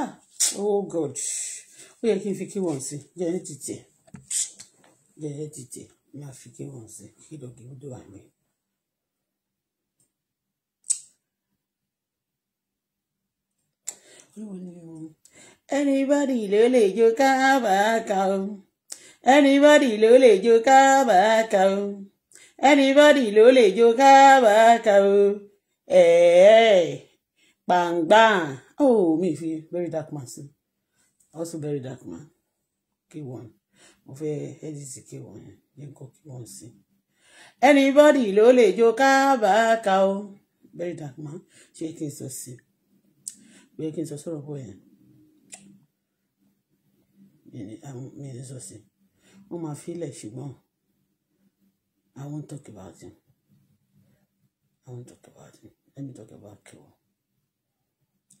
ah oh god ó yẹ kí n fi kí wọn sí jẹ ní títì jẹ ní títì máa fi kí wọn sí kí lóògì ó dùn àmì. anybody ló lè jó kábàákà o anybody ló lè jó kábàákà o anybody ló lè jó kábàákà o ẹ̀ẹ́ pàǹgbà oh mi fi very dark man sí also very dark man k1 mo fẹ́ edit k1 yẹn go k1 sí anybody ló lè jó kábàákà o very dark man ṣé kí n sọ sí bẹ́ẹ̀ kí n I'm. sọ̀rọ̀ bóyá mi ní sọ sí wọ́n máa fílẹ̀ ṣùgbọ́n I won't talk about him I won't talk about him let me talk about k1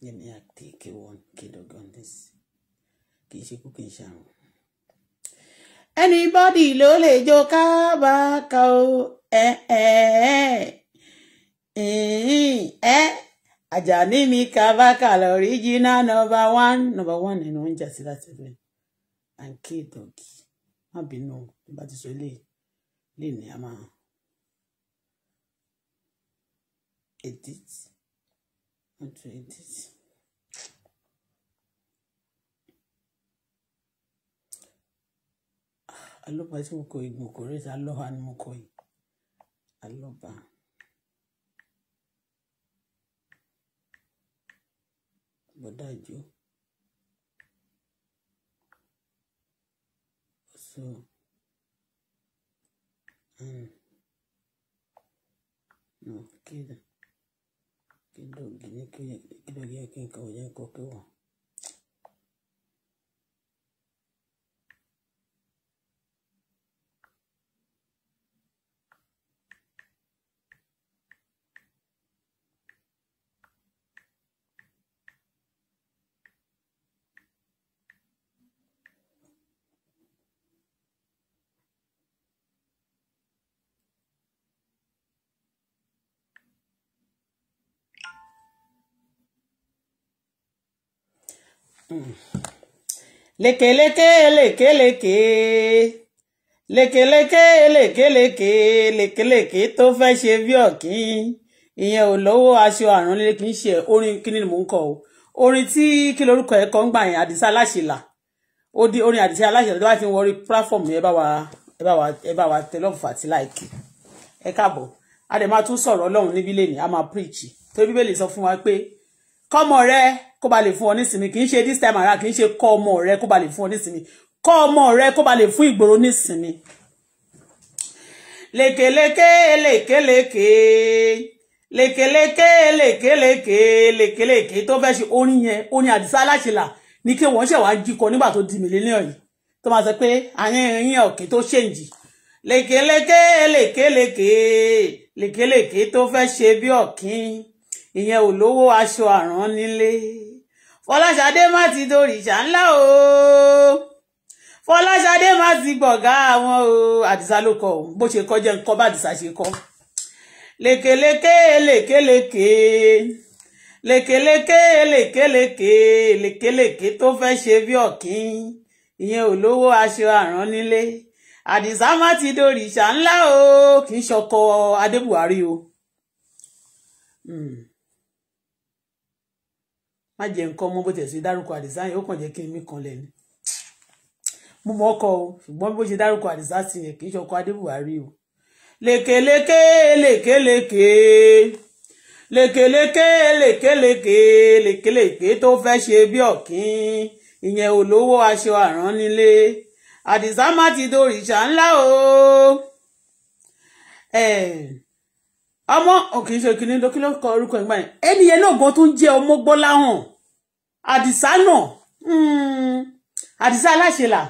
let me take one kilo on this kì í ṣe kú kì í ṣe àrùn. anybody ló lè jó kábàákà o ẹ ẹ ẹ Àjàní mi kábàákà lọ original number one number one nínú oúnjẹ sí láti rẹ and kill dog má bínú nígbà tí sọ eléyìí lè ní a máa edit how to edit alọ́ba tí mo kọ ìgbò kò rẹ́ta alọ́ba ni mo kọ yìí alọ́ba. bọ́dájú so um, no, okay kidogo kidogo kinkaoja nkokewa lékeleke lékeleke lékeleke lékeleke lékeleke tó fẹ́ ṣe bí ọ̀kín ìyẹn ò lówó aṣọ àrùn líle kì í ṣe orin kíní ni mò ń kọ o orin tí kí lorúkọ ẹ ń gbà yẹn àdìsá aláṣìlá ó di orin àdìsá aláṣìlá tó bá fi ń wọrí platform yẹn bá wa ẹ bá wa ẹ bá wa tẹ lọ́fù àti láìkì ẹ káàbọ̀ a dẹ̀ máa tún sọ̀rọ̀ ọlọ́run níbí lẹ́nìí a máa preach torí bíbélì sọ fún wa pé kọ́mọ rẹ kó ba lè fún ọ nísìnyí kì í ṣe this time around kì í ṣe kọ́ ọmọ rẹ kó ba lè fún ọ nísìnyí kọ́ ọmọ rẹ kó ba lè fún ìgboro nísìnyí. lèkèlèkè lèkèlèkè lèkèlèkè lèkèlèkè lèkèlèkè tó fẹ́ ṣe orin yẹn orin àdìsá aláṣẹlà ní kí wọ́n ṣẹ̀ wá jíkọ nígbà tó di mílíọ̀nù yìí tó máa sọ pé àyẹ̀yẹ̀ yín ọ̀kẹ́ tó ṣèǹjì lèkèlèkè lèkèlèkè lèkèlèkè tó fẹ́ ṣe bí ọ̀kín ìyẹn ò lówó aṣọ àrán nílé fọláṣadé má ti dorìṣà ńlá o fọláṣadé má ti gbọ̀gá àwọn o àdìsá ló kọ òun bó ṣe kọ jẹ́ nǹkan bá àdìsá ṣe kọ lèkèlèkè lèkèlèkè lèkèlèkè lèkèlèkè lèkèlèkè tó fẹ́ ṣe bí ọ̀kín ìyẹn ò lówó aṣọ àrán nílé àdìsá má ti dorìṣà ńlá o kì í ṣọkọ adébùhárí o. Mm má jẹ nǹkan ọmọ bó tẹ̀ sí dárúkọ àdìsá yẹn ó kàn jẹ́ kí n mí kan lẹ̀ ni mo mọ̀ ọkọ o ṣùgbọ́n bó ṣe dárúkọ àdìsá sí yẹn kì í ṣọkọ adébùhárí o lèkèlèkè lèkèlèkè lèkèlèkè lèkèlèkè lèkèlèkè tó fẹ́ ṣe bí ọ̀kín ìyẹn olówó aṣọ àrán nílé àdìsá má ti dorìṣà ńlá o. Eh ọmọ òkìí ṣe kìnìún lókè ló kọ orúkọ ìgbà yẹn ẹni yẹn náà gan tó ń jẹ́ ọmọ gbọ́lá hàn àdìsá náà hmm, àdìsá aláṣẹlà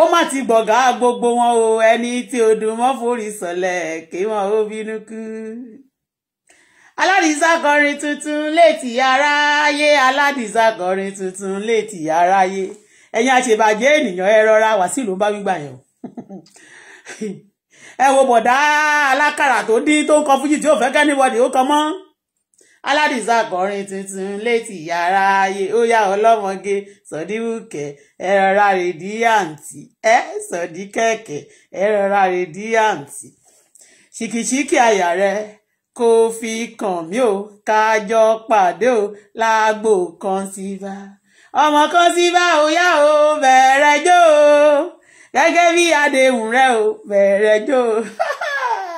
ó má ti gbọ̀gá gbogbo wọn o ẹni tí odò mọ́ forí sọ̀lẹ̀ kí wọn ó bínú kú. aládìsá kọrin tuntun létí aráyé aládìsá kọrin tuntun létí aráyé ẹ̀yin àṣebàjẹ́ ènìyàn ẹ rọra wàsíù ló bá gbígbà yẹn o. ẹ wo bọ̀dá alákàrà tó dín tó ń kọ fújì tí ò fẹ́ kẹ́nìbọ̀dì ó kọ mọ́ aládìsá kọrin tuntun létí yàrá ayé ó yá ọlọ́mọge sọ̀díwùkẹ́ ẹ rọra rèdíàǹtì ẹ sọ̀díkẹ̀kẹ́ ẹ rọra rèdíàǹtì ṣìkìṣìkì àyà rẹ kò fi kàn mí o kájọ pàdé o lágbo kan sí bá ọmọ kan sí bá ó o bẹ̀rẹ̀ jó o gẹ́gẹ́ bí àdéhùn rẹ o bẹ̀rẹ̀ jó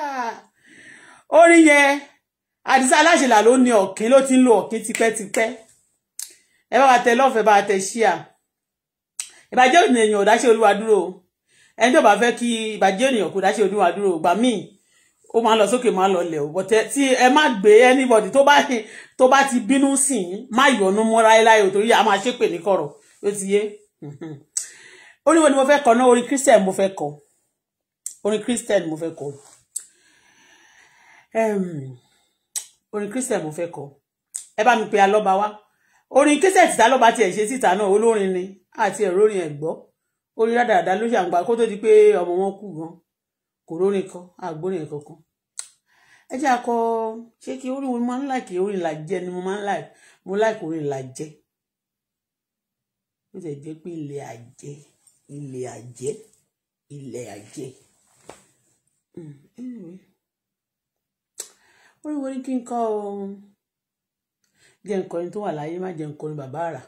orin yẹn àdìsá aláṣẹlà ló ní ọ̀kín ló ti ń lo ọ̀kín tipẹ́tipẹ́ ẹ bá wa tẹ lọ́fẹ̀ẹ́ bá wa tẹ ṣíà ìbàjẹ́ ènìyàn ò dáṣe olúwa dúró ẹni tó bá fẹ́ kí ìbàjẹ́ ènìyàn kò dáṣe olúwa dúró gbà míì ó máa ń lọ sókè máa ń lọ lẹ̀ ò bọ̀tẹ́ tí ẹ má gbé anybody tó bá tó bá ti bínú sìn má yọ̀nú mọ́ láéláé o torí a máa ṣépè ní kọ̀rọ̀ ó ti yé. mm orin wo ni mo fẹ́ kọ náà orin christian mo fẹ́ kọ orin christian mo fẹ́ kọ orin christian mo fẹ́ kọ ẹ bá mi pe alọ́ba wá orin christian tìta lọ́ba tiẹ̀ ṣe síta náà olórin ni àti ẹ̀rọ orin ẹ̀gbọ́ orin rádàràdà ló ṣàǹgbà kó tó di pé ọmọ wọn kú gan kò lórin kan àgbórin ẹ̀ kankan ẹ jẹ́ akọ ṣé kí orin wo ni mo máa ń láìkì orin làjẹ ni mo máa ń láìkì orin làjẹ ó sì jẹ́ pé ilé àjẹ́ ilẹ̀ àjẹ́ ilẹ̀ àjẹ́ oríwo ní kí n kọ́ ọ jẹ́ nkọrin tó wà láyé má jẹ́ nkọrin bàbá àrà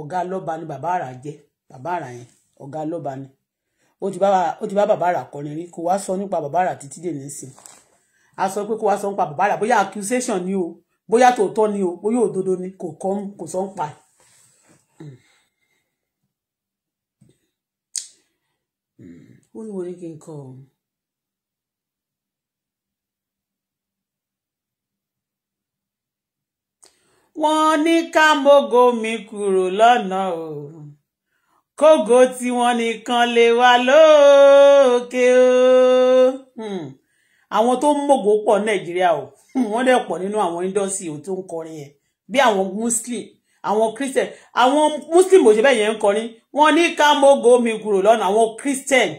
ọ̀gá lọ́ba ni bàbá àrà jẹ́ bàbá àrà yẹn ọ̀gá lọ́ba ni ó ti bá bàbá àrà kọrin rí kò wá sọ nípa bàbá àrà títí dè nísìn a sọ pé kò wá sọ nípa bàbá àrà bóyá accusation ni o bóyá tòótọ́ ni o bóyá òdodo ni kò kọ́ kò sọ ń pa ẹ̀ ó ní wọ́n ní kí n kọ òun. wọ́n ní ká mógo mi kúrò lọ́nà o kógo tí wọ́n nìkan lè wà lókè o hmm. àwọn tó ń mógo pọ̀ nàìjíríà o hmm, wọ́n dẹ̀ pọ̀ nínú àwọn indọ́sì tó ń kọrin yẹn bí àwọn muslim àwọn christian àwọn muslim ò ṣe bẹ́ẹ̀ yẹn ń kọrin wọ́n ní ká mógo mi kúrò lọ́nà àwọn christian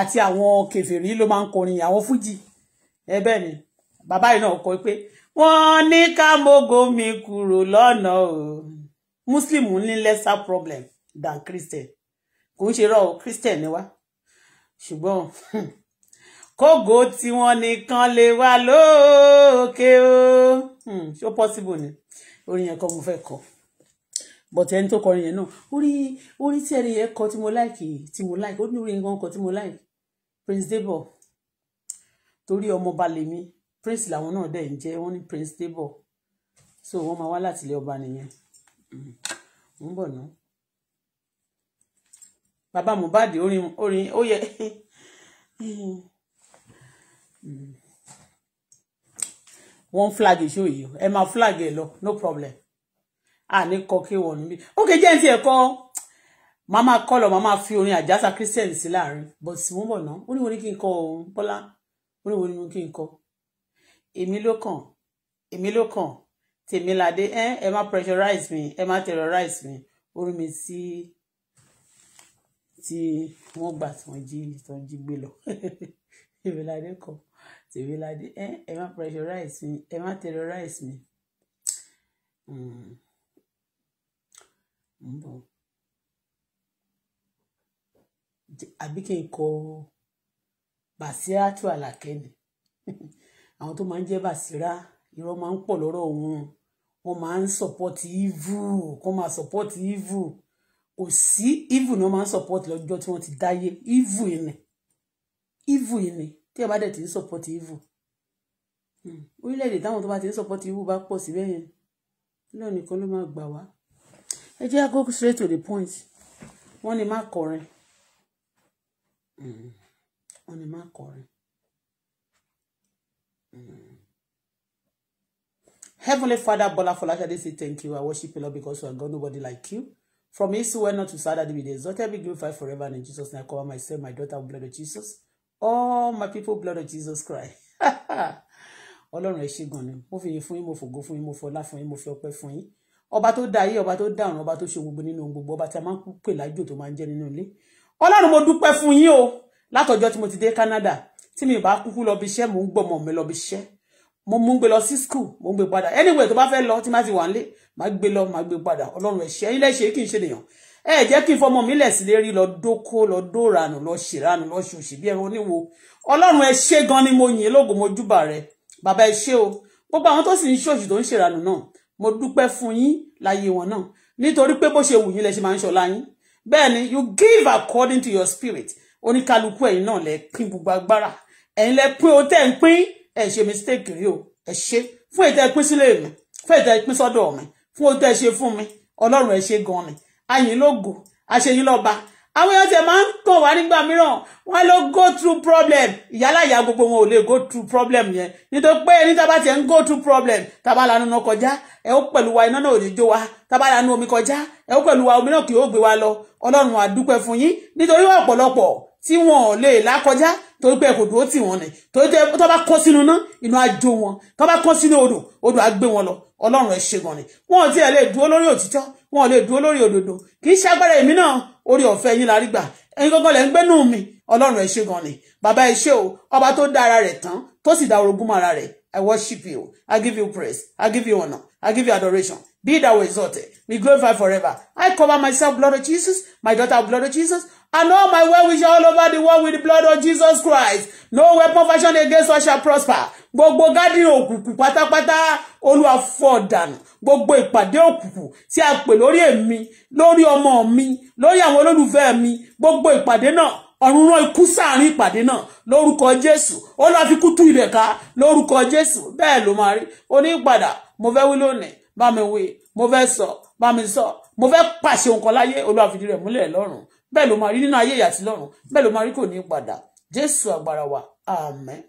àti àwọn kèfèrí ló máa ń kọrin àwọn fújì ẹ bẹ́ẹ̀ ni bàbá yìí náà kọ pé wọ́n ní ká mógo mi kúrò lọ́nà o muslim ní lesser problem than christian kò ń ṣe rọ christian ni wá ṣùgbọ́n kógo tí wọ́n nìkan lè wà lókè o hmm, ṣó possible ni orin yẹn kọ́ mo fẹ́ kọ́ but ẹni tó kọrin yẹn náà orin orin tí ẹni yẹn kọ tí mo like tí mo like ó ní orin gan kọ tí mo like Prince Debo torí ọmọ balẹ̀ mi Prince làwọn náà dẹ̀ ń jẹ́ wọ́n ní Prince Debo so wọ́n máa wá láti ilé ọba nìyẹn ń bọ̀ ná bàbá Mohbad orin orin ó yẹ wọ́n flag show yìí ẹ máa flag ẹ lọ no problem àní kọ kí wọ̀ níbí ó kéjẹ́ ní ti ẹ̀kọ́ máa máa kọ́ lọ máa máa fi orin àjàsà Christian sí láàrin but sì wọ́n bọ̀ ná ó ní wo ni kí n kọ òun Bọ́lá ó ní wo ni kí n kọ èmi ló kàn èmi ló kàn tèmi ládé ẹ ẹ má pressurize mi ẹ má terrorize mi orí mi sí tí wọ́n gbà tí wọ́n jí tí wọ́n jí gbé lọ tèmi ládé kọ tèmi ládé ẹ ẹ má pressurize mi ẹ má terrorize mi. Mm mo ń bọ̀ àbí kí n kọ Basiratu Àlàkẹ́ ni àwọn tó máa ń jẹ́ Basira irọ́ máa ń pọ̀ lọ́rọ̀ wọn wọ́n máa ń sọ̀pọ̀tì evil kọ́ máa sọ̀pọ̀tì evil kò sí evil ni wọ́n máa ń sọ̀pọ̀tì lọ́jọ́ tí wọ́n ti dáyé evil yìí ni evil yìí ni tí ẹ bá dẹ̀ ti ń sọ̀pọ̀tì evil hmm. orílẹ̀-èdè táwọn tó bá ti ń sọ̀pọ̀tì evil bá pọ̀ sí bẹ́ẹ̀ yẹn lọ́nìkan ló máa gbà wá ẹ jẹ́ go straight to the point wọ́n ní má kọrin mm-hmm. wọ́n ní má kọrin. Mm-hmm. Heavenly Father, Bola Folashade, say thank you. I worship you, Lord, because you are God, nobody like you. From east to west, north to south, that be the exalted, be glorified forever. And in Jesus' name, I cover myself, my daughter, blood of Jesus. All my people, blood of Jesus Christ. Ọlọ́run ẹ ṣé gan ni mo fi yìn fún yín mo fògo fún yín mo fọlá fún yín mo fi ọpẹ́ fún yín ọba tó dá ayé ọba tó dá ọ̀run ọba tó ṣe gbogbo nínú ohun gbogbo ọba tí a máa ń pè lájò tó máa ń jẹ́ nínú ilé ọlọ́run mo dúpẹ́ fún yín o látọjọ́ tí mo ti dé Canada tí mi ò bá kúkú lọ bí iṣẹ́ mò ń gbọ́mọ mi lọ bí iṣẹ́ mo mú gbé lọ sí school mo ń gbé padà anyway tó bá fẹ́ lọ tí má ti wà nílé má gbé lọ má gbé padà ọlọ́run ẹ̀ṣẹ́ ilé ṣe kí n ṣe nìyàn ẹ jẹ́ kí n fọmọ mi lẹ̀ sílé rí lọ dóko lọ dóranù lọ ṣèrànù lọ ṣòṣì bí ẹran oníwo ọlọ́run ẹ̀ṣẹ́ gan ni mo yìn lógo mojúbà rẹ bàbá ẹ̀ṣẹ́ o gbogbo àwọn tó sì ń ṣòṣì tó ń ṣèrànù náà mo dúpẹ́ fún yín láyé wọn náà nítorí pé bó ṣe wù yín lẹ ṣe máa ń ṣọlá yín bẹ́ẹ̀ ni you give according to your spirit oníkálukú ẹ̀yin náà lẹ pín gbogbo agbára ẹ̀yin lẹ pín o tẹ́ ń pín ẹ ṣe mistake rí o ẹ ṣe fún ètò ẹpín sílé mi fún ètò ẹpín sọ́dọ̀ mi fún o tẹ́ ṣe fún mi Ọlọ́run ẹ ṣe gan ni ayìn lógo aṣeyín lọ́ba àwọn èèyàn tẹ̀ máa ń kàn wá nígbà mìíràn wọ́n ló go through problem ìyálàyà gbogbo wọn ò lè go through problem yẹn nítorí pé ẹni tá a bá tiẹ̀ ń go through problem tá a bá lanu náà kọjá ẹ ó pẹ̀lú wa iná náà ò ní jó wa tá a bá lanu omi kọjá ẹ ó pẹ̀lú wa omi náà kì yóò gbé wa lọ ọlọ́run a fún yín nítorí ọ̀pọ̀lọpọ̀ tí wọn ò lè lákọjá torí pé kò dúró tì wọn ni torí pé tó bá kó sínú ná inú ajó wọn tó bá kó sínú odò odò á gbé wọn lọ ọlọ́run ẹ ṣe gan ni wọn ò tiẹ̀ lè dúró lórí òtítọ́ wọn ò lè dúró lórí òdodo kì í ṣe agbára èmi náà orí ọ̀fẹ́ yín la rí gbà ẹ̀yin gangan lẹ̀ ń gbẹ́nu mi ọlọ́run ẹ ṣé gan ni bàbá ẹ ṣé o ọba tó dá ara rẹ̀ tán tó sì dá orogún mọ́ ara rẹ̀ I worship you I give you praise I give you honor I give you adoration Be thou exalted. Be glorified forever. I cover myself, blood of Jesus, my daughter, blood of Jesus, and all my well wishes all over the world with the blood of Jesus Christ. No weapon fashioned against us shall prosper. Gbogbo gadi òkùnkùn pátápátá Olúwa fọ́ dànù. Gbogbo ìpàdé òkùnkùn tí a pè lórí èmi, lórí ọmọ mi, lori àwọn olólùfẹ́ mi, gbogbo ìpàdé náà ọ̀run rán ikú sáàrin ìpàdé náà lórúkọ jésù ó lọ́ fi kú tú ibẹ̀ ká lórúkọ jésù bẹ́ẹ̀ ló máa rí onípadà mo fẹ́ wí lónìí bá mi wí mo fẹ́ sọ bá mi sọ mo fẹ́ pàṣẹ nǹkan láyé olúwa fìdí rẹ̀ múlẹ̀ lọ́run bẹ́ẹ̀ ló máa rí nínú ayé àti lọ́run bẹ́ẹ̀ ló máa rí kò ní padà jésù agbára wa amen.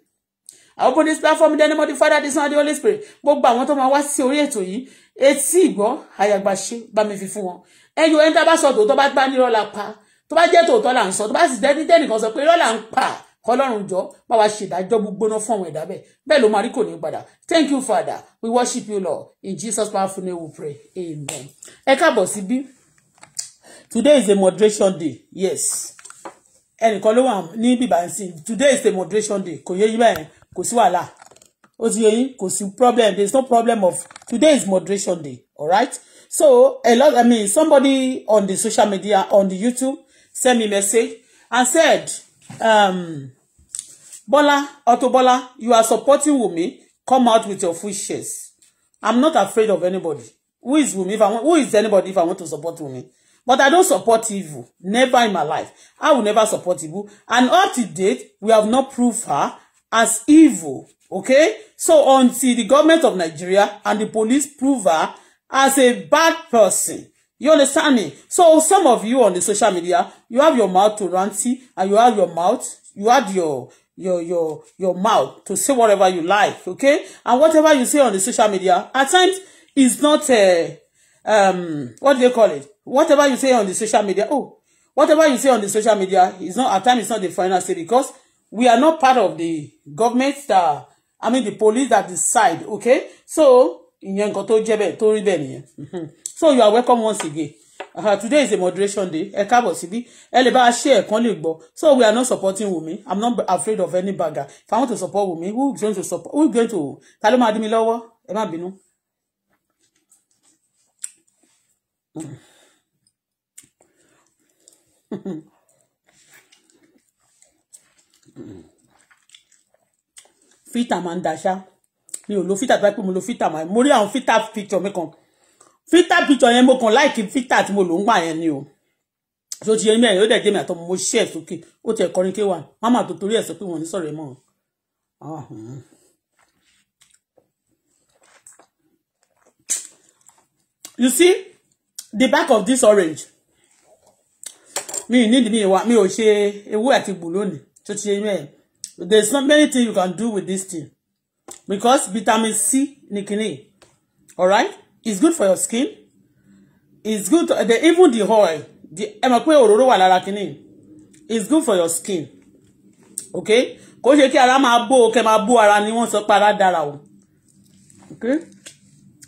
I open this platform in the name of the Father, the Son, and the Holy Spirit. Gbogbo àwọn tó máa wá sí orí ètò yìí, etí ìgbọ́, àyàgbà ṣe, bá mi fi fún wọn. Ẹyin oyin tá a bá sọ tòótọ́ bá gbá nírọ́ la pa. Tó bá jẹ́ tòótọ́ là ń sọ, tó bá sì dẹ́ni dẹ́nìkan sọ pé irọ́ ń pa kọlọ́run jọ bá wa ṣèdájọ́ gbígbóná fún àwọn ẹ̀dá bẹ́ẹ̀ bẹ́ẹ̀ ló máa rí kò ní padà thank you father we worship you lord in jesus powerful name we pray amen. ẹ káàbọ̀ síbí today is a moderation day yes ẹnìkan ló wà ní bíbá nsìn today is a moderation day kò yẹ yí báyẹn kò sí wàhálà ó ti yẹ yín kò sí problem there is no problem of today is moderation day alright so a lot i mean somebody on the social media on the youtube send me message and said um, Bola, Auto Bola, you are supporting Wumi. Come out with your full shares. I'm not afraid of anybody. Who is Wumi? If I want, who is anybody if I want to support Wumi? But I don't support evil. Never in my life. I will never support evil. And up to date, we have not proved her as evil. Okay? So until the government of Nigeria and the police prove her as a bad person, You understand me? So some of you on the social media, you have your mouth to ranty and you have your mouth, you have your your your your mouth to say whatever you like, okay? And whatever you say on the social media, at times is not a eh, um what do they call it? Whatever you say on the social media, oh, whatever you say on the social media is not at times it's not the final say because we are not part of the government that I mean the police that decide, okay? So ìyẹn nǹkan tó jẹ́ bẹ́ẹ̀ so you are welcome once again uh, today is a moderation day ẹ káàbọ̀ síbí ẹ lè bá a ṣe ẹ̀kan lè gbọ́ so we are not supporting Wunmi i'm not afraid of any bagger if i want to support Wunmi who is going to support who is going to ta ló máa dín mi lọ́wọ́ ẹ má bínú. fita máa ń daṣá mi ò lo fita tó bá pè mo lo fita máa mo rí àwọn fita picture mi kan filter picture yẹn mo kàn láìkí filter tí mo lò ń gbà ni o so ti yẹ mẹ́rin ó dẹ̀ jẹ́ mi àtọmọ mo ṣí ẹ̀ sókè ó ti ẹ̀ kọrin kéwà mama tó torí ẹ̀ so pé wọ́n ní sọ̀rọ̀ ẹ̀ mọ́ ah, hmm. you see the back of this orange Me need me wa me? ò ṣe ewé àti gbò lónìí So ti yẹ mẹ́rin there not many things you can do with this thing because vitamin C ni kìíní all right it's good for your skin it's good to, the, even the oil the emakwe ororo wa òróró wà it's good for your skin okay kò ṣe kí ara máa bó o kẹ máa ara ni wọ́n sọ pé ara o okay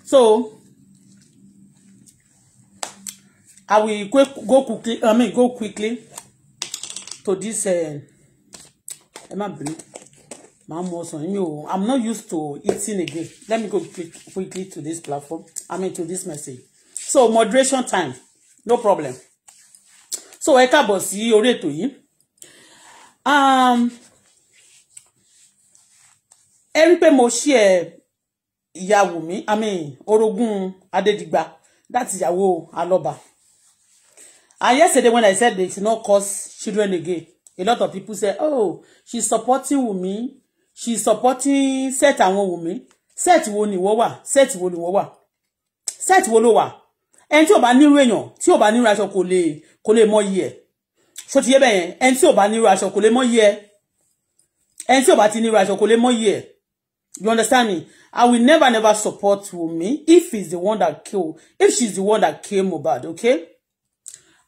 so I will quick, go quickly I mean go quickly to this eh, ẹ má màá mu ọsàn mi i'm not used to eating again let me go quickly to this platform i mean to this message so moderation time no problem so ẹ káàbọ̀ sí orí ètò yìí um, ẹ rí pé mo ṣí ẹ mi i mean orogun adedigba. that's ìyàwó alọba and yesterday when i said they should not cause children again a lot of people say oh she's supporting Wunmi she supporting set àwọn Wùmí set wo ni ìwọ wà set wo ni ìwọ wà set wo ló wà ẹni tí ò bá nírú èèyàn tí ò bá nírú aṣọ kò lè kò lè mọ iye ẹ ṣó ti yé bẹ́ẹ̀ yẹn ẹni tí ò bá nírú aṣọ kò lè mọ iye ẹ ẹni tí ò bá ti nírú aṣọ kò lè mọ iye ẹ you understand me I will never never support Wumi if he's the one that kill if she's the one that kill Mohbad okay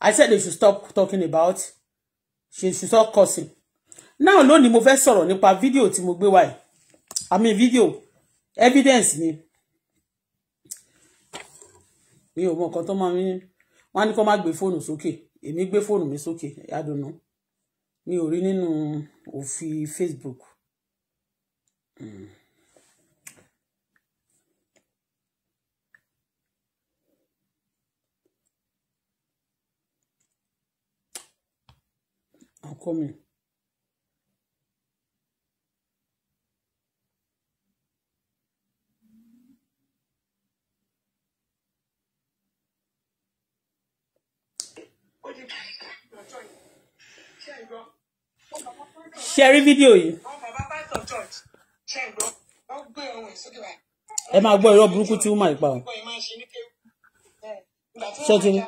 I said they should stop talking about she should stop cursing náà lónìí mo fẹ́ sọ̀rọ̀ nípa fídíò tí mo gbé wáyé àmì fídíò evidence ni mi ò mọ nǹkan tó máa ń wọn á ní kó má gbé fóònù sókè èmi gbé fóònù mi sókè yádùnú mi ò rí nínú òfin Facebook. Mm. I'm coming. ó di lọ́jọ́ ṣe rí fídíò yìí. ẹ máa gbọ́ irọ́ burúkú tí ó máa pa o. ṣé o ti ní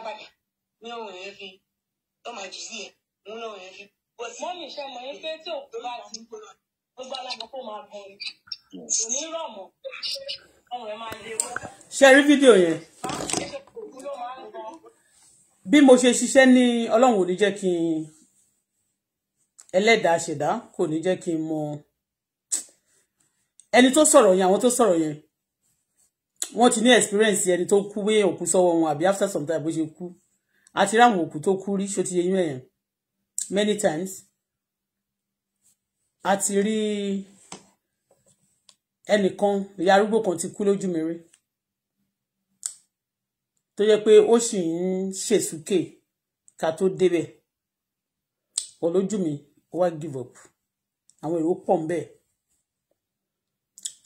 ṣe rí fídíò yẹn bí mo ṣe ṣiṣẹ́ ní ọlọ́run ò ní jẹ́ kí n ẹlẹ́dàá ṣẹ̀dá kò ní jẹ́ kí n mọ ẹni tó sọ̀rọ̀ yẹn àwọn tó sọ̀rọ̀ yẹn wọ́n ti ní experience ẹni tó kú wé òkú sọ́wọ́ wọn àbí after some time bó ṣe kú àti ráwọn òkú tó kú rí ṣó ti yẹ yín ẹ̀yàn many times àti rí ẹnìkan ìyá arúgbó kan ti kú lójú mi rí tó jẹ́ pé ó sì ń ṣèṣùkè ká tó débẹ̀ olójú mi ó wá give up àwọn èrò pọ̀ ń bẹ̀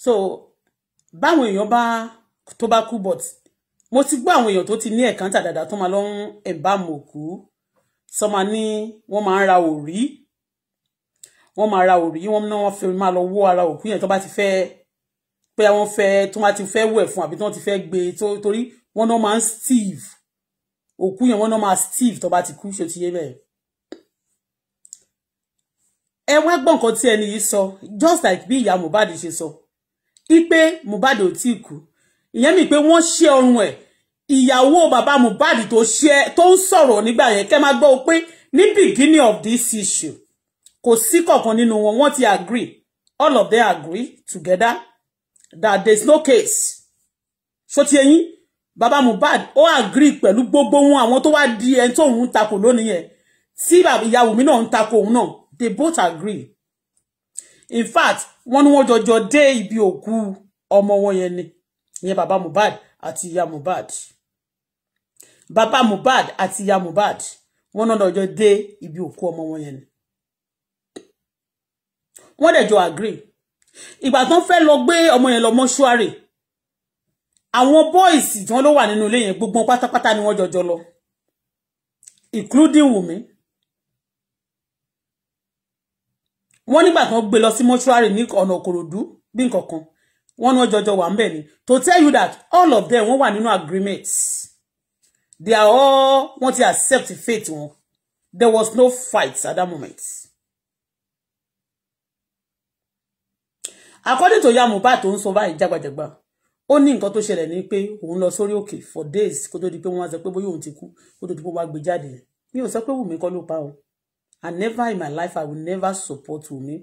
so báwọn èèyàn bá tó bá kú but mo ti gbọ́ àwọn èèyàn tó ti ní ẹ̀kántà dáadáa tó máa lọ ń ẹ̀bámu òkú sọ ma ní wọ́n máa ń ra òrí wọ́n máa ra òrí wọ́n náà wọ́n fi máa lọ wó ara òkú yẹn tó bá ti fẹ́ pé àwọn fẹ́ tó máa ti fẹ́ wẹ̀ fún àbí tó ti fẹ́ gbé torí wọ́n náà máa steve òkú yẹn wọ́n náà máa steve to bá ti kú ṣe ti yé bẹ́ẹ̀. ẹ wá gbọ́n nǹkan tí ẹni yìí sọ just like bí ìyá Mohbad ṣe sọ ipe Mohbad ò tí ì kú ìyẹn mi pé wọ́n ṣe ọrùn ẹ̀ ìyàwó bàbá Mohbad tó ṣe tó ń sọ̀rọ̀ nígbà yẹn kẹ́ máa gbọ́ ọ beginning of this issue kò sí kankan nínú wọn wọ́n ti agree all of them agree together that there's no case ṣó ti ẹyin Baba Mohbad ó agree pẹ̀lú gbogbo wọn àwọn tó wá di ẹni tó ń takò lónìí yẹn tí ìyá Wùmí náà ń takò òun náà they both agree in fact wọ́n ní wọ́n jọjọ dé ibi òkú ọmọ wọn yẹn ni ìyẹn bàbá Mohbad àti ìyá Mohbad bàbá Mohbad àti ìyá Mohbad wọ́n náà jọjọ dé ibi òkú ọmọ wọn yẹn ni wọ́n dẹ̀ jọ agree ìgbà tán fẹ́ lọ gbé ọmọ yẹn lọ mọ́ṣúárì àwọn boys tí wọ́n ló wà nínú ilé yẹn gbogbo pátápátá ni wọ́n jọjọ lọ including Wùmí wọ́n nígbà kan gbé lọ sí mọ́ṣúárì ní ọ̀nà Kòròdú bí nǹkan kan wọ́n ní wọ́n jọjọ wà ń bẹ̀ ni to tell you that all of them wọ́n wà nínú agreement they are all wọ́n ti accept faith wọn there was no fight at that moment. according to ya Mohbad tó ń sọ báyìí jágbajàgba ó ní nǹkan tó ṣẹlẹ̀ ni pé òun lọ sórí òkè for days kó tó di pé wọ́n wá sọ pé bóyá òun ti kú kó tó di pé wọ́n wá gbé jáde mi ò sọ pé Wùmí kọ́ ló pa o and never in my life I will never support Wùmí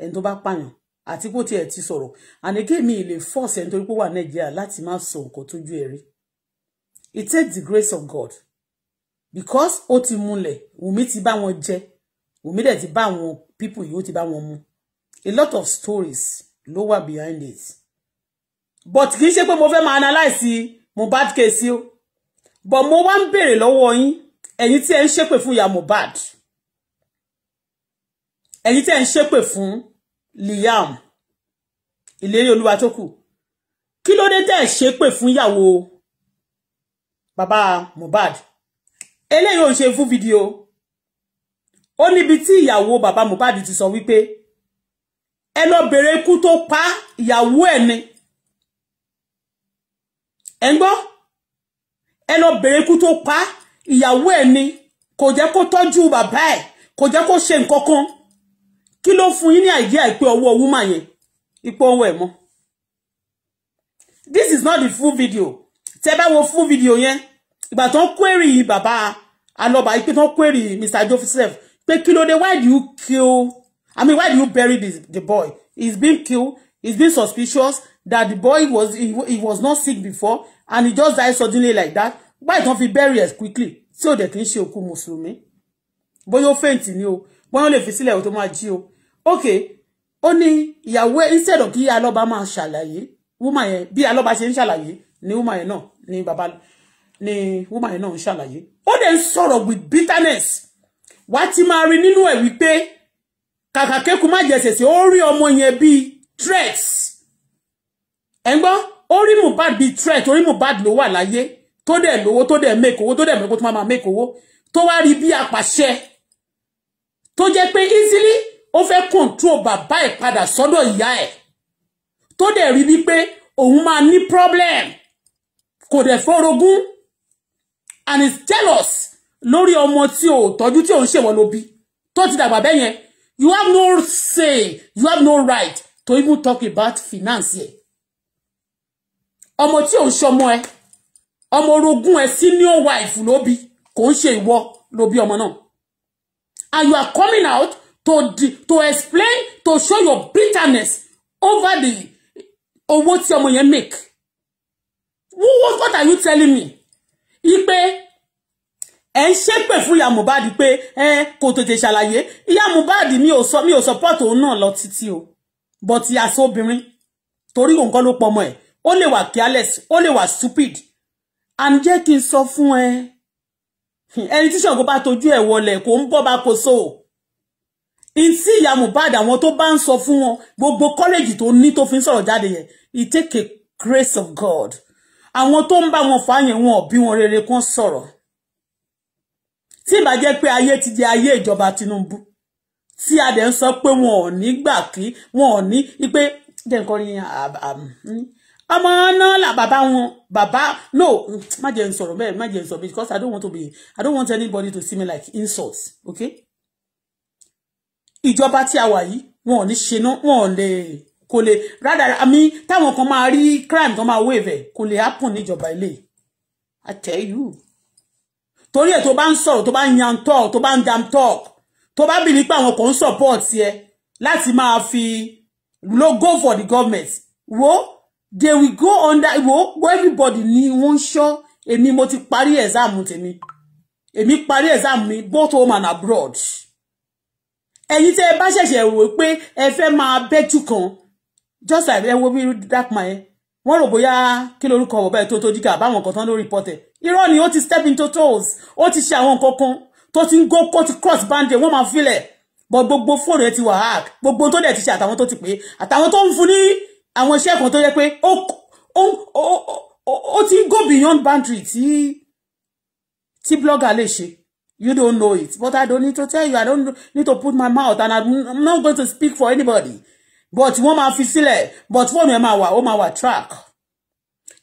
ẹni tó bá pààyàn àti kó tiẹ̀ ti sọ̀rọ̀ and again mi lè force ẹni torí pé ó wà Nàìjíríà láti má sọ nǹkan tójú ẹ̀ rí it takes the grace of God because ó ti múlẹ̀ Wùmí ti bá wọn jẹ Wùmí dẹ̀ ti bá àwọn people yìí ó ti bá wọn mu a lot of stories ló wà behind it but kì í ṣe pé mo fẹ́ máa analyze Mohbad case o but mo wá ń béèrè lọ́wọ́ yín ẹ̀yin tí ẹ ń ṣépè fún ìyá Mohbad ẹ̀yin tí ẹ ń ṣépè fún Liam ìlérí olúwa tó kù kí ló dé tẹ́ ẹ̀ ṣépè fún ìyàwó bàbá Mohbad eléyìí ò ń ṣe fún fídíò ó níbi tí ìyàwó bàbá Mohbad ti sọ wípé ẹ lọ bèrè ikú tó pa ìyàwó ẹ̀ ni ẹ ń gbọ́ ẹ tó pa ìyàwó ẹ̀ ni kò jẹ́ kó tọ́jú bàbá ẹ̀ kò jẹ́ kó ṣe nǹkan kan kí ló fún yín ní àìjẹ́ ìpè ọwọ́ woman yẹn ipò owó ẹ̀ mọ́ this is not the full video tẹ bá wo full video yẹn ìgbà tó ń query bàbá alọ́ba ìpè tó ń query Mr. Joseph pé kí ló dé why do you kill I mean why do you bury the, the boy he's been killed he's been suspicious that the boy was he, he was not sick before and he just died suddenly like that why don't we bury us quickly So ò dẹ̀ show í ṣe òkú mùsùlùmí bóyá ó fẹ̀ǹtì ni o bóyá ó lè fi sílẹ̀ tó o ok ó ní instead of kí alọ́ba máa ṣàlàyé wúmà yẹn bí alọ́ba ṣe ń ni wúmà yẹn náà ni bàbá ni wúmà yẹn náà ń ṣàlàyé then sorrow with bitterness What you máa rí nínú ẹ̀ wípé kàkà kékun má jẹ ṣèṣe ó rí threats ẹ̀ ń gbọ́ ó rí Mohbad bíi threat ó rí Mohbad ló wà láyé tó dẹ̀ lówó tó dẹ̀ make owó tó dẹ̀ mẹ́kó tó máa make owó tó wá rí bí apàṣẹ tó jẹ́ pé easily ó fẹ́ control bàbá ẹ̀ padà sọ́dọ̀ ìyá ẹ̀ tó dẹ̀ rí bí pé òun máa ní problem kò dẹ̀ fọ́rogún and is jealous lórí ọmọ tí ò tọ́jú tí ò ń ṣèwọ́ lóbi tó ti dàgbà bẹ́yẹn you have no say you have no right to even talk about finance yẹn ọmọ tí ò ń ṣọmọ ẹ ọmọ orogún ẹ senior wife ló bí kò ń ṣe ìwọ ló bí ọmọ náà and you are coming out to to explain to show your bitterness over the owó tí ọmọ yẹn make what, what are you telling me ipe ẹ ń ṣépè fún ìyá Mohbad pé ẹ kò tètè ṣàlàyé ìyá Mohbad mi ò sọ mi ò support òun náà lọ títí o but ìyá sí obìnrin torí òun kọ́ ló pọ̀ ọmọ ẹ̀ ó lè wà careless ó lè wà stupid and jẹ́ kí n sọ fún ẹ ẹni tí Ṣàngó bá tojú ẹ̀ wọlé kò ń bọ́ bá kò so in tí ìyá Mohbad àwọn tó bá ń sọ fún wọn gbogbo kọ́lẹ́jì tó ní tó fi ń sọ̀rọ̀ jáde yẹn it take a grace of God àwọn tó ń bá wọn fà yẹn wọn bí wọn rere kan sọ̀rọ̀ tí ìbá jẹ́ pé ayé ti di ayé ìjọba Tinubu tí a dẹ̀ ń sọ pé wọn ò ní gbà kí wọn ò ní pé jẹ́ nǹkan rí hmm ọmọ náà là bàbá wọn bàbá no má jẹ́ n sọ̀rọ̀ bẹ́ẹ̀ má jẹ́ n sọ̀rọ̀ because i don't want to be i don't want anybody to see me like insult okay ìjọba tí a wà yìí wọn ò ní ṣe náà wọn ò lè kò lè rather i mean táwọn kan máa rí crime tó máa wave ẹ kò lè happen níjọba ilé i tell you torí ẹ tó bá ń sọ̀rọ̀ tó bá ń yan talk tó bá ń dam talk tó bá bìrì pé àwọn kan ń support ẹ láti máa fi lo go for the government wo they will go under Will go. everybody ni wọ́n ń ṣọ́ èmi mo ti parí exam tèmi èmi parí exam mi both home and abroad ẹ̀yin tẹ́ ẹ bá ṣẹ̀ṣẹ̀ rò pé ẹ fẹ́ máa kan just like ẹ wo bí dákùmá ẹ wọ́n rò bóyá kí lorúkọ bàbá ẹ tó tó díkà àbáwọn nǹkan tán ló report ẹ irọ́ ni ó ti step into toes ó ti ṣe àwọn nǹkan kan tó ti ń gó kó ti cross boundary wọ́n máa filẹ̀ bọ́ gbogbo fóònù ẹ ti wà hack gbogbo tó dẹ̀ ti ṣe àtàwọn tó ti pè àtàwọn tó ń fún àwọn iṣẹ́ kan tó yẹ pé ó ti go beyond boundary tí tí blogger lè ṣe you don't know it but I don't need to tell you I don't need to put my mouth and I'm not going to speak for anybody but wọ́n máa fi sílẹ̀ but fóònù ẹ̀ máa wà ó máa wà track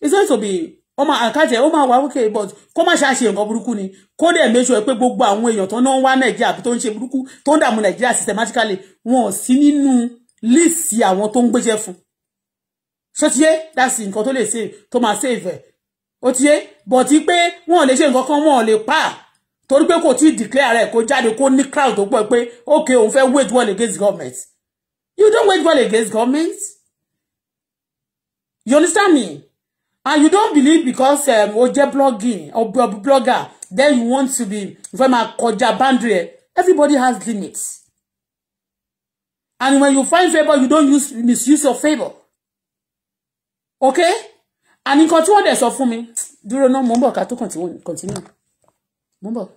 it's going to be ó máa àkájẹ ó máa wà ókè but kó má ṣáà ṣe nǹkan burúkú ni kó dẹ̀ méṣọ pé gbogbo àwọn èèyàn tó náà ń wá nàìjíríà tó ń ṣe burúkú tó ń dààmú nàìjíríà systematically wọn ò sí nínú líìsì àwọn tó ń gbéṣẹ́ fún So ti yé that's nǹkan tó lè save tó máa save ẹ̀ ó but pé wọn ò lè ṣe nǹkan kan wọn ò lè pa torí pé kò tí declare ẹ̀ kó jáde kó ní crowd tó pọ̀ pé okay òun fẹ́ wait war against government you don't wait war against government you understand me and you don't believe because um, o jẹ́ blogging or blogger then you want to be fẹ́ my kọjá boundary everybody has limits and when you find favour you don't use misuse your favour okay àní nǹkan tí wọ́n dẹ̀ sọ fún mi dúró náà mò ń bọ̀ ká tó continue mò ń bọ̀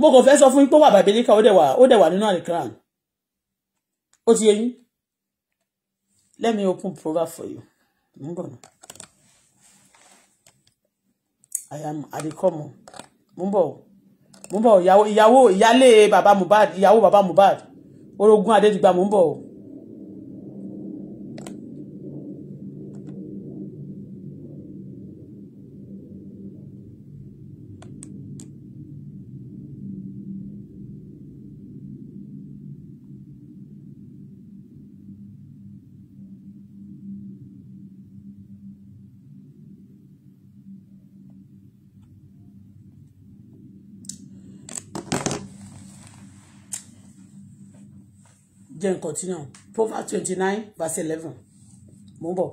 mo kò fẹ́ sọ fún yín pé wà bàbá eléka ó dẹ̀ wà ó dẹ̀ wà nínú àlìkran ó ti yé let me open proverb for you mò ń bọ̀ náà i am adikomo mò ń bọ̀ mò ń bọ̀ ìyàwó ìyàwó ìyálé bàbá Mohbad ìyàwó bàbá Mohbad orogún adédìgbà mò ń bọ̀ o. jẹ́ continue Proverbs twenty nine verse eleven mo ń bọ̀.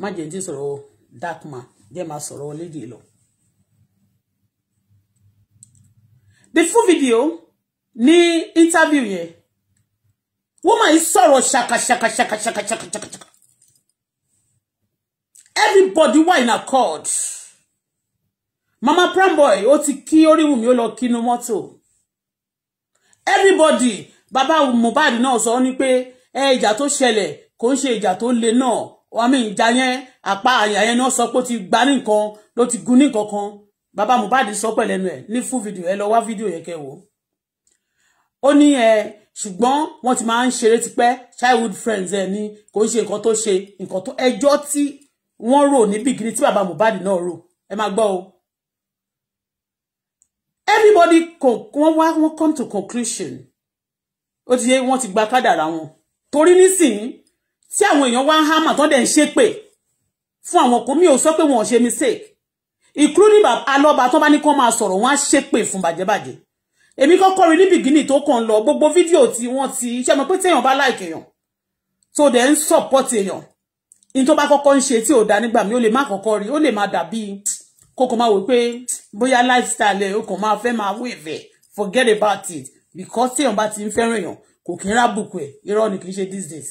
má jẹ́ dark man jẹ́ máa sọ̀rọ̀ lédè lọ. the full video ní interview Woman is Shaka shaka shaka shaka shaka shaka shaka. everybody wà in accord mama Primeboy o ti kí Oríwùmí ó lọ kínú mọ́tò everybody bàbá Mohbad náà sọ ní pé ẹ ìjà tó ṣẹlẹ̀ kò ń ṣe ìjà tó le náà àmì ìjà yẹn àpá àyà yẹn náà sọ pé ó ti gba nìkan ló ti gun nìkan kan bàbá Mohbad sọ pẹ̀lẹ́nu ẹ̀ ní fún fídíò ẹ lọ wá fídíò yẹn kẹ́ wò ó ní ẹ ṣùgbọ́n wọ́n ti máa ń ṣeré tipẹ́ childhood friends ẹ ní kò ń ṣe nǹkan tó ṣe nǹkan tó ẹjọ́ tí wọ́n rò ní bìgínní tí bàbá Mohbad náà rò ẹ máa gbọ́ o wọ́n ní wọ́n wá wọ́n come to conclusion ó ti yé wọ́n ti gba kádàrá wọn torí nísìnyí tí àwọn èèyàn wá ń hámà tó dẹ̀ ń ṣépè fún àwọn kò mí ò sọ pé wọn ò ṣe mistake including alọba tó bá ní kán máa sọ̀rọ̀ wọn á ṣépè fún bàjẹ́bàjẹ́ èmi kọ́kọ́ rí ní bìgínì tó kàn lọ gbogbo fídíò tí wọ́n ti ṣe mọ̀ pé téèyàn bá láìkè èèyàn tó dẹ̀ ń support èèyàn ní tó bá kọ́kọ́ ń ṣe tí ò dá nígbà mi ó lè má kọ́kọ́ rí ó lè má dàbí kó kàn máa wò pé bóyá lifestyle ẹ̀ ó kàn máa fẹ́ máa wéèvẹ̀ forget about it because téèyàn bá ti ń fẹ́ràn èèyàn kò kí ń rábùkù ẹ̀ irọ́ ni kì í ṣe these days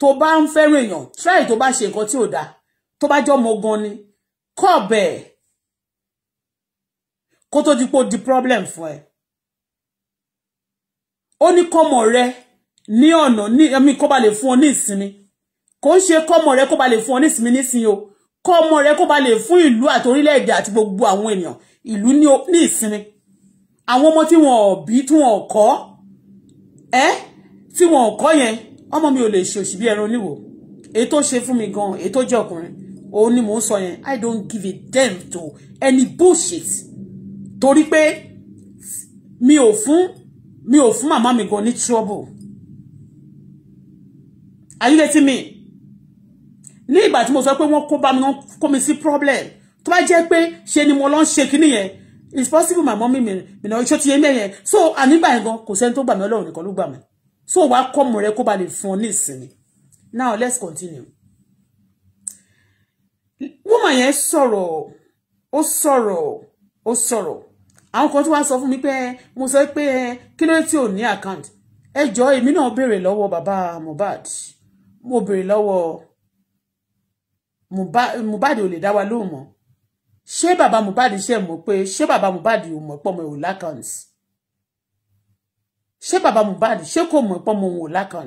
tó bá ń fẹ́ràn èèyàn try tó bá ṣe nǹkan tí ò dáa tó bá jọ́ mọ gan ni kọ́ bẹ́ẹ̀ kó tó di pé ó di problem fún ẹ ó ní kọ́mọ rẹ ní ọ̀nà ní ẹ̀mí kó ba lè fún ọ ní ìsinmi kò ń ṣe kọ́mọ rẹ kó ba lè fún ọ ní ìsinmi nísìnyí o kọ́ ọmọ rẹ kó ba lè fún ìlú àti orílẹ̀-èdè àti gbogbo àwọn ènìyàn ìlú ní ìsinmi àwọn ọmọ tí wọn ò bí tí wọn ò kọ́ ẹ́ tí wọn ò kọ́ yẹn ọmọ mi ò lè ṣe òṣì bí ẹran oníwò èyí tó ṣe fún mi gan èyí tó jẹ́ ọkùnrin òun ni mò ń sọ yẹn I don't give a damn to any bullshit torí pé mi ò fún mi ò fún màmá mi gan ní trouble are you getting me? ní ìgbà tí mo sọ pé wọ́n kó bá mi wọ́n kó mi sí problem tó bá jẹ́ pé ṣe ni mo lọ ń ṣe kíní yẹn it's possible my mummy mi ìnáwó iṣẹ́ ti yé mẹ́yẹn so ànígbà yẹn gan kò sẹ́ni tó gbà mí ọlọ́run nìkan ló gbà mí so wàá kọ́ mọ̀ rẹ kó ba lè fún ọ ní ìsinmi now let's continue woman yẹn sọ̀rọ̀ ó sọ̀rọ̀ ó sọ̀rọ̀ àwọn kan tí wàá sọ fún mi pé mo sọ pé kí ló dé tí ò ní account ẹ jọ èmi náà béèrè lọ́wọ́ bàbá Mohbad mo béèrè lọ́wọ́ Mubad ò lè dá wa lóhùn mọ́ ṣé bàbá Mohbad ṣe mọ̀ pé ṣé bàbá Mohbad ò mọ̀ pọ́mọ ò lákàǹtì ṣé bàbá Mohbad ṣé kò mọ̀ pọ́mọ òun ò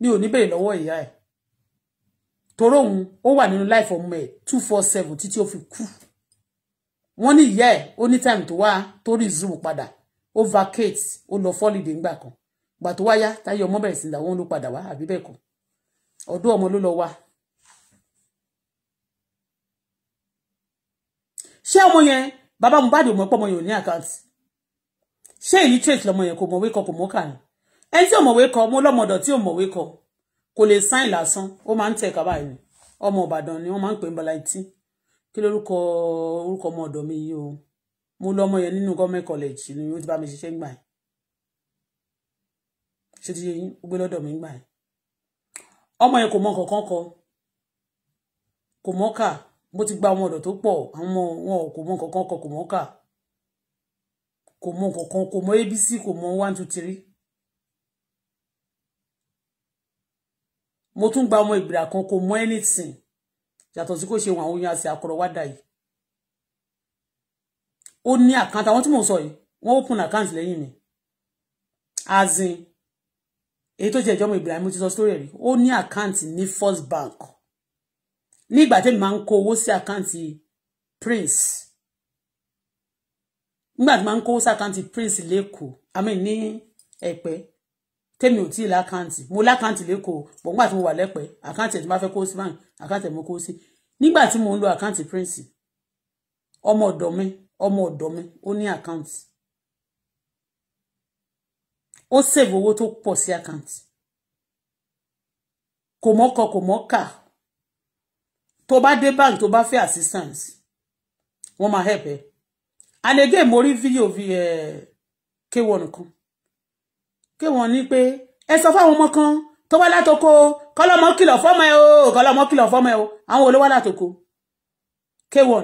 ni ò ní bèrè lọ́wọ́ ìyá ẹ̀ torí òun ó wà nínú láìfọ ọmọ ẹ̀ two four seven títí ó fi kú wọ́n ní ìyá ẹ̀ ó time tó wá tó rí zoom padà ó vacate ó lọ fọ́lìdè ńgbà kan gbà tó wáyá táyé ọmọ bẹ̀rẹ̀ sí ìdáwọ́n ló padà wá àbí bẹ́ẹ̀ kọ́ ọ̀dọ̀ ọmọ ló lọ wá ṣé ọmọ yẹn bàbá Mohbad ò mọ̀ pé ọmọ yẹn ò ní àkáǹtì ṣé illiterate lọmọ yẹn kò mọ̀ wake up mọ́kà ni ẹni tí ò mọ̀ wake up mo lọ́mọdọ̀ tí ò mọ̀ wake up kò lè sign lásán ó máa ń tẹ̀ ká báyìí ọmọ Ìbàdàn ni wọ́n máa ń pè ń bọ́lá etí kí lórúkọ orúkọ ọmọ ọ̀dọ̀ mi yìí o mo lọ́mọ yẹn nínú gọ́ọ̀mẹ̀ college ni ó ti bá mi ṣiṣẹ́ gbà yẹn ṣe ti yẹn ó gbé lọ́dọ̀ mi gbà yẹn ọmọ yẹn kò mọ̀ kankan kọ kò mọ̀ kà mo ti gba àwọn ọ̀dọ́ tó pọ̀ àwọn wọn kò mọ nǹkan kan kò mọ kà kò mọ nǹkan kan kò mọ abc kò mọ one two three mo tún gba ọmọ ìgbìrà kan kò mọ anything yàtọ̀ sí kò ṣe wọn àwọn oyin àti àkọrọ̀ wá dà yìí ó ní àkáǹtì àwọn tí mò ń sọ yìí wọ́n open àkáǹtì lẹ́yìn mi azin èyí tó jẹ́ ìjọba ìgbìrà mi ti sọ story rí ó ní àkáǹtì ní first bank ní ìgbà tẹ́mi máa ń kó owó sí àkáǹtì prince nígbà tí máa ń kó owó sí àkáǹtì prince lẹ́kọ̀ọ́ àmì ní ẹ̀pẹ́ tẹ́mi ò tí ì lákáǹtì mo lákáǹtì lẹ́kọ̀ọ́ bọ̀ nígbà tí mo wà lẹ́pẹ́ àkáǹtì ẹ̀ tí máa fẹ́ kó sí báyìí àkáǹtì ẹ̀ mo kó sí nígbà tí mo ń lo àkáǹtì prince ọmọ ọ̀dọ̀ mi ọmọ ọ̀dọ̀ mi ó ní àkáǹtì ó sèvè owó tó pọ̀ sí àkáǹtì kò mọ́kọ kò mọ́kà tó bá dé bank tó bá fẹ́ assistance wọ́n máa help ẹ and again mo rí fídíò fi ẹ kéwọ nìkan kéwọ ní pé ẹ sọ fáwọn ọmọ kan tó wá látoko kọlọmọ kìlọ̀ fọ́mọ ẹ o kọlọmọ kìlọ̀ fọ́mọ ẹ o àwọn olówó látoko kéwọ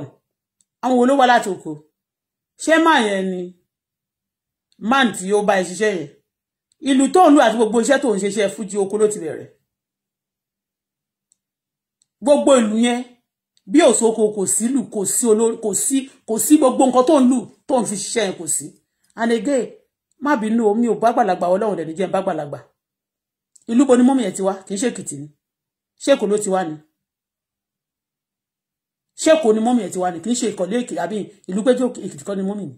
àwọn olówó látoko ṣé máa yẹn ni man tí ó bá ẹ ṣiṣẹ́ yẹn ìlú tó ń lù àti gbogbo iṣẹ́ tó ń ṣe iṣẹ́ fújì oko ló ti bẹ̀rẹ̀ gbogbo ìlú yẹn bí òsoko kò sílù kò sí olórí kò sí kò sí gbogbo nǹkan tó ń lù tó ń fi ṣiṣẹ́ yẹn kò sí and again má bínú o mi ò bá gbàlagbà ọlọ́run dẹ̀ni jẹ́ n bá gbàlagbà ìlú bo ni mọ́mí yẹn ti wá kì í ṣe èkìtì ni ṣé ló ti wá ni ṣé ni mọ́mí yẹn ti wá ni kì í ṣe ìkọ̀lé èkìtì àbí ìlú péjú èkìtì kọ́ ni mọ́mí ni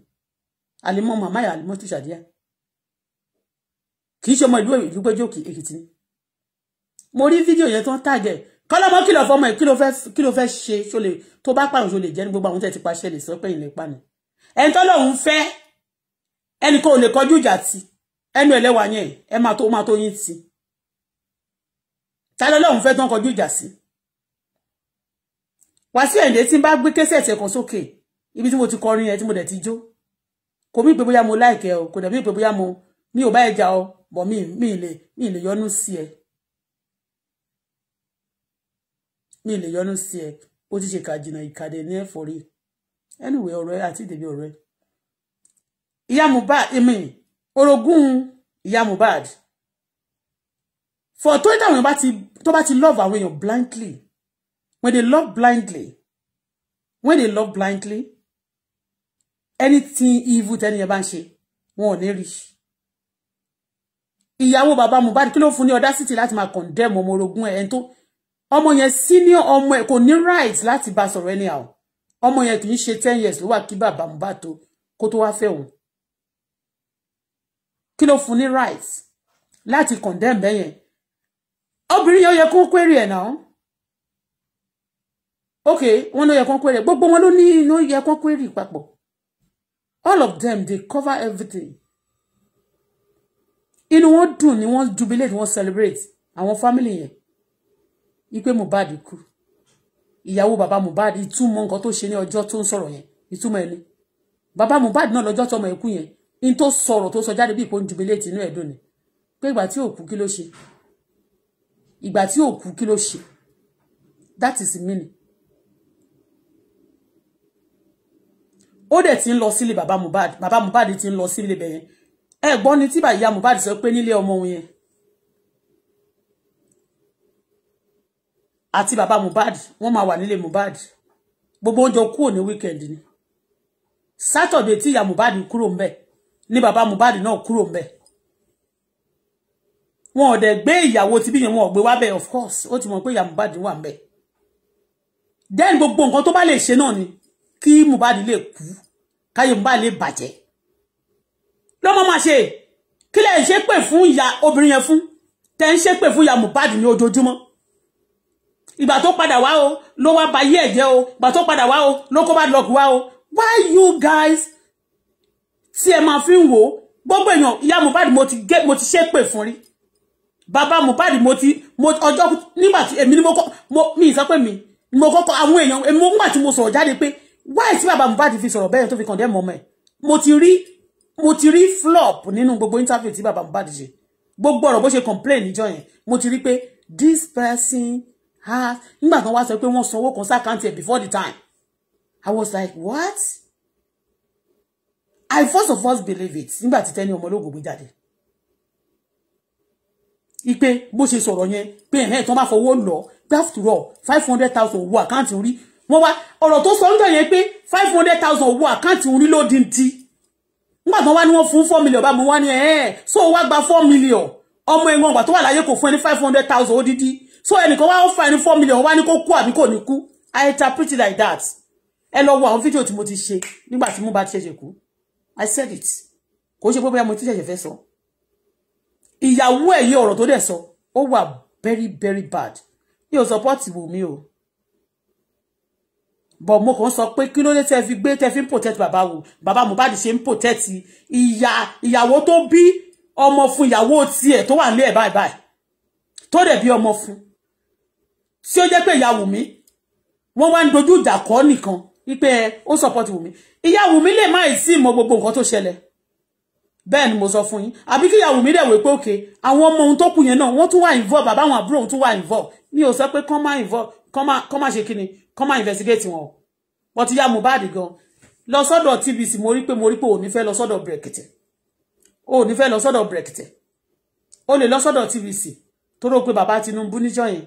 àlìmọ́ màmá yà àlìmọ́ tìṣàdíyà kì í ṣe ọmọ ìlú péjú èkìtì ni mo rí fídíò yẹn tó tàgẹ̀ kọ́lọ́mọ́ kìlọ̀ fọmọ ẹ̀ kí ló fẹ́ ṣe ṣọlẹ̀ tó bá pàrọ̀ ṣọlẹ̀ jẹ́ ní gbogbo àwọn tẹ̀ ti paṣẹ lè sọ pé ìlẹ̀ pa ni ẹni tó lòun fẹ́ ẹnì kan ò lè kọjú ìjà ti ẹnu ẹlẹ́wà yẹn ẹ máa tó máa tó yín ti ta ló lòun fẹ́ tán kọjú ìjà sí Wasiu Ayinde tí n bá gbé késẹ̀ ẹ̀sẹ̀ kan sókè ibi tí mo ti kọrin yẹn tí mo dẹ̀ ti jó kò mí pé bóyá mo láìkẹ́ o kò dẹ̀ mí pé bóyá mo mi ò bá ẹ̀ o bọ̀ mi ì lè yọnu sí ẹ̀ mi ò lè yọnu sí ẹ ó ti ṣe kàjìnà ìkàdé ní ẹ̀fọ́rí anyway ọ̀rẹ́ àti ìdèbí ọ̀rẹ́ ìyá Mohbad èmi orogún ìyá Mohbad for tó dáwọn bá ti tó bá ti love àwọn èèyàn blindly when they love blindly when they love blindly anything evil tẹ́ni yẹn bá ń ṣe wọn ò ní rí ìyàwó bàbá Mohbad kí ló fún ní ọdá city láti máa condemn ọmọ orogún ẹ̀ ẹni tó ọmọ yẹn senior ọmọ ẹ̀ kò ní right láti bá sọ̀rọ̀ anyhow ọmọ yẹn kì í ṣe ten years ló wà kí bàbá Mohbad tó kó tó wá fẹ́ òun kí ló fún ní right láti condemn bẹ́ẹ̀ yẹn obìnrin yẹn ó yẹ kó query ẹ̀ náà ok wọn ló yẹ kó query gbogbo wọn ló ní ló yẹ kó query papọ̀ all of them they cover everything inú wọn dùn ni wọn jubilate wọn celebrate àwọn family yẹn wípé Mohbad kú ìyàwó bàbá Mohbad ìtumọ̀ nǹkan tó ṣe ní ọjọ́ tó ń sọ̀rọ̀ yẹn ìtumọ̀ ẹni bàbá Mohbad náà lọ́jọ́ tọmọ ẹ̀kú yẹn in tó sọ̀rọ̀ tó sọ jáde bí ìpon jubilé tinú ẹ̀dùn ni pé ìgbà tí òkú kí ló ṣe ìgbà tí òkú kí ló ṣe that is meaning ó dẹ̀ ti ń lọ sílé bàbá Mohbad bàbá Mohbad ti ń lọ sílé bẹ̀yẹn ẹ̀gbọ́n ni tí bàyá Mohbad sọ pé nílé ọmọ òun yẹn àti bàbá Mohbad wọ́n máa wà nílé Mohbad gbogbo wọn kúrò ní weekend ni Saturday tí ìyá Mohbad kúrò ńbẹ̀ ni bàbá Mohbad náà kúrò ńbẹ̀ wọn ò dẹ̀ gbé ìyàwó tí bí yẹn wọn ò gbé wá bẹ̀ of course ó ti mọ̀ pé ìyá Mohbad wà ńbẹ̀ then gbogbo nǹkan tó bá lè ṣe náà ni kí Mohbad lè kú káyé Mohbad lè bàjẹ́ lọ́mọ máa ṣe kí lẹ́yìn ṣe pè fún ìyá obìnrin yẹn fún tẹ́ ń ṣe pè fún ìyá Mohbad ní ojoojúmọ́ ìgbà tó padà wá o ló wá ba yé ẹ̀jẹ̀ o ìgbà tó padà wá o ló kó bá lọ́ọ̀kì wá o why you guys tí ẹ máa fi ń wò ó gbogbo èèyàn ìyá Mohbad mo ti gé mo ti ṣépè fún rí bàbá Mohbad mo ti mo ọjọ́ nígbà tí èmi ni mo kọ́ mo mi ì sọ pé mi mo kọ́kọ́ àwọn èèyàn èmi mo ń gbà tí mo sọ̀rọ̀ jáde pé why tí bàbá Mohbad fi sọ̀rọ̀ bẹ́ẹ̀ tó fi kàn dé mọ́mọ́ ẹ̀ mo ti rí mo ti rí flop nínú gbogbo interview tí bàbá Mohbad ṣe gbogbo ọ̀rọ̀ bó ṣe complain níjọ́ yẹn mo ti rí pé this person nígbà tán wá sọ pé wọ́n sanwó kan sákàǹtì ẹ̀ before the time I was like what I first of all believe it nígbà tí tẹ́ni ọmọ ológun gbé jáde ipe bó ṣe sọ̀rọ̀ yẹn pé ẹ̀hẹ́ tán bá fọwọ́ lọ after all five hundred thousand owó àkáǹtì orí wọ́n wá ọ̀rọ̀ tó sọ ń dọ̀ yẹn pé five hundred thousand owó àkáǹtì orí ló dín dín nígbà tán wá ní wọ́n fún four million bá mo wá ní ẹ̀ẹ́ so wá gba four million ọmọ ẹ̀wọ̀n ọgbà tó wà láyé kò fún ẹ ní five hundred thousand odidi so ẹnìkan wá ó find ẹni four million wá ní kó kú àbí kò ní kú i interpret it like that ẹ lọ wo àwọn fídíò tí mo ti ṣe nígbà tí mo bá ti ṣẹ̀ṣẹ̀ kú i said it kò ṣe pé bóyá mo ti ṣẹ̀ṣẹ̀ fẹ́ sọ ìyàwó ẹ̀ yí ọ̀rọ̀ tó dẹ̀ sọ ó wà very very bad mi ò support wò mí o bọ̀ mo kàn sọ pé kí ló dé tẹ́ fi gbé tẹ́ fi ń protect bàbá wò bàbá Mohbad ṣe ń protect ìyá ìyàwó tó bí ọmọ fún ìyàwó tiẹ̀ To wà nílé ẹ̀ bye. báyìí tó dẹ̀ bí ọmọ fún tí ó jẹ́ pé ìyá Wùmí wọ́n wá ń dojú ìjà kọ́ nìkan wípé ó support Wùmí ìyá Wùmí lè má sí mọ gbogbo nǹkan tó ṣẹlẹ̀ bẹ́ẹ̀ ni mo sọ fún yín àbí kí ìyá Wùmí dẹ̀ wò pé òkè àwọn ọmọ òun tó kù yẹn náà wọ́n tún wà involve bàbá àwọn àbúrò òun tún involve mi ò sọ pé kán má involve kán má ṣe kí ni kán má investigate wọn o ya ti yá Mohbad gan lọ sọ́dọ̀ TBC mo rí pé mo rí pé òní fẹ́ lọ sọ́dọ̀ Brekete òní fẹ́ lọ sọ́dọ̀ Brekete ó lè lọ sọ́dọ̀ TBC toro rò baba bàbá Tinubu níjọ́ yẹn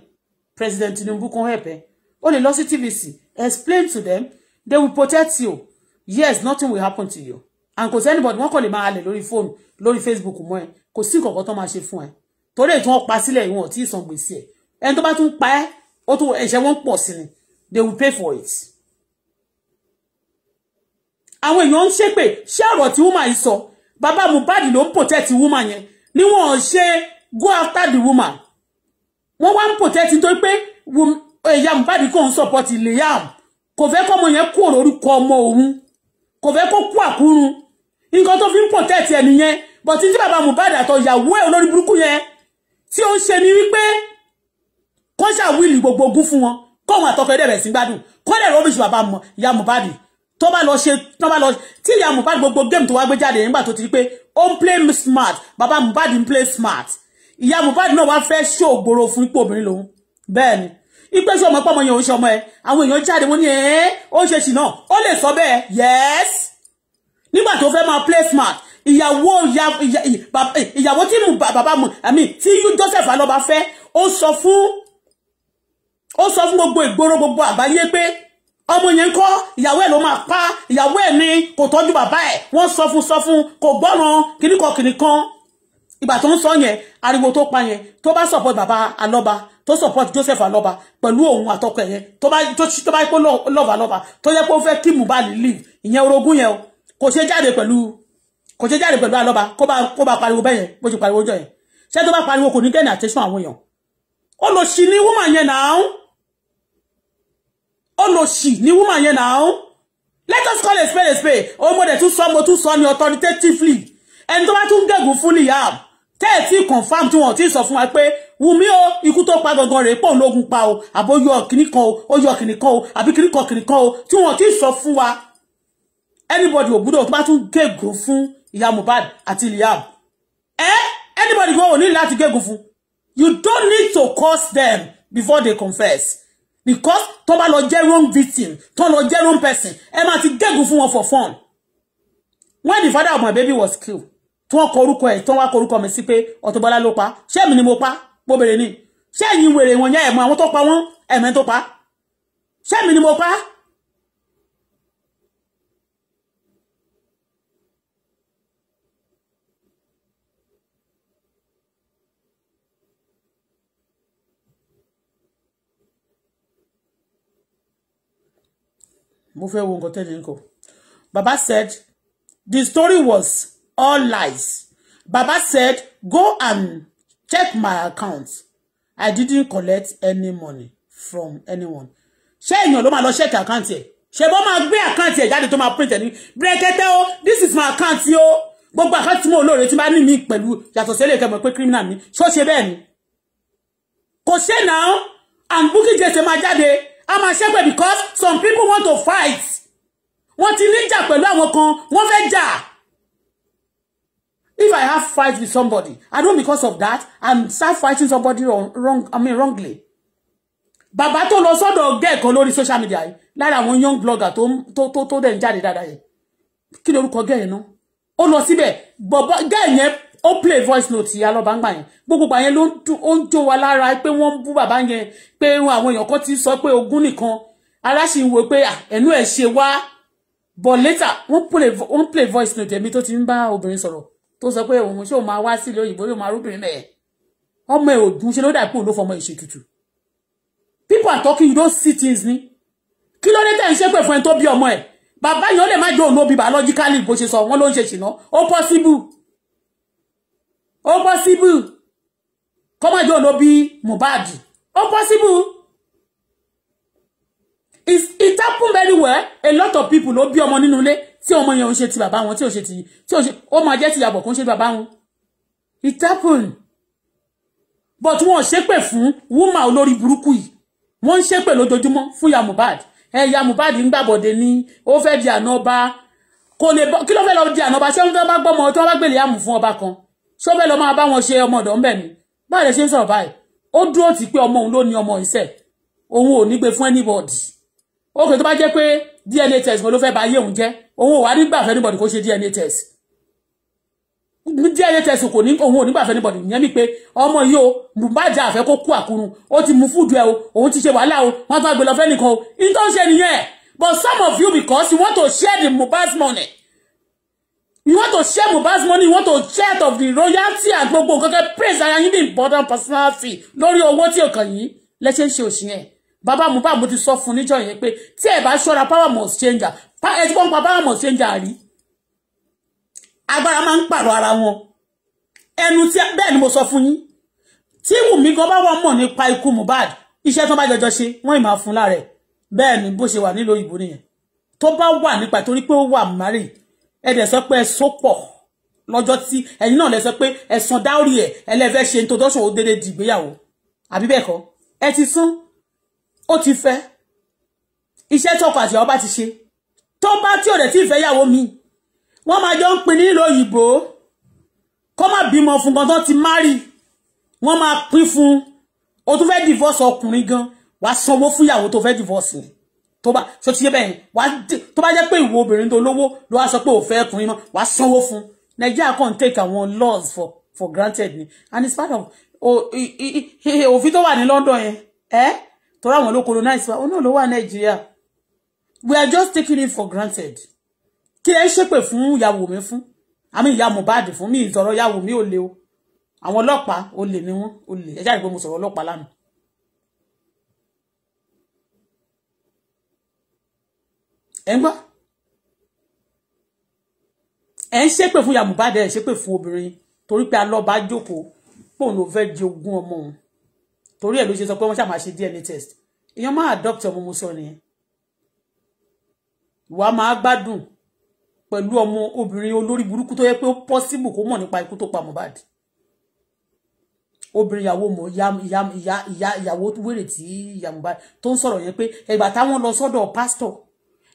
President Tinubu kan help ẹ o lè lọ sí TVC explain to them they will protect you yes nothing will happen to you and kò sí anybody wọn kò lè máa halẹ̀ lórí fóònù lórí Facebook mọ́ ẹ kò sí nǹkan kan tó máa ṣe fún ẹ torí ètò wọn pa sílẹ̀ ìwọ̀n tí ìsan gbèsè ẹ ẹni tó bá tún pa ẹ ó tún ẹ̀ṣẹ̀ wọn pọ̀ sí they will pay for it. àwọn èèyàn ń ṣépè ṣé ọ̀rọ̀ tí woman yìí Baba, bàbá Mohbad ló ń protect woman yẹn ni wọ́n ṣe go after the woman wọ́n wá ń protect nítorí pé ìyá Mohbad kò ń support Liam kò fẹ́ kọ́mọ yẹn kú orúkọ ọmọ òun kò fẹ́ kó kú àkúrun nǹkan tó fi ń protect ẹ̀ nìyẹn but tí bàbá Mohbad àtọ̀ ìyàwó ẹ̀ olórí burúkú yẹn tí ó ń ṣe ni wípé kó ṣàwìlì gbogbo ogún fún wọn kóhun àtọkọ ẹdẹ rẹ sí gbádùn kódẹ rọbìṣì bàbá ìyá Mohbad tó bá lọ ṣe tó bá lọ tí ìyá Mohbad gbogbo game tó wá gbé jáde nígbà tó ti rí pé ó ń play smart bàbá Mohbad ń play smart ìyá Mohbad náà wá fẹ́ ṣògboro fún ipò obìnrin lòun bẹ́ẹ̀ ni ipe ṣe ọmọ pé ọmọ yẹn òun ṣe ọmọ ẹ àwọn èèyàn jáde wọn ni ẹ ó ṣe sì náà ó lè sọ bẹ́ẹ̀ yes nígbà tó fẹ́ máa play smart ìyàwó ìyàwó tí bàbá mu àmì tí Joseph alọba fẹ́ ó sọ fún ó sọ fún gbogbo ìgboro gbogbo àgbáyé pé ọmọ yẹn ń kọ́ ìyàwó ẹ̀ ló máa pa ìyàwó ẹ̀ ni kò tọ́jú bàbá ẹ̀ wọ́n sọ fún sọ fún kò gbọ́ràn kíníkan kíníkan ìgbà tó ń sọ yẹn ariwo tó pa yẹn tó bá support Baba Aloba. tó support Joseph Aloba. pẹ̀lú òun àtọkọ yẹn tó bá tó bá kó love alọ́ba tó yẹ kó fẹ́ kí Mohbad live ìyẹn orogún yẹn o kò ṣe jáde pẹ̀lú kò ṣe jáde pẹ̀lú alọ́ba kó bá kó bá pariwo bẹ́yẹn bó ṣe pariwo jọ yẹn ṣé tó bá pariwo kò ní gẹ́nà àtẹ́sán àwọn èèyàn olòṣì ni woman yẹn náà olòṣì ni woman yẹn náà let us call a spade a spade òun mo de tún sọ mo tún sọ ní authoritatively ẹni tó bá tún gẹ̀gùn fúnlì yàrá tẹ́ ẹ̀ tí confam tí wọ́n ti sọ fún wa pé Wùmí o ikú tó pa gangan rèé pọ̀ lógun pa o àbó yọ kìnnì kan o ó yọ kìnnì kan o àbí kìnnì kan kìnnì kan o tí wọ́n ti sọ fún wa anybody ò gbúdọ̀ tó bá tún gégùn fún ìyá Mohbad àti Liam ẹ anybody go ò ní láti gégùn fún you don't need to curse them before they confess because tó bá lọ jẹ́ wrong victim tó lọ jẹ́ wrong person ẹ máa ti gégùn fún wọn for fun when the father of my baby was killed tí wọ́n kọ ẹ̀ tí wá kọ mi sí pé Auto ló pa ṣé èmi ni mo pa mo bèrè ni ṣé ẹ̀yin wèrè wọn yẹn ẹ̀mọ àwọn tó pa wọ́n ẹ̀mẹ́ tó pa ṣé èmi ni mo pa. mo fẹ́ wo nǹkan tẹ́lẹ̀ nǹkan baba said the story was all lies. Baba said, go and check my account. I didn't collect any money from anyone. Ṣé èèyàn ló máa lọ check account ẹ̀? Ṣé bọ́ máa gbé account ẹ̀ jáde tó máa print ẹ̀ ní? Brekete o, this is my account o. Gbogbo account tí mo lóore tí bá ní mi pẹ̀lú yàtọ̀ sílé ìkẹ́mọ̀ pé criminal mi. Ṣó ṣe bẹ́ẹ̀ ni? Kò ṣe náà, and booking Jesse máa jáde. A máa ṣẹ́gbẹ̀ because some people want to fight. Wọ́n ti níjà pẹ̀lú àwọn kan, wọ́n fẹ́ jà. If I have fight with somebody, I don't because of that, I'm start fighting somebody wrong, wrong I mean wrongly. Bàbá tó lọ sọ́dọ̀ gẹ́ kan lórí social media yìí lára àwọn young blogger To to to tó dẹ̀ ń jáde dáadáa yẹn. Kí lorúkọ gẹ́ yẹn no, Ó lọ síbẹ̀ bọ̀bọ̀ gẹ́ yẹn ó play voice note ìyá lọ́ba ń gbà yẹn. Gbogbo àyẹn ló ń jó wa lára pé wọ́n ń bú bàbá yẹn pé àwọn èèyàn kan ti sọ pé ogún nìkan. Ara sì ń wo pé ẹnu ẹ̀ ṣe wá. But later wọ́n play play voice note ẹ̀mí tó ti ń bá obìnrin sọ̀rọ̀ tó sọ pé òun ṣé òun máa wá sí ilé òyìnbó ló máa rúbìnrin mẹ́ẹ̀ ọmọ ẹ̀ òdùn ṣe ló dà pé òun ló fọmọ ìṣe tutù people are talking you don't see things ni kí ló dé tẹ̀ ń ṣépè fún ẹni tó bí ọmọ ẹ̀ bàbá yìí ó lè má jẹ́ òun òbí biologically bó ṣe sọ wọ́n ló ń ṣe ṣìná ó possible ó possible kó má jẹ́ òun òbí Mohbad ó possible it happen very well a lot of people ló bí ọmọ nínú ilé tí ọmọ yẹn ò ń ṣe ti bàbá wọn tí ò ṣe ti tí ò ṣe ó máa jẹ́ ti yàbọ̀ kó ń ṣe bàbá wọn it happen but wọn ò ṣépè fún wúmà olórí burúkú yìí wọ́n ń ṣépè lójoojúmọ́ fún ya Mohbad ẹ ya Mohbad ń gbàbọ̀dé ní ó fẹ́ di àná ọba kò lè bọ́ kí ló fẹ́ lọ di àná ọba ṣé wọ́n bá gbọ́ ọmọ tí wọ́n bá gbèlè àmù fún ọba kan ṣó fẹ́ lọ máa bá wọn ṣe ọmọ ọ̀dọ́ ńbẹ̀ ni báyìí lè ṣe ń sọ̀rọ̀ báyìí ó dúró tì pé ọmọ òun ló ní ọmọ ìṣẹ̀ òun ò ní gbé fún anybody ó kò tó bá jẹ́ pé DNA test mo ló fẹ́ bà ayé òun jẹ́ òun ò wá nígbà fẹ́ anybody kó ṣe DNA test DNA test kò ní òun ò nígbà fẹ́ anybody ìyẹn mi pé ọmọ yìí o Mohbad àfẹ́ kó kú àkúrun ó ti mú fúdù ẹ o òun ti ṣe wàhálà o wọ́n tún gbé lọ fẹ́ nìkan o in tó ń ṣe nìyẹn but some of you because you want to share the Mohbad's money you want to share Mohbad's money you want to share of the royalty and gbogbo nǹkan kẹ́ praise ara yín ní important personality lórí owó tí ò kàn yín lẹ́sẹ̀ ń ṣe òṣìyẹn bàbá Mohbad mo ti sọ fún níjọ́ yẹn pé tí ẹ bá ṣọ́ra power must change ẹ ti pọ́npa power must change àrí agbára máa ń pààrọ̀ ara wọn ẹnu tí bẹ́ẹ̀ ni mo sọ fún yín tí Wùmí gan bá wọ́n mọ̀ nípa ikú Mohbad iṣẹ́ tó bá jọjọ ṣe wọ́n ì máa fún láàrẹ bẹ́ẹ̀ ni bó ṣe wà nílò ìbò nìyẹn tó bá wà nípa torí pé ó wà márì ẹ dẹ̀ sọ pé ẹ so pọ̀ lọ́jọ́ tí ẹ̀yin náà lẹ sọ pé ẹ̀sán dáórì ẹ̀ ẹlẹ́fẹ́ ṣe introduction ó dédé di ìgbéyàwó àbí bẹ́ẹ̀ kọ́ ẹ ti sún ó ti fẹ́ iṣẹ́ tọkọ àti ìyàwó bá ti ṣe tó bá tí ò dẹ̀ tí ì fẹ́ yàwó mi wọ́n máa jọ ń pin ní ìlú òyìnbó kó má bímọ fún gan tó ti márì wọ́n máa pín fún o tún fẹ́ divorce ọkùnrin gan wàá sanwó fún ìyàwó tó fẹ́ divorce ni tó bá so ti yẹ bẹ́ẹ̀ wàá tó bá jẹ́ pé ìwọ obìnrin tó lówó ló wá sọ pé ò ọkùnrin mọ́ wàá sanwó fún Nigeria can take àwọn laws for for granted ni and it's part of òfin tó wà ní London yẹn ẹ́ eh? torí àwọn ló colonize wa òun náà ló wà nàìjíríà we are just taking it for granted kí ẹ ṣépè fún ìyàwó mi fún àmì ìyá Mohbad fún mi ìtọ̀rọ̀ ìyàwó mi ò le o àwọn ọlọ́pàá olè ni wọ́n olè ẹ jáde pé mo sọ̀rọ̀ ọlọ́pàá lánàá. ẹ ń gbọ́ ẹ ń ṣépè fún ìyá Mohbad ẹ ṣépè fún obìnrin torí pé alọ́ba jókòó pòun ló fẹ́ di ogún ọmọ òun torí ẹ̀ ló ṣe sọ pé wọ́n ṣàmà ṣe DNA test èèyàn máa adopt ọmọ mo sọ nìyẹn ìwà máa gbádùn pẹ̀lú ọmọ obìnrin olórí burúkú tó yẹ pé ó possible kó mọ̀ nípa ikú tó pa Mohbad obìnrin ìyàwó mọ̀ ìyàwó wèrè tí ìyá Mohbad tó ń sọ̀rọ̀ yẹn pé ẹgbà táwọn lọ sọ́dọ̀ pásítọ̀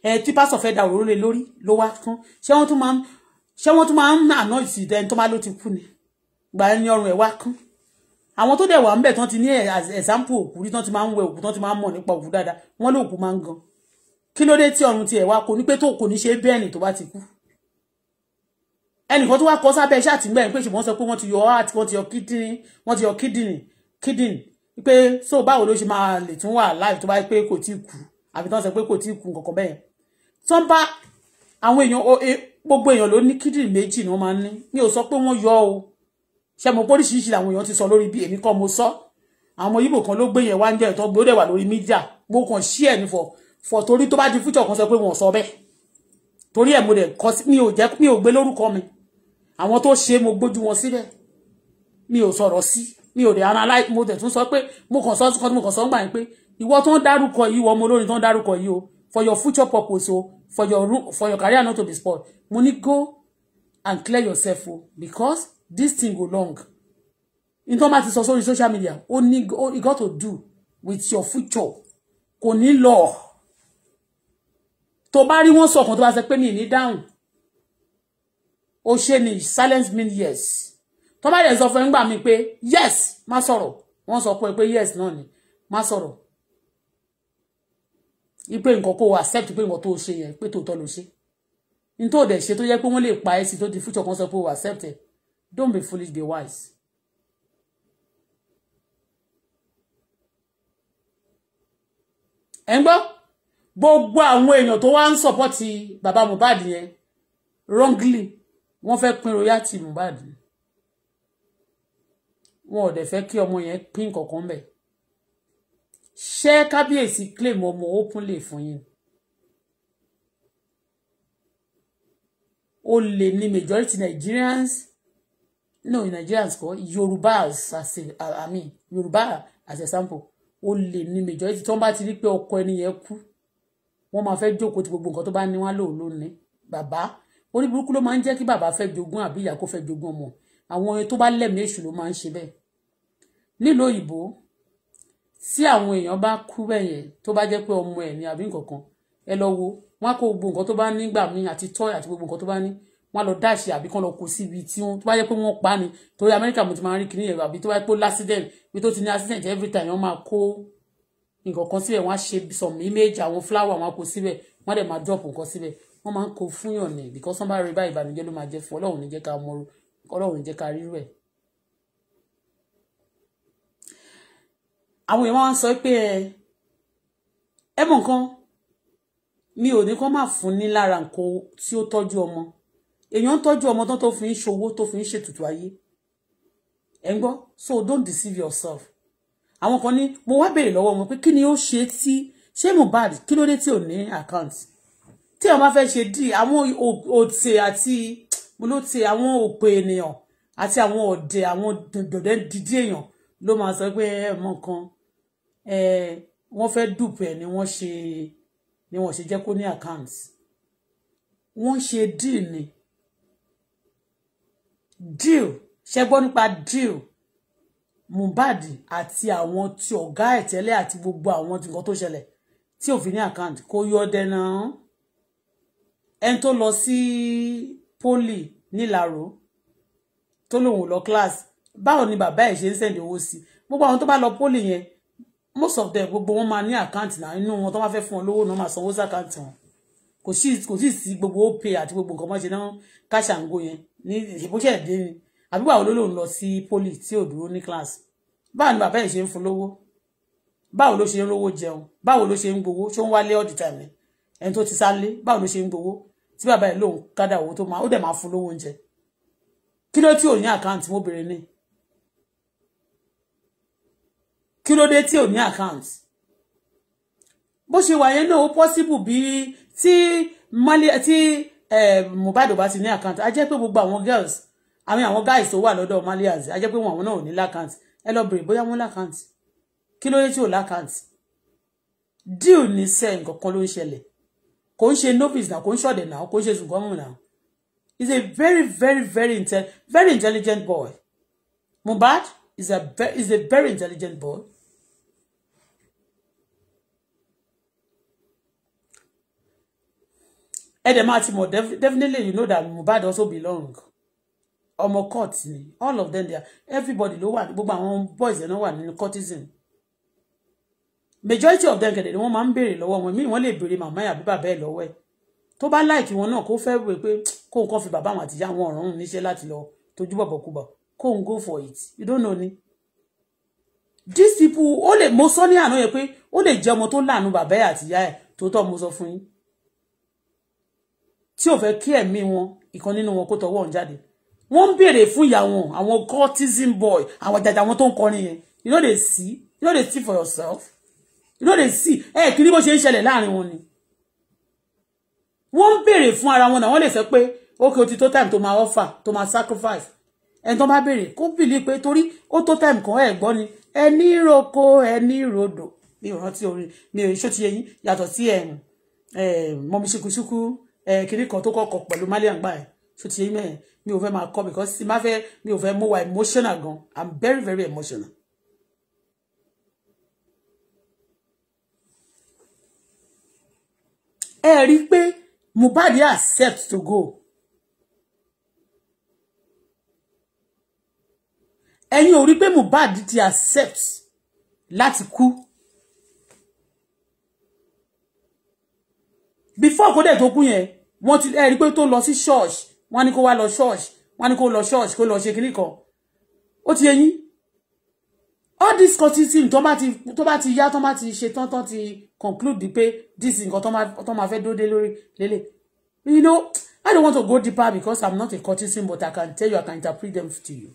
ẹ tí pásítọ̀ fẹ́ da òróró lé lórí ló wá tán ṣé wọ́n tún máa ń ṣé wọ́n tún máa ń àná ìsìdẹ́ni tó máa ló ti kú ni gbà ẹni ọrùn ẹ̀ wá kán àwọn tó dẹ̀ wà ń bẹ̀ tán ti ní ẹ̀sánpù òkú rí tán ti máa ń wẹ òkú tán ti máa ń mọ̀ nípa òkú dáadáa wọ́n lóòkú máa ń gan kí ló dé tí ọ̀run tiẹ̀ wá kò ní pé tó kò ní ṣe bẹ́ẹ̀ ni tó bá ti kú ẹnìkan tó wá kọ sábẹ́ iṣẹ́ àtìgbà yẹn pé ṣùgbọ́n sọ pé wọ́n ti yọ heart wọ́n ti yọ kidney wọ́n ti yọ kidney kidney pé so báwo ló ṣe máa lè tún wà láì tó bá pé kò tí kú àbí tán sọ pé kò tí kú nǹkan bẹ́ẹ̀ tán bá àwọn èèyàn e, gbogbo èèyàn ló ní kidney méjì ni wọ́n máa ń ní mi ò sọ pé wọ́n yọ o ṣe mo póríṣiríṣi làwọn èèyàn ti sọ lórí bí èmi kọ́ mo sọ àwọn ọmọ Ìgbò kan ló gbé yẹn wá ń jẹ́ ìtọ́ gbé ó dẹ̀ wà lórí mo kàn ṣí ẹ̀ ní fọ̀ fọ̀ torí tó di future kan sọ pé wọn ò sọ bẹ́ẹ̀ torí mo dẹ̀ kọ́ sí mi ò jẹ́ mi ò gbé lórúkọ mi àwọn tó ṣe mo gbójú wọn síbẹ̀ mi o sọ̀rọ̀ sí mi o de analyze mo dẹ̀ tún sọ pé mo kàn so kan mo kàn sọ gbà yín pé ìwọ tó ń dárúkọ yìí mo ọmọ olórin tó ń dárúkọ yìí o for your future purpose o for your for your career not to be spoiled mo ní go and clear yourself o because this thing go long In bá ti also in social media Only ní it got to do with your future kò law. lọ tó bá rí wọn sọkàn tó bá sọ pé mi ní dáhùn ó ṣe ni silence mean yes tó bá dẹ̀ sọ fún ẹgbàá mi pé yes má sọ̀rọ̀ wọ́n sọ fún yes náà ni má sọ̀rọ̀ ipe nǹkan kó accept pé nǹkan tó ṣe yẹn pé tòótọ́ ló ṣe ní tó dẹ̀ ṣe tó yẹ pé wọ́n lè pa ẹ́ sí tó di future kan sọ pé o accept Don't be foolish, be wise. ẹ̀ ń gbọ́ gbogbo àwọn èèyàn tó wá ń sọ́pọ́tì bàbá Mohbad yẹn wrongly wọ́n fẹ́ pín royalty Mohbad wọn ò dẹ̀ fẹ́ kí ọmọ yẹn pín kankan mẹ́ ṣé kábíyèsí claim ọmọ openly fún yín ó lè ní majority Nigerians no Nigerians ko yoruba as a I mean Yoruba as a sample ó lè ní majority tí wọ́n bá ti rí pé ọkọ ẹni yẹn kú wọ́n máa fẹ́ jókòó ti gbogbo nǹkan tó bá ní wọ́n lòun ló ní bàbá oníburúkú ló máa ń jẹ́ kí bàbá fẹ́ jogún àbí ìyá kó fẹ́ jogún ọmọ àwọn tó bá lẹ́mìí èṣù ló máa ń ṣe bẹ́ẹ̀ nílùú òyìnbó tí àwọn èèyàn bá kú bẹ́yẹn tó bá jẹ́ pé ọmọ ẹ̀ ní àbí nǹkan kan ẹ lọ wo wọn á kó gbogbo nǹkan tó bá ní gbà mí àti tọ́ àti gbogbo nǹkan tó bá ní wọ́n lọ dáṣe àbí kán lọ kó sí ibi tí wọ́n tó bá yẹ pé wọ́n pa ni torí amẹ́ríkà mo ti máa ń rí kiri ẹ̀rọ àbí tó bá yẹ pé lásìdẹ̀n ibi tó ti ní accident every time wọ́n máa kó nǹkan kan síbẹ̀ wọ́n á ṣe some image àwọn flower wọ́n á kó síbẹ̀ wọ́n dẹ̀ máa drop nǹkan síbẹ̀ wọ́n máa ń kó fúnyàn ní because wọ́n bá rí báyìí ìbànújẹ́ ló máa jẹ́ fún ọlọ́run ní jẹ́ ká mọ ọlọ́run ní jẹ́ ká rírú ẹ̀. àwọn èèyàn máa sọ pé ẹ mọ̀ nǹkan mi ò ní kó má fún ní lára nǹkan tí ó tọ́jú ọmọ èèyàn ń tọ́jú ọmọ tán tó fi ń ṣòwò tó fi ń ṣètùtù ayé ẹ̀ ń gbọ́ so don't deceive yourself àwọn kan ní mo wá béèrè lọ́wọ́ wọn pé kí ni ó ṣe tí ṣé Mohbad kí ló dé tí ò ní àkáǹtì tí àwọn bá fẹ́ ṣe díì àwọn òtè àti mo ló ti àwọn òpè ènìyàn àti àwọn ọ̀dẹ̀ àwọn dọ̀dẹ̀ dídí èèyàn ló máa sọ pé ẹ mọ nǹkan ẹ wọ́n fẹ́ dùpẹ̀ ni wọ́n ṣe ni wọ́n ṣe jẹ́ kó ní àkáǹtì wọ́n ṣe díì ni deal ṣe gbọ́ nípa deal Mohbad àti àwọn tí ọ̀gá ẹ̀ tẹ́lẹ̀ àti gbogbo àwọn nǹkan tó ṣẹlẹ̀ tí òfin ní àkáǹtì kó yọ dẹ́nà ẹni tó lọ sí poli nílàró tó lòun lọ class báwo ni bàbá ẹ̀ ṣe ń sẹ̀ǹdì owó sí gbogbo àwọn tó bá lọ poli yẹn most of them gbogbo wọn máa ní àkáǹtì náà inú wọn tó bá fẹ́ fún wọn lówó náà máa sanwó sí àkáǹtì wọn kò sí kò sí sí gbogbo ó pay àti gbogbo nǹkan mọ́ṣe náà cash and go yẹn ní ìṣèbóṣẹ̀ dé ni àbí báwo ló lòun lọ sí poli tí ò dúró ní class báwo ni bàbá yìí ṣe ń fún lówó báwo ló ṣe ń rówó jẹun báwo ló ṣe ń gbowó ṣó ń wálé all the time ni ẹni tó ti sálé báwo ló ṣe ń gbowó tí bàbá yìí lòun kádà owó tó máa ó dẹ̀ máa fún lówó oúnjẹ kí ló tí ò ní àkáǹtì mo bèrè ní kí ló dé tí ò ní àkáǹtì bó ṣe wà yẹn náà ó possible bí tí mali tí eh, Mohbad bá ti ní àkáǹtì a jẹ́ pé gbogbo àwọn girls àwọn àwọn guys tó wà lọ́dọ̀ malias a jẹ́ pé wọn àwọn náà ò ní lákàǹtì ẹ lọ bèrè bóyá wọn lákàǹtì kí ló yẹ tí ò lákàǹtì díò ní sẹ́ nǹkan ló ń ṣẹlẹ̀ kò ń ṣe novice náà kò ń ṣọ̀dẹ̀ náà kò ń ṣe ṣùgbọ́n náà he's a very very very intel very intelligent boy Mohbad is a is a very intelligent boy ẹ dẹ̀ máa ti mọ̀ definitely you know that Mohbad also belong ọmọ court ni all of them there everybody ló wà gbogbo àwọn boys yẹn náà wà nínú courtesan majority of them kẹ̀dẹ̀ ni wọ́n máa ń béèrè lọ́wọ́ wọn míì wọ́n lè béèrè màmá àbí bàbá ẹ̀ lọ́wọ́ ẹ̀ tó bá láìkí wọn náà kó fẹ́ wé pé kó nǹkan fi bàbá àwọn àtìyá wọn ọ̀rọ̀ níṣẹ́ láti lọ tójú bọ̀bọ̀ kó n go for it you don't know ni these people ó lè mo sọ ní àná yẹn pé ó lè jẹ́ ọmọ tó láàánú bàbá ẹ̀ àtìyá ẹ̀ tó tọ́ mo sọ fún yín tí ò fẹ́ kí ẹ̀mí wọn ìkan nínú wọn kó tọwọ́ jáde wọ́n ń béèrè fún ìyá àwọn cultism boy àwọn àjàjà wọn tó ń kọrin yẹn you know they see you know they see for yourself you know they see ẹ kiri bó ṣe ń ṣẹlẹ̀ láàrin wọn ni wọ́n ń béèrè fún ara wọn náà wọ́n lè sọ pé ókè ó ti tó time tó máa offer tó máa sacrifice ẹni tó bá béèrè kó bìlí pé torí ó tó time kan ẹ gbọ́ ni ẹni roko ẹni rodo mi ò rántí orin mi ò ṣó ti yẹyin yàtọ̀ sí ẹ̀ mọ́mí ṣíkúṣíkú kiri kan tó kọ́kọ́ pẹ̀lú malian gbà ẹ̀ tó ti mẹ́ mi ò fẹ́ máa kọ́ because tí má fẹ́ mi ò fẹ́ mo wà emotional gan i'm very very emotional. ẹ rí i pé Mohbad accept to go ẹ̀yin ò rí i pé Mohbad ti accept láti kú. before kó dẹ̀ tó kú yẹn wọ́n ti ẹ̀rí pé to lọ sí church wọ́n ní kó wá lọ church wọ́n ní kó lọ church kó lọ ṣe kiri kan ó ti yẹn all this constitution. tó bá ti tó bá ti yá tó bá ti ṣe tán tán ti conclude pé this nǹkan tó máa fẹ́ dóde lórí lélẹ̀ you know I don't want to go deeper because I'm not a cotism but I can tell you I can interpret them to you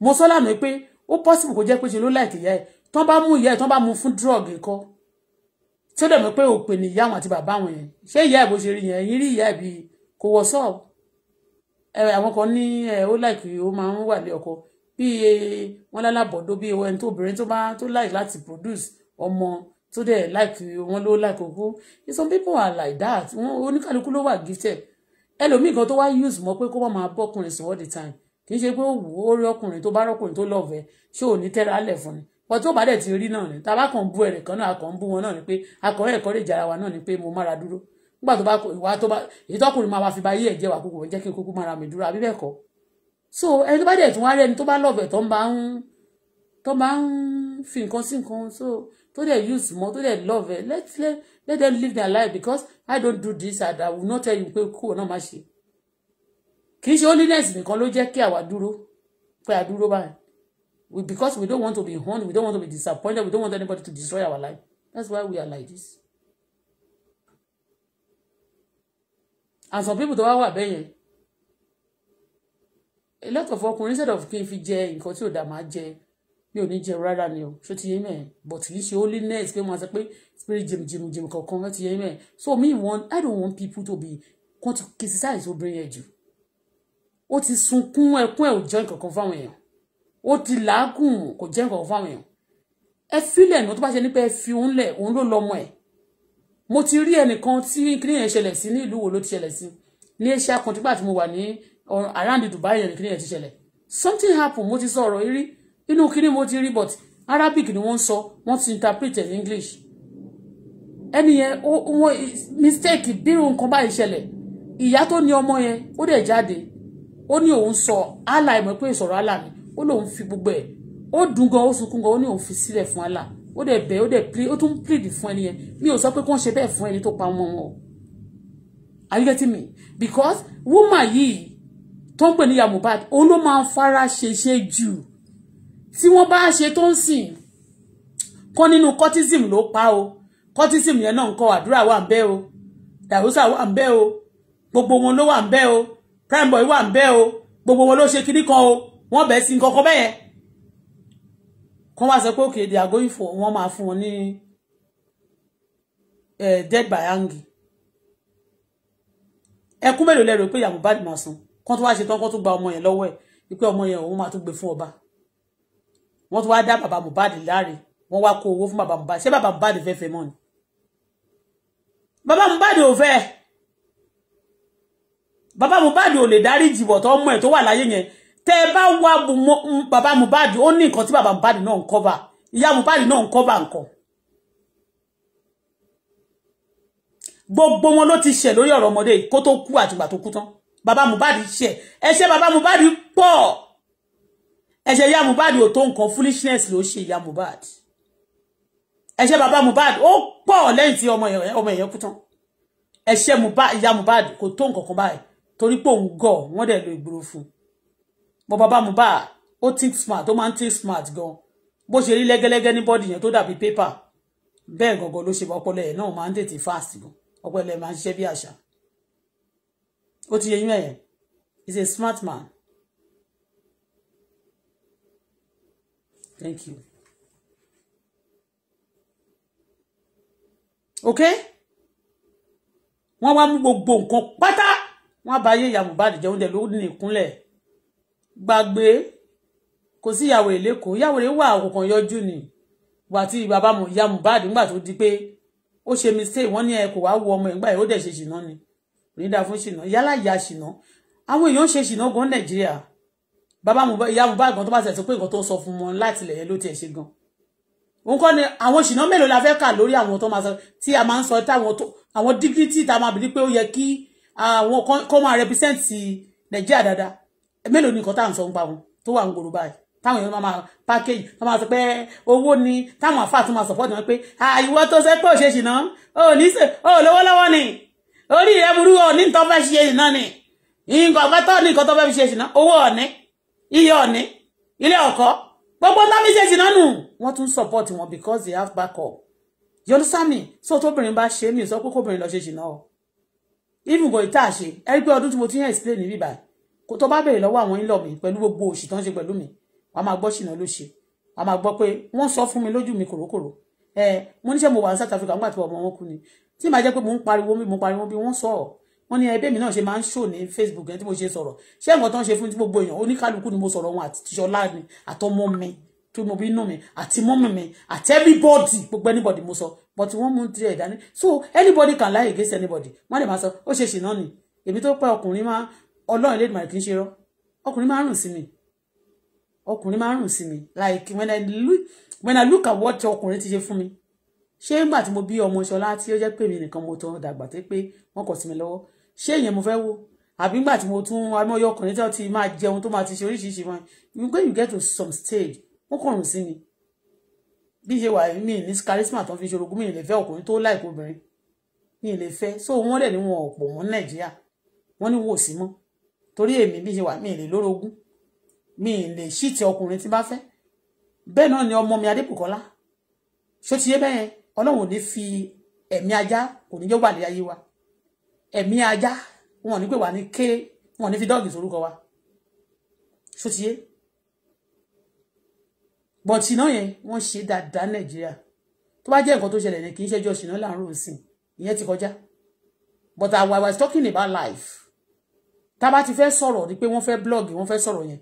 mo sọ lánàá pé ó possible kó jẹ́ pé ṣe ló láìkì ìyá ẹ̀ tán bá mú ìyá ẹ̀ tán bá mú fún drug nǹkan tí ó dẹ̀ mọ̀ pé òpè ní ìyá àwọn àti bàbá àwọn yẹn ṣé ìyá ẹ̀ bó ṣe rí yẹn ẹ̀yìn rí ìyá ẹ̀ bí kò wọ sọ́ọ̀bù àwọn kan ní ó láìkì ó máa ń wà ní ọkọ bí e, wọn lálàbọ̀dọ̀ bí ẹni tó obìnrin tó bá tó láì láti produce ọmọ tó dẹ̀ láìkì wọn ló láìkì òkú some people are like that wọn oníkàlùkù ló wà gifted ẹlòmíì kan tó wá use mọ́ pé kó wọ́n máa bọ́kùnrin sùn all the time kì í ṣe pé ó wù ó rí ọkùnrin tó bá rọ́kùnrin tó lọ́ọ̀fẹ́ ṣé ò ní tẹ́ra lẹ̀ fún ni wọ́n tó bá dẹ̀ ti rí náà ni tàbá kàn ń bú ẹ̀rẹ̀ kan náà akàn ń bú wọn náà ni pé akàn ẹ̀kọ́ lè jara wa náà ni pé mo mára dúró nígbà tó bá ìwà tó bá èyí tọkùnrin máa wá fi ba yé ẹ̀jẹ̀ wà kúkú jẹ́ kí n kúkú mára mi dúró àbí bẹ́ẹ̀ kọ́ so ẹni tó bá dẹ̀ tún wá rẹ́ni tó bá lọ́bẹ̀ tó máa ń tó máa ń fi nǹkan sí nǹkan so tó dẹ̀ use mọ́ tó dẹ̀ love. let let let them live their life because I don't do this and I will not tell you pé kó náà má ṣe kì í ṣe holiness nìkan ló jẹ́ kí àwa dúró pé àdúró báyìí we because we don't want to be harmed, we don't want to be disappointed, we don't want anybody to destroy our life. That's why we are like this. And some people tó wá wà bẹ́ẹ̀ yẹn a lot of ọkùnrin instead of kí n fi jẹ nǹkan tí ò dá máa jẹ mi ò ní jẹ rárá ni o ṣó ti yé mẹ́ẹ̀ but kì í ṣe holiness pé wọ́n á sọ pé spirit jìm jìm jìm kankan ṣó ti yé mẹ́ẹ̀ so me want I don't want people to be kàn ti criticize obìnrin yẹn jù ó ti sunkún ẹkún ẹ̀ ò jẹ́ nǹkan kan fáwọn èèyàn ó ti làágùn kò jẹ́ nǹkan fáwọn èèyàn ẹ fílẹ̀ ní tó bá ṣe nípa ẹ fi òun lẹ̀ òun ló lọ́mọ ẹ̀ mo ti rí ẹnìkan tí kíní yẹn ṣẹlẹ̀ sí ní ìlú wo ló ti ṣẹlẹ̀ sí ní asia kan nígbà tí mo wà ní around Dubai yẹn kíní yẹn ti ṣẹlẹ̀ something happen mo ti sọ ọ̀rọ̀ rí inú kíní mo ti rí but Arabic ni wọ́n sọ wọ́n ti interpret in English ẹni yẹn wọ́n mistake bírò nǹkan báyìí ṣẹlẹ̀ ìyá tó ní ọmọ yẹn ó dẹ̀ jáde ó ní òun sọ allah ìmọ̀ pé ìsọ̀rọ̀ allah ni ó lóun fi gbogbo ẹ̀ ó dùn gan ó sunkún gan ó ní òun fi sílẹ̀ fún Allah ó dẹ̀ bẹ̀ ó dẹ̀ plead ó tún plead fún ẹni yẹn mi ò sọ pé kí wọ́n ṣe bẹ́ẹ̀ fún ẹni tó pa wọn o are you getting me because woman yìí tó ń pè ní ya Mohbad òun ló máa ń fara ṣeṣe jù tí wọ́n bá ṣe tó ń sìn kọ́ nínú cortism ló pa o cortism yẹn náà ń kọ́ àdúrà wà ń bẹ̀ o dàrúsà wà ń bẹ̀ o gbogbo wọn ló wà ń bẹ̀ o prime boy wà ń bẹ̀ o gbogbo wọn ló ṣe kinní kan o wọ́n bẹ̀ sí nǹkan bẹ́ẹ̀ kan wá sọ pé òkè they are going for wọ́n máa fún wọn ní dead by hanging ẹkún mélòó lẹ́rọ pé ìyá Mohbad máa san kan tó wá ṣe tán kan tó gba ọmọ yẹn lọ́wọ́ ẹ̀ wípé ọmọ yẹn òun máa tún gbé fún ọba wọ́n tún wá dá bàbá Mohbad láre wọ́n wá kó owó fún bàbá Mohbad ṣé bàbá Mohbad fẹ́ fẹ́ mọ́ ni bàbá Mohbad ò fẹ́ bàbá Mohbad ò lè dáríjì wọ̀ tó ọmọ ẹ̀ tó wà láyé yẹn tẹ bá wá mm, bàbá Mohbad ó ní nǹkan tí bàbá Mohbad náà ń cover ìyá Mohbad náà ń cover nǹkan gbogbo wọn ló ti ṣẹ̀ lórí ọ̀rọ̀ ọmọdé kó tó kú àtìgbà tó kú tán bàbá Mohbad ṣẹ̀ ẹ̀ṣẹ̀ bàbá Mohbad pọ̀ ẹ̀ṣẹ̀ ìyá Mohbad ò tó nǹkan foolishness ló ṣe ìyá Mohbad ẹ̀ṣẹ̀ bàbá Mohbad ó pọ̀ lẹ́yìn tí ọmọ èèyàn kú tán ẹ̀ṣẹ̀ ìyá Mohbad kò tó nǹkan kan báyìí torí pé òun gọ̀ lo ìgboro fún un mo bàbá Mohbad ó think smart ó máa ń think smart gan bó ṣe rí lẹ́gẹ́lẹ́gẹ́ ní bọ́ọ̀dì yẹn tó dàbí pépà bẹ́ẹ̀ gangan ló ṣe ọpọlọ ẹ̀ náà máa ń tètè fast gan ọpọlọ ẹ̀ máa ń ṣiṣẹ́ bí àṣà ó ti yẹ yín ẹ̀yẹ he's a smart man thank you okay wọ́n wá mú gbogbo nǹkan pátá wọ́n á bá ayé ìyá Mohbad jẹun dẹ̀ ló ní ìkúnlẹ̀ gbàgbé kò sí ìyàwó èlékòó ìyàwó rẹ̀ wà òkùnkàn yọjú ni wà tí bàbá mu ìyá Mohbad nígbà tó di pé ó ṣe mistake wọ́n ní ẹ kò wá wo ọmọ ẹ̀ ńgbà yìí ó dẹ̀ ṣe ṣìnà ni onídà fún ṣìnà yálà ìyá ṣìnà àwọn èèyàn ṣe ṣìnà gan Nàìjíríà bàbá Mohbad ìyá Mohbad gan tó bá tẹ̀sí pé nǹkan tó sọ fún wọn láti ilẹ̀ yẹn ló tiẹ̀ ṣe gan òun kọ́ ni àwọn ṣìnà mélòó la fẹ́ kà lórí àwọn tó máa sọ tí a máa ń sọ táwọn tó àwọn dignity tá a máa bìí pé ó yẹ kí àwọn kọ́ máa represent Nàìjíríà dáadáa mélòó ni nǹkan tá à ń sọ ń pa wọn tó wà ń gbòòrò báyìí táwọn èèyàn máa package wọn máa sọ pé owó ni táwọn àfáà tún máa support wọn pé àìwọ tó ṣe pé òṣèṣì náà ò ní ṣe ò lówó lọ́wọ́ ni orí rẹ burú ò ní nǹkan fẹ́ ṣe ìná ni nǹkan fẹ́ tọ́ ní nǹkan tó fẹ́ fi ṣe ìná owó ọ̀ní iye ọ̀ní ilé ọ̀kọ́ gbogbo tó fi ṣe ìná nù wọ́n tún support wọn because they have backup you understand me so tóbìnrin bá ṣe mí sọ pé kóbìnrin lọ ṣe ìná o even go ìta ṣe ẹ rí pé ọdún tí mo ti ń explain ní bíbáyìí kó tó bá béèrè lọ́wọ́ àwọn ńlọ mi pẹ̀lú gbogbo òṣì tó ń ṣe pẹ̀lú mi wàá máa gbọ́ ṣìnà ló ṣe wàá máa gbọ́ pé wọ́n sọ fún mi lójú mi kòrókòrò ẹ mo níṣẹ́ mo wà ní South Africa nígbà tí ọmọ wọn kú ni tí màá jẹ́ pé mo ń pariwo bí mo pariwo bí wọ́n sọ wọ́n ní ẹbí mi náà ṣe máa ń ṣò ní Facebook ẹ tí mo ṣe sọ̀rọ̀ ṣé nǹkan tó ń ṣe fún tí gbogbo èèyàn oníkálukú ni mo sọ̀rọ̀ wọn àti tíṣọlá ni àtọmọ mi tó mo bí nù mi àti mọ́mì mi àti everybody gbogbo anybody mo sọ but wọ́n mú tirẹ̀ dání so anybody can lie against anybody wọ́n lè máa sọ ó ṣe ṣìnà ni èmi tó pẹ́ ọkùnrin máa ọlọ́run lè dùnmọ̀ kí n ṣe rọ ọkùnrin máa ń rùn sí mi ọkùnrin máa ń rùn sí mi like when I look when I look at what ọkùnrin ti ṣe fún mi ṣé nígbà tí mo bí ọmọ ṣọlá tí ó jẹ́ pé mi nìkan mo tọ́ dàgbà tó pé wọ́n kọ̀ sí mi lọ́wọ́ ṣé ìyẹn mo fẹ́ wo àbí nígbà tí mo tún amóyọ ọkùnrin tó ti máa jẹun tó máa ti ṣe oríṣiríṣi wọn you go you get to some stage wọ́n kọ̀ rùn sí mi bí ṣe wà mí ní charisma tó fi ṣorogún mi lè fẹ́ ọkùnrin tó láìkó obìnrin mi lè fẹ́ so wọ́n dẹ̀ ní wọn ọ̀pọ̀ wọn nàìjíríà wọ́n ní wò sí mọ́ torí èmi bí ṣe wà mí lè lórogún mi lè ṣíìtì ọkùnrin tí bá fẹ́ bẹ́ẹ̀ náà ni ọmọ mi adébùkọ́lá ṣó ti yé bẹ́ẹ̀ yẹn ọlọ́run ò ní fi ẹ̀mí ajá kò ní jẹ́ wà ní ayé wa ẹ̀mí ajá wọn ò ní pè wá ní ké wọn ò ní fi dọ́ọ̀gì sórúkọ wa ṣó ti yé bọ̀tì náà yẹn wọ́n ṣe dáadáa nàìjíríà tó bá jẹ́ nǹkan tó ṣẹlẹ̀ ní kì í ṣẹ́jọ́ ṣìnà láàárọ̀ òsìn ìyẹn ti kọjá but I was talking about life tá bá ti fẹ́ sọ̀rọ̀ ni pé wọ́n fẹ́ blog wọ́n fẹ́ sọ̀rọ̀ yẹn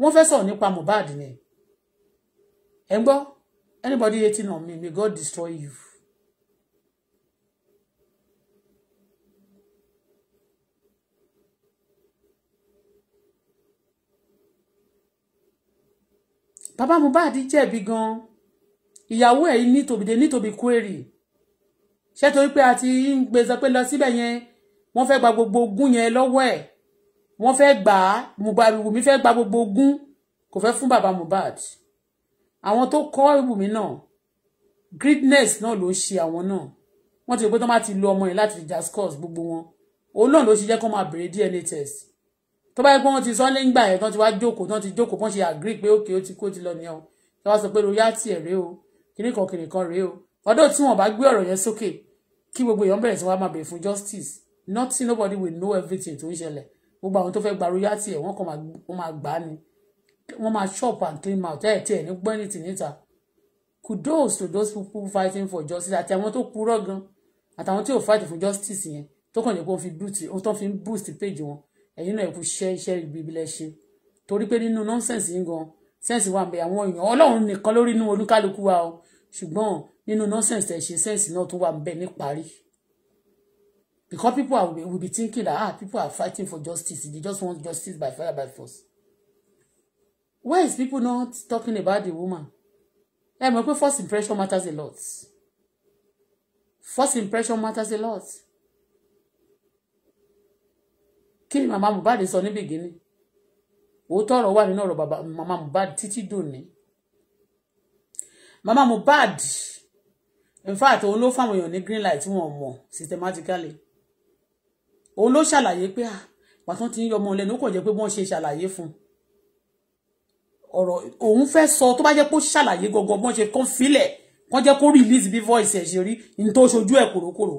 wọ́n fẹ́ sọ̀rọ̀ nípa Mohbad ni ẹ gbọ́ anybody hating on me may God destroy you. bàbá Mohbad jẹ̀bi gan ìyàwó ẹ̀ ní tòbí dé ní tòbí query ṣé torí pé a ti ń gbèsè pé lọ síbẹ̀ yẹn wọ́n fẹ́ gba gbogbo ogún yẹn lọ́wọ́ ẹ̀ wọ́n fẹ́ gbà á Mohbad Wùmí fẹ́ gba gbogbo ogún kò fẹ́ fún bàbá Mohbad àwọn tó kọ́ Wùmí náà greediness náà ló ṣe àwọn náà wọ́n ti rò pé tó má ti lo ọmọ yẹn láti fi jascos gbogbo wọn òun náà ló ṣe jẹ́ kó máa bèrè DNA test tó bá yẹ pé wọ́n ti sọ lẹ́yìn gbà yẹn tán ti wá jókòó tán ti jókòó pọ́n ṣe agree pé òkè ó ti kó ti lọ nìyẹn o tí wọ́n sọ pé lóyá tiẹ̀ rèé o kìnnìkan kìnnìkan rèé o ọdọ̀ tí wọ́n bá gbé ọ̀rọ̀ yẹn sókè kí gbogbo èèyàn bẹ̀rẹ̀ sí wá máa bèrè fún justice nothing nobody will know everything tó ń ṣẹlẹ̀ gbogbo àwọn tó fẹ́ gba royalty ẹ̀ wọ́n kàn wọ́n máa gbà á ni wọ́n máa chop and clean mouth ẹ̀ tiẹ̀ ní gbẹ́ni tì níta kudos to those people fighting for justice àti àwọn tó purọ́ gan àtàwọn tí ò fight for justice yẹn tó kàn jẹ́ pé wọ́n tó fi boost page wọn ẹ̀yin náà ẹ̀ ṣẹ́ iṣẹ́ ibi lẹ́ ṣe torí pé nínú nonsense yín gan sense wà bẹ àwọn èèyàn ọlọ́run nìkan lórí inú olúkálukú wa o ṣùgbọ́n nínú nonsense tẹ̀ ṣe sense náà tó wà bẹ níparí because people are, will be thinking that ah people are fighting for justice they just want justice by fire by force why is people not talking about the woman ẹ mọ̀ first impression matters a lot first impression matters a lot kí ni màmá Mohbad sọ ní bìgínní òótọ́ ọ̀rọ̀ wà nínú ọ̀rọ̀ bàbá màmá Mohbad títí dòní màmá Mohbad in fact òun ló fáwọn èèyàn ní green light wọn mọ̀ systematically òun ló ṣàlàyé pé pàtó ah, ti ń yọ ọmọ lẹ́nu ó kàn jẹ́ pé wọ́n ṣe ṣàlàyé fún ọ̀rọ̀ òun fẹ́ sọ tó bá jẹ́ pé ó ṣàlàyé gangan wọ́n ṣe kán filẹ̀ kán jẹ́ kó release bí voice ẹ̀ ṣe rí ní tó ṣojú ẹ̀ kòrókòrò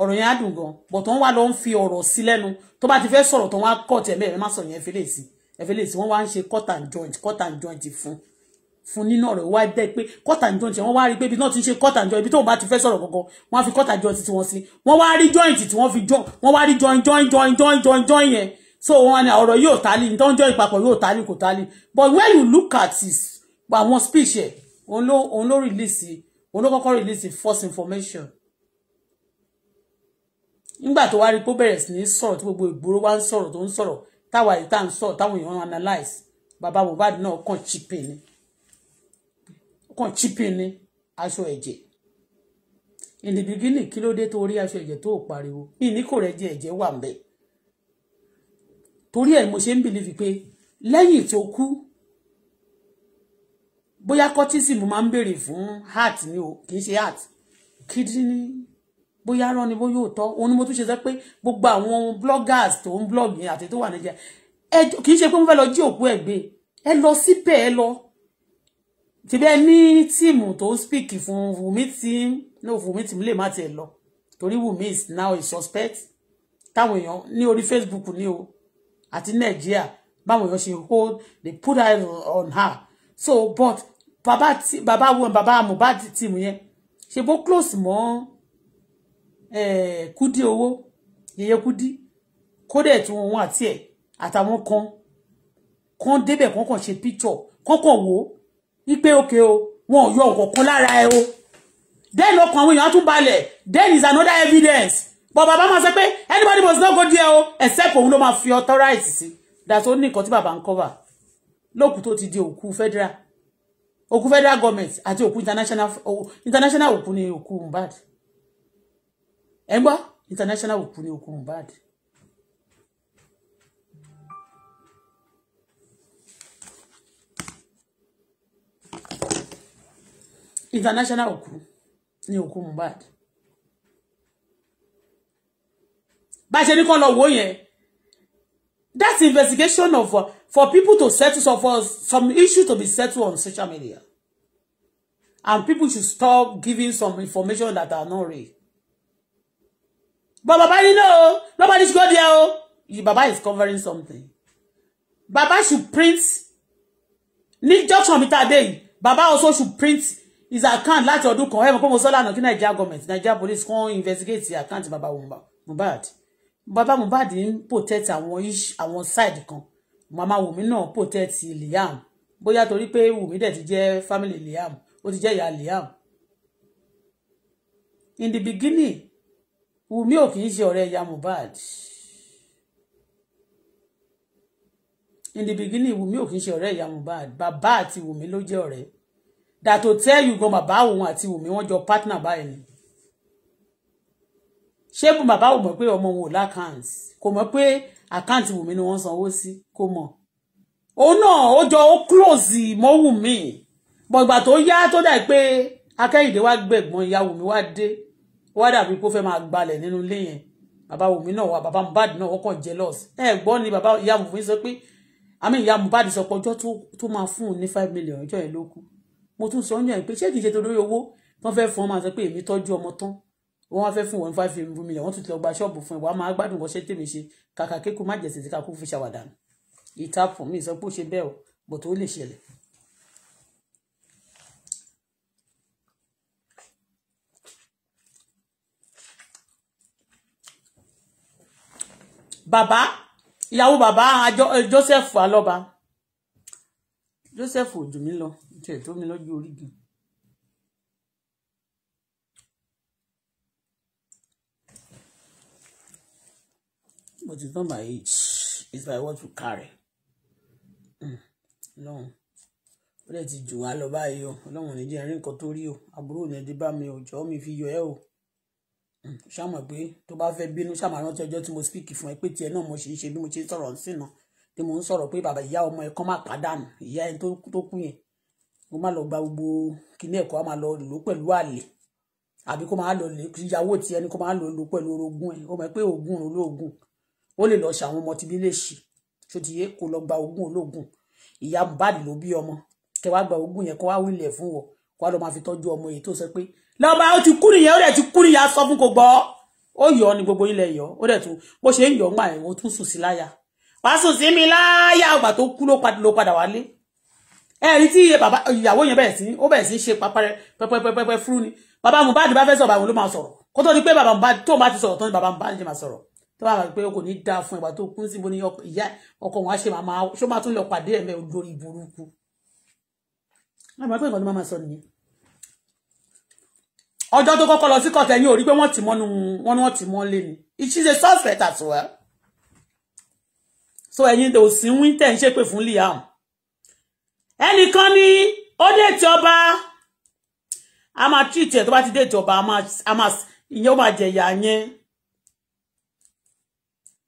ọ̀rọ̀ yẹn á dùn gan bọ̀ tó ń wá lọ ń fi ọ̀rọ̀ sí lẹ́nu tó bá ti fẹ́ sọ̀rọ̀ tó wá kọ̀ tẹ̀mẹ́ ẹ̀ má sọ yẹn fẹ́lẹ̀ sí ẹ̀ wá ń ṣe cut and joint cut and joint fún fún nínú ọ̀rọ̀ wá dẹ́ pé kọ́tà ń jọ ti wọ́n wá rí pé ibi náà ti ń ṣe kọ́tà ń jọ ibi tóun bá ti fẹ́ sọ̀rọ̀ gangan wọ́n á fi kọ́tà jọ ti tiwọn sí wọ́n wá rí joint tí wọ́n fi jọ wọ́n wá rí join join join join join join yẹn so wọn ni ọ̀rọ̀ yóò tálí ní tó ń jọ ìpapọ̀ yóò tálí kò but when you look at this àwọn speech ẹ̀ òun ló òun ló release òun ló kọ́kọ́ release false information nígbà tó wá rí pé ó bẹ̀rẹ̀ sí ní sọ̀rọ̀ tí gbogbo ìgboro wá ń sọ̀rọ̀ tó ń sọ̀rọ̀ táwa yìí tá à ń sọ̀rọ̀ táwọn èèyàn Mohbad náà kàn chipe ni kàn ni aṣọ ẹ̀jẹ̀ in the beginning kí ló dé tó rí aṣọ ẹ̀jẹ̀ tó ò pariwo mi ní kò rẹ̀ jẹ́ ẹ̀jẹ̀ wà ń bẹ̀ torí ẹ̀ mo ṣe ń bìlífi pé lẹ́yìn tó kú bóyá cortisone mo máa ń béèrè fún heart ni o kì í ṣe heart kidney bóyá rán ni bóyá òótọ́ òun ni mo tún ṣe sọ pé gbogbo àwọn bloggers tó ń blog yẹn àti tó wà níjà kì í ṣe pé mo fẹ́ lọ jí òkú ẹ̀ gbé ẹ lọ síbẹ̀ ẹ lọ ṣe bẹ́ẹ̀ ní tíìmù tó ń speak fún Wùmí team no Wùmí tí mo lè má tiẹ̀ lọ torí Wùmí is now a suspect táwọn èèyàn ní orí Facebook ní o àti Nàìjíríà báwọn èèyàn ṣe hold they put eye on her so but Baba tí bàbá wọn bàbá Mohbad team yẹn ṣe bó close mọ́ eh, Kudi owó yẹyẹ Kúdí kódẹ̀ tí wọn wọn àti ẹ̀ àtàwọn kan kan débẹ̀ kan kàn ṣe picture kan kàn wò wípé òkè o wọn ò yọ ọ̀kọ̀ọ̀kan lára ẹ o then ọkàn àwọn èèyàn tún balẹ̀ then is another evidence but bàbá máa sọ pé anybody must not go there o except òun ló máa fi authority sí that's only nǹkan tí bàbá ń cover lókù tó ti di òkú federal òkú federal government àti òkú international international òkú ni òkú Mohbad ẹ gbọ́ international òkú ni òkú Mohbad. international òkú ní òkú Mohbad bá ṣe ní kán lọ wò yẹn investigation of uh, for people to settle so for some issue to be settled on social media and people should stop giving some information that are not real but baba you know nobody should go there oh you baba is covering something baba should print ní just mi ta dé baba also should print is account láti ọdún kan ẹ̀mọ́ pé mo sọ lánàá kí Nigeria government Nigeria police kan investigate account baba Mohbad baba Mohbad ń protect àwọn ish àwọn side kan mama Wunmi náà protect Liam bóyá torí pé Wunmi dẹ̀ ti jẹ́ family Liam ó ti jẹ́ ìyá Liam in the beginning Wunmi ò kì í ṣe ọ̀rẹ́ ìyá Mohbad in the beginning Wunmi ò kì í ṣe ọ̀rẹ́ ìyá Mohbad bàbá àti Wunmi ló jẹ́ ọ̀rẹ́ that tell you go bàbá òun àti Wùmí wọ́n jọ partner báyìí ni ṣé bàbá ò mọ̀ pé ọmọ òun ò lákàǹtì kò mọ̀ pé àkáǹtì Wùmí ni wọ́n sanwó sí kò mọ̀ òun náà ó jọ ó close mọ́ Wùmí bọ̀gbà tó yá tó dà pé akẹ́yìndé wá gbẹ̀gbọ́n ìyá Wùmí wá dé wá dàbí kó fẹ́ máa gbalẹ̀ nínú ilé yẹn bàbá Wùmí náà wà bàbá Mohbad náà wọ́n kàn jealous ẹ gbọ́ ni bàbá ìyá Wùmí sọ I mean, ìyá Mohbad sọ pé ọjọ́ tó máa fún fun. ní five million ọjọ́ yẹn ló kù mo tún sọ ọ́njọ́ pé ṣé kìí ṣe torí owó wọ́n fẹ́ fún ọmọ àti pé èmi tọ́jú ọmọ tán wọ́n wá fẹ́ fún wọn five million mílíọ̀nù wọ́n tún ti lọ gba ṣọ́ọ̀bù fún ìwà máa gbádùn bọ́ ṣe tèmi ṣe kàkà kéku má jẹ̀sẹ̀ tí kakú fi ṣàwàdà nù ìta fún mi sọ pé ó ṣe bẹ́ẹ̀ o bọ̀ tó lè ṣẹlẹ̀. bàbá ìyàwó bàbá Joseph alọba Joseph ò lọ tiẹ̀ tó mi lọ́jọ́ orí gan. But it's not my age. It's my what to carry. Hmm. Lọ́hùn. Ó lè ti jù wá lọ báyìí o. Ọlọ́run ní jẹ́ ẹ̀rín nǹkan tó rí o. Àbúrò ní ẹdí bá mi ò jọ́ mi fi yọ ẹ́ o. Hmm. Ṣàmọ̀ pé tó bá fẹ́ bínú ṣàmọ̀ rántí ọjọ́ tí mo speak fún ẹ pé tiẹ̀ náà mo ṣe ń ṣe bí mo ṣe ń sọ̀rọ̀ sí Tí mo ń sọ̀rọ̀ pé bàbá ìyá ọmọ ẹ̀ kọ́ má pàdánù ìyá ẹ̀ tó kú yẹn mo máa lọ gba gbogbo kíní ẹ̀kọ́ a máa lọ lò pẹ̀lú àlè àbí kó máa lọ lè ìyàwó tiẹ̀ ni kó máa lọ lò pẹ̀lú orogún ẹ̀ ó mọ̀ pé oògùn olóògùn ó lè lọ ṣàwọn ọmọ tibí lè ṣì ṣòtìyé kó lọ gba oògùn olóògùn ìyá Mohbad ló bí ọmọ kẹ wá gba oògùn yẹn kó wá wílẹ̀ fún wọ kó wá lọ máa fi tọ́jú ọmọ èyí tó sọ pé lọ́ba ó ti kú nìyẹn ó dẹ̀ ti kú nìyẹn sọ fún kò gbọ́ ó yọ ni gbogbo ilẹ̀ yọ ó dẹ̀ tún bó ṣe ń yọ ọ́n máa ẹ̀ wọ́n tún sùn sí láyà wàá sùn sí mi láyà ọgbà tó kú ló padà wálé ẹ̀rí tí bàbá ìyàwó yẹn bẹ̀rẹ̀ sí ó bẹ̀rẹ̀ sí ṣe pẹpẹpẹpẹ fúru ni bàbá Mohbad bá fẹ́ sọ̀rọ̀ bàbá ló máa sọ̀rọ̀ kó tó di pé bàbá Mohbad tó bá ti sọ̀rọ̀ tán ni bàbá Mohbad jẹ́ máa sọ̀rọ̀ tó bá wà pé kò ní dáa fún ìgbà tó kún síbo ní ìyá ọkọ wọn á ṣe máa ṣó máa tún lọ pàdé ẹ̀mẹ́ olórí burúkú. àmọ́ pé nǹkan ló máa sọ nìyẹn. ọjọ́ tó kọ́kọ́ lọ sí kọ̀tẹ́ yín ò rí pé wọ́n ti mọ́nu wọn wọ́n ti mọ́ lé ni she is a suspect as well. so ẹ̀yin ò sí wíńtẹ̀ ń ṣépè fún Liam ẹnìkan ní ó déètì ọba a máa tírìtì ẹ̀ tó bá ti déètì ọba a máa ìyẹn ó máa jẹ̀yà yẹn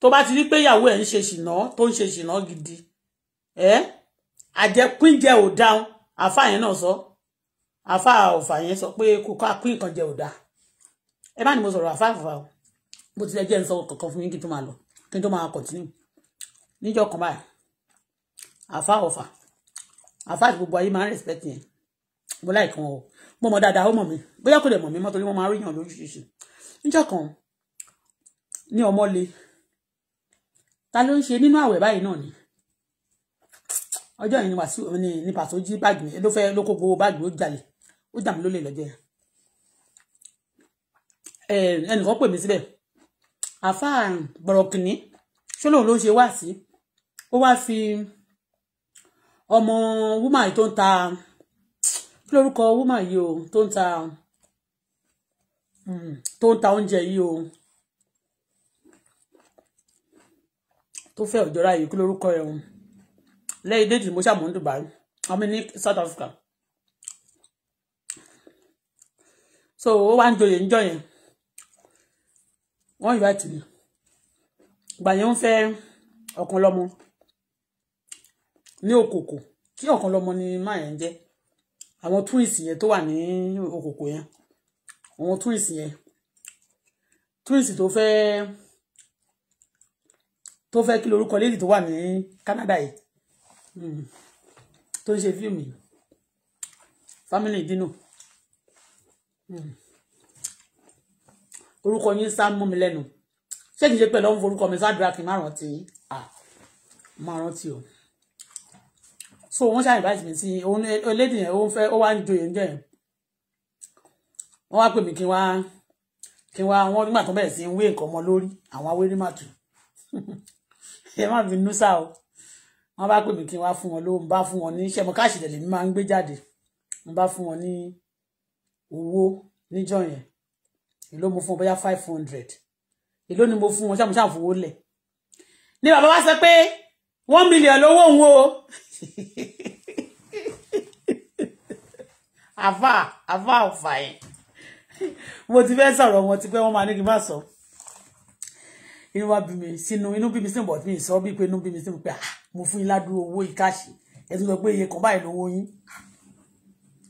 tó bá ti rí pé ìyàwó ẹ̀ ń ṣe ṣìnà tó ń ṣe ṣìnà gidi ẹ́ àjẹpínjẹ ò dáhùn àfa náà sọ àfa ọ̀fà yẹn sọ pé kò kọ́ àpín nǹkan jẹ ò dáa ẹ bá ní mo sọ̀rọ̀ àfa àfàfà o bó tilẹ̀ jẹ́ ń sọ kankan fún mi kí n tó máa lọ kí n tó máa kọ̀tínú níjọ́ kan báyìí àfa àfáàtì gbogbo ayé máa ń respect yẹn mo láìka o mo mọ dáadáa ó mọ mi bóyá kò lè mọ mi mọ torí wọn máa ń ríyàn lójúṣiṣi níjọ́ kan ní ọmọ le ta ló ń ṣe nínú àwẹ̀ báyìí náà ni ọjọ́ yìí ni wàásù ni ni pàtó jí báàgì mi ló fẹ́ ló kó gbowó báàgì ó jalè ó dà mí lólè lọ́jọ́ yẹn ẹnìkan pè mí síbẹ̀ àfáà gbọ̀rọ̀kìnní ṣó lóun ló ń ṣe wá sí ó wá fi ọmọ wúmà yìí tó ń ta kí lórúkọ wúmà yìí o tó ń ta hmm, tó ń ta oúnjẹ yìí o tó fẹ́ òjọ́ra yìí kí lórúkọ ẹ̀ o lẹ́yìn déjì mo ṣàmú ní Dubai àmì ní South Africa so ó wá ń joyè ń jọ yẹn wọ́n invite mi gbà yẹn ń fẹ́ ọ̀kan lọ́mọ ní òkòkò kí ọ̀kan lọ́mọ ni máa yẹn jẹ́ àwọn twins yẹn tó wà ní òkòkò yẹn àwọn twins yẹn twins tó fẹ́ tó fẹ́ kí lorúkọ lady tó wà ní Canada yìí hmm. tó ń ṣe fíìmù yìí family dino hmm. orúkọ yín sá mú mi lẹ́nu ṣé kìí ṣe pẹ̀lú ọ̀hún forúkọ mi sá dúrà kí n má rántí má rántí o so wọ́n ṣáà invite mi sí òun lady yẹn òun fẹ́ ó wá ń joyè ńjẹ́ wọ́n wá pè mí kí n wá kí n wá wọ́n nígbà tó bẹ̀rẹ̀ sí ń wé nǹkan ọmọ lórí àwọn awérí màtù ẹ má bínú sá o wọ́n bá pè mí kí n wá fún wọn lóhùn bá fún wọn ní ṣẹ́mo káàṣì tẹ̀lé mi máa ń gbé jáde mo bá fún wọn ní owó níjọ́ yẹn èló mo fún wọn bóyá five hundred èló ni mo fún wọn ṣàmùṣàmù fowó lẹ̀ ni bàbá wa sọ pé one million lówó òun o àfà àfà ọ̀fà yẹn mo ti fẹ́ sọ̀rọ̀ wọn ti pẹ́ wọ́n máa ní kí n má sọ inú wa bí mi sínú inú bí mi sínú bọ̀ tí mi sọ bí pé inú bí mi sínú pé ah, mo fún yín ládùúgbò owó ìkáṣì ẹ tún sọ pé iye kan báyìí lówó yín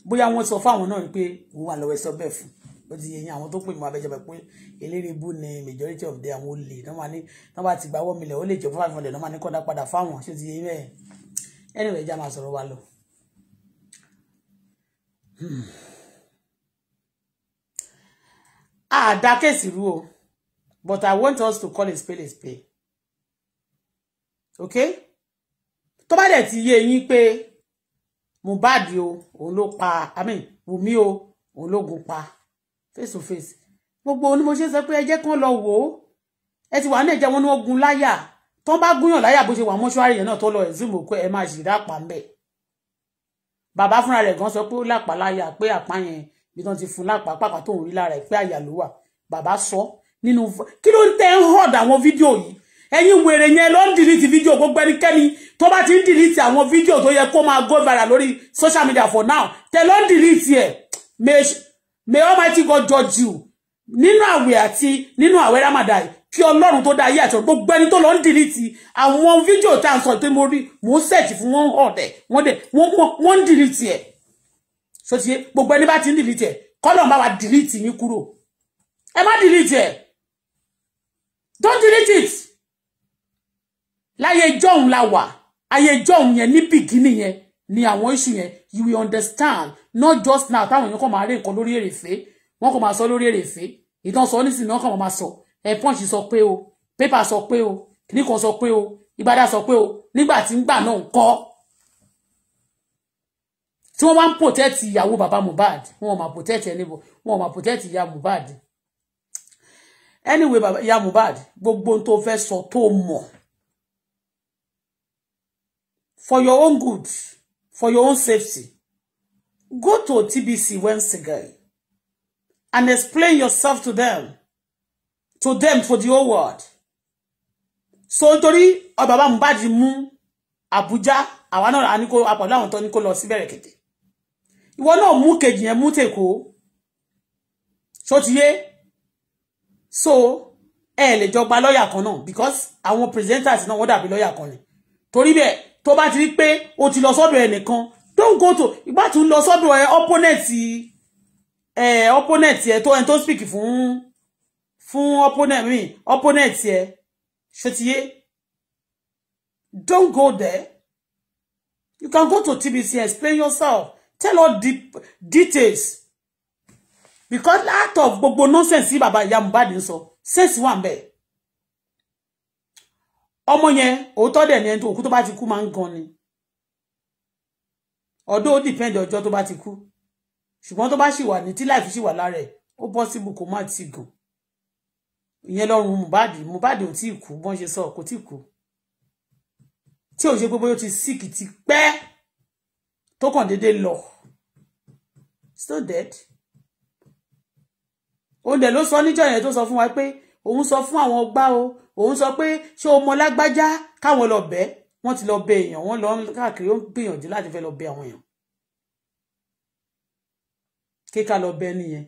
bóyá wọ́n sọ fáwọn náà pé òun wà lọ́wọ́ ẹ sọ bẹ́ẹ̀ fún un ó ti yẹyìn àwọn tó pè mí abẹ́jẹ́ pé elérébù ni majority of the àwọn olè náà máa ní náà bá ti gbàwọ́ mi lẹ̀ ó lè jẹ́ fún àfihàn náà máa ní kọ́dá padà fáwọn ṣé ti yẹyìn bẹ́ẹ̀ anyway já máa sọ̀rọ̀ wa lọ. àdá hmm. kèsì rú o but I want us to call a spade a spade okay tó bá dẹ̀ ti yé yín pé Mohbad o òun ló pa I mean Wùmí o òun ló gun pa face to face gbogbo ni mo ṣe sọ pé ẹ jẹ́ kán lọ wò ó ẹ ti wà ní ẹ̀jẹ̀ wọn ni wọ́n gun láyà tán bá gúnyàn láyà bó ṣe wà mọ́ṣúárì yẹn náà tó lọ ẹ̀zúmù pé ẹ máa ṣìdá pa ń bẹ̀ bàbá fúnra rẹ̀ gan sọ pé o lápá láyà pé àpá yẹn bí wọ́n ti fún lápá pàpà tó ń rí lára ẹ̀ pé àyà ló wà bàbá sọ nínú kí ló ń tẹ ń hàn àwọn fídíò yìí ẹ̀yin wèrè yẹn ló ń dìlítì fídíò ti ń dìlítì àwọn fídíò tó yẹ kó go viral lórí social media for now tẹ ló ń dìlítì ẹ̀ may almighty god judge you nínú àwẹ̀ àti nínú àwẹ̀ ramadan kí ọlọ́run tó dá ayé àti ọ̀run gbogbo ẹni tó lọ ń dìrìtì àwọn fídíò tá à ń sọ pé mo rí if ń sẹ̀tì fún wọn One wọn dẹ̀ wọ́n ń dìrìtì ẹ̀ sọtí gbogbo ẹni bá ti ń dìrìtì ẹ̀ kọ́lọ̀ bá wa dìrìtì yín kúrò ẹ má dìrìtì ẹ̀ don't delete it láyé John, la wà ayé John, yẹn ní bìgínì yẹn ni àwọn iṣu yẹn you will understand not just now táwọn èèyàn kàn máa rí nǹkan lórí èrèfé wọn kàn máa sọ lórí èrèfé ìtàn sọ nísìnyí náà kàn máa sọ ẹ punch sọ pé o paper sọ pé o kìnnìkan sọ pé o ìgbádà sọ pé o nígbà tí ń gbà náà ń kọ́ tí wọ́n bá ń protect ìyàwó bàbá Mohbad wọn ò máa protect ẹni bò wọn ò máa protect ìyá Mohbad anyway bàbá ìyá Mohbad gbogbo ohun tó fẹ́ sọ tó mọ̀ for your own good for your own safety Go to TBC once again and explain yourself to them, to them for the whole world. So nítorí bàbá Mohbad mú Abuja, àwa náà ní kó apàdé àwọn tó ní kó lọ sí Bẹ̀rẹ̀kẹ̀tẹ̀. Ìwọ náà mú So eh, lè job by lawyer kan because our presenters náà wọ́n dàbí lọ́ọ̀yà lawyer ni. Torí bẹ́ẹ̀ tó bá ti rí pé don't go to ìgbà tó ń lọ sọ́dọ̀ ẹ opponent ẹ opponent ẹ tó ẹni tó speak fún fún opponent mi opponent ẹ ṣètìyé don't go there you can go to TBC explain yourself tell all deep details because lot of gbogbo nonsense bàbá ìyá Mohbad ń so. sense wà ń bẹ ọmọ yẹn òótọ́ dẹ̀ ni ẹni tó òkú tó bá ti kú máa gan ni although ó depend ọjọ́ tó bá ti kú ṣùgbọ́n tó bá sì wà ní tí life sì wà lára ẹ̀ ó possible kó má ti gùn ìyẹn lọ́rùn Mohbad Mohbad ò tí ì kú bọ́n ṣe sọ kò tí ì kú tí ò ṣe pé bóyá ó ti sick ti pẹ́ tó kàn déédéé lọ still dead òun dẹ̀ ló sọ níjọ́ yẹn tó sọ fún wa pé òun sọ fún àwọn ọgbà o òun sọ pé ṣé o mọ lágbájá káwọn lọ bẹ́ẹ̀ wọ́n ti lọ bẹ èèyàn wọ́n lọ káàkiri ó ń gbìyànjú láti fẹ́ lọ bẹ àwọn èèyàn kíkà lọ bẹ nìyẹn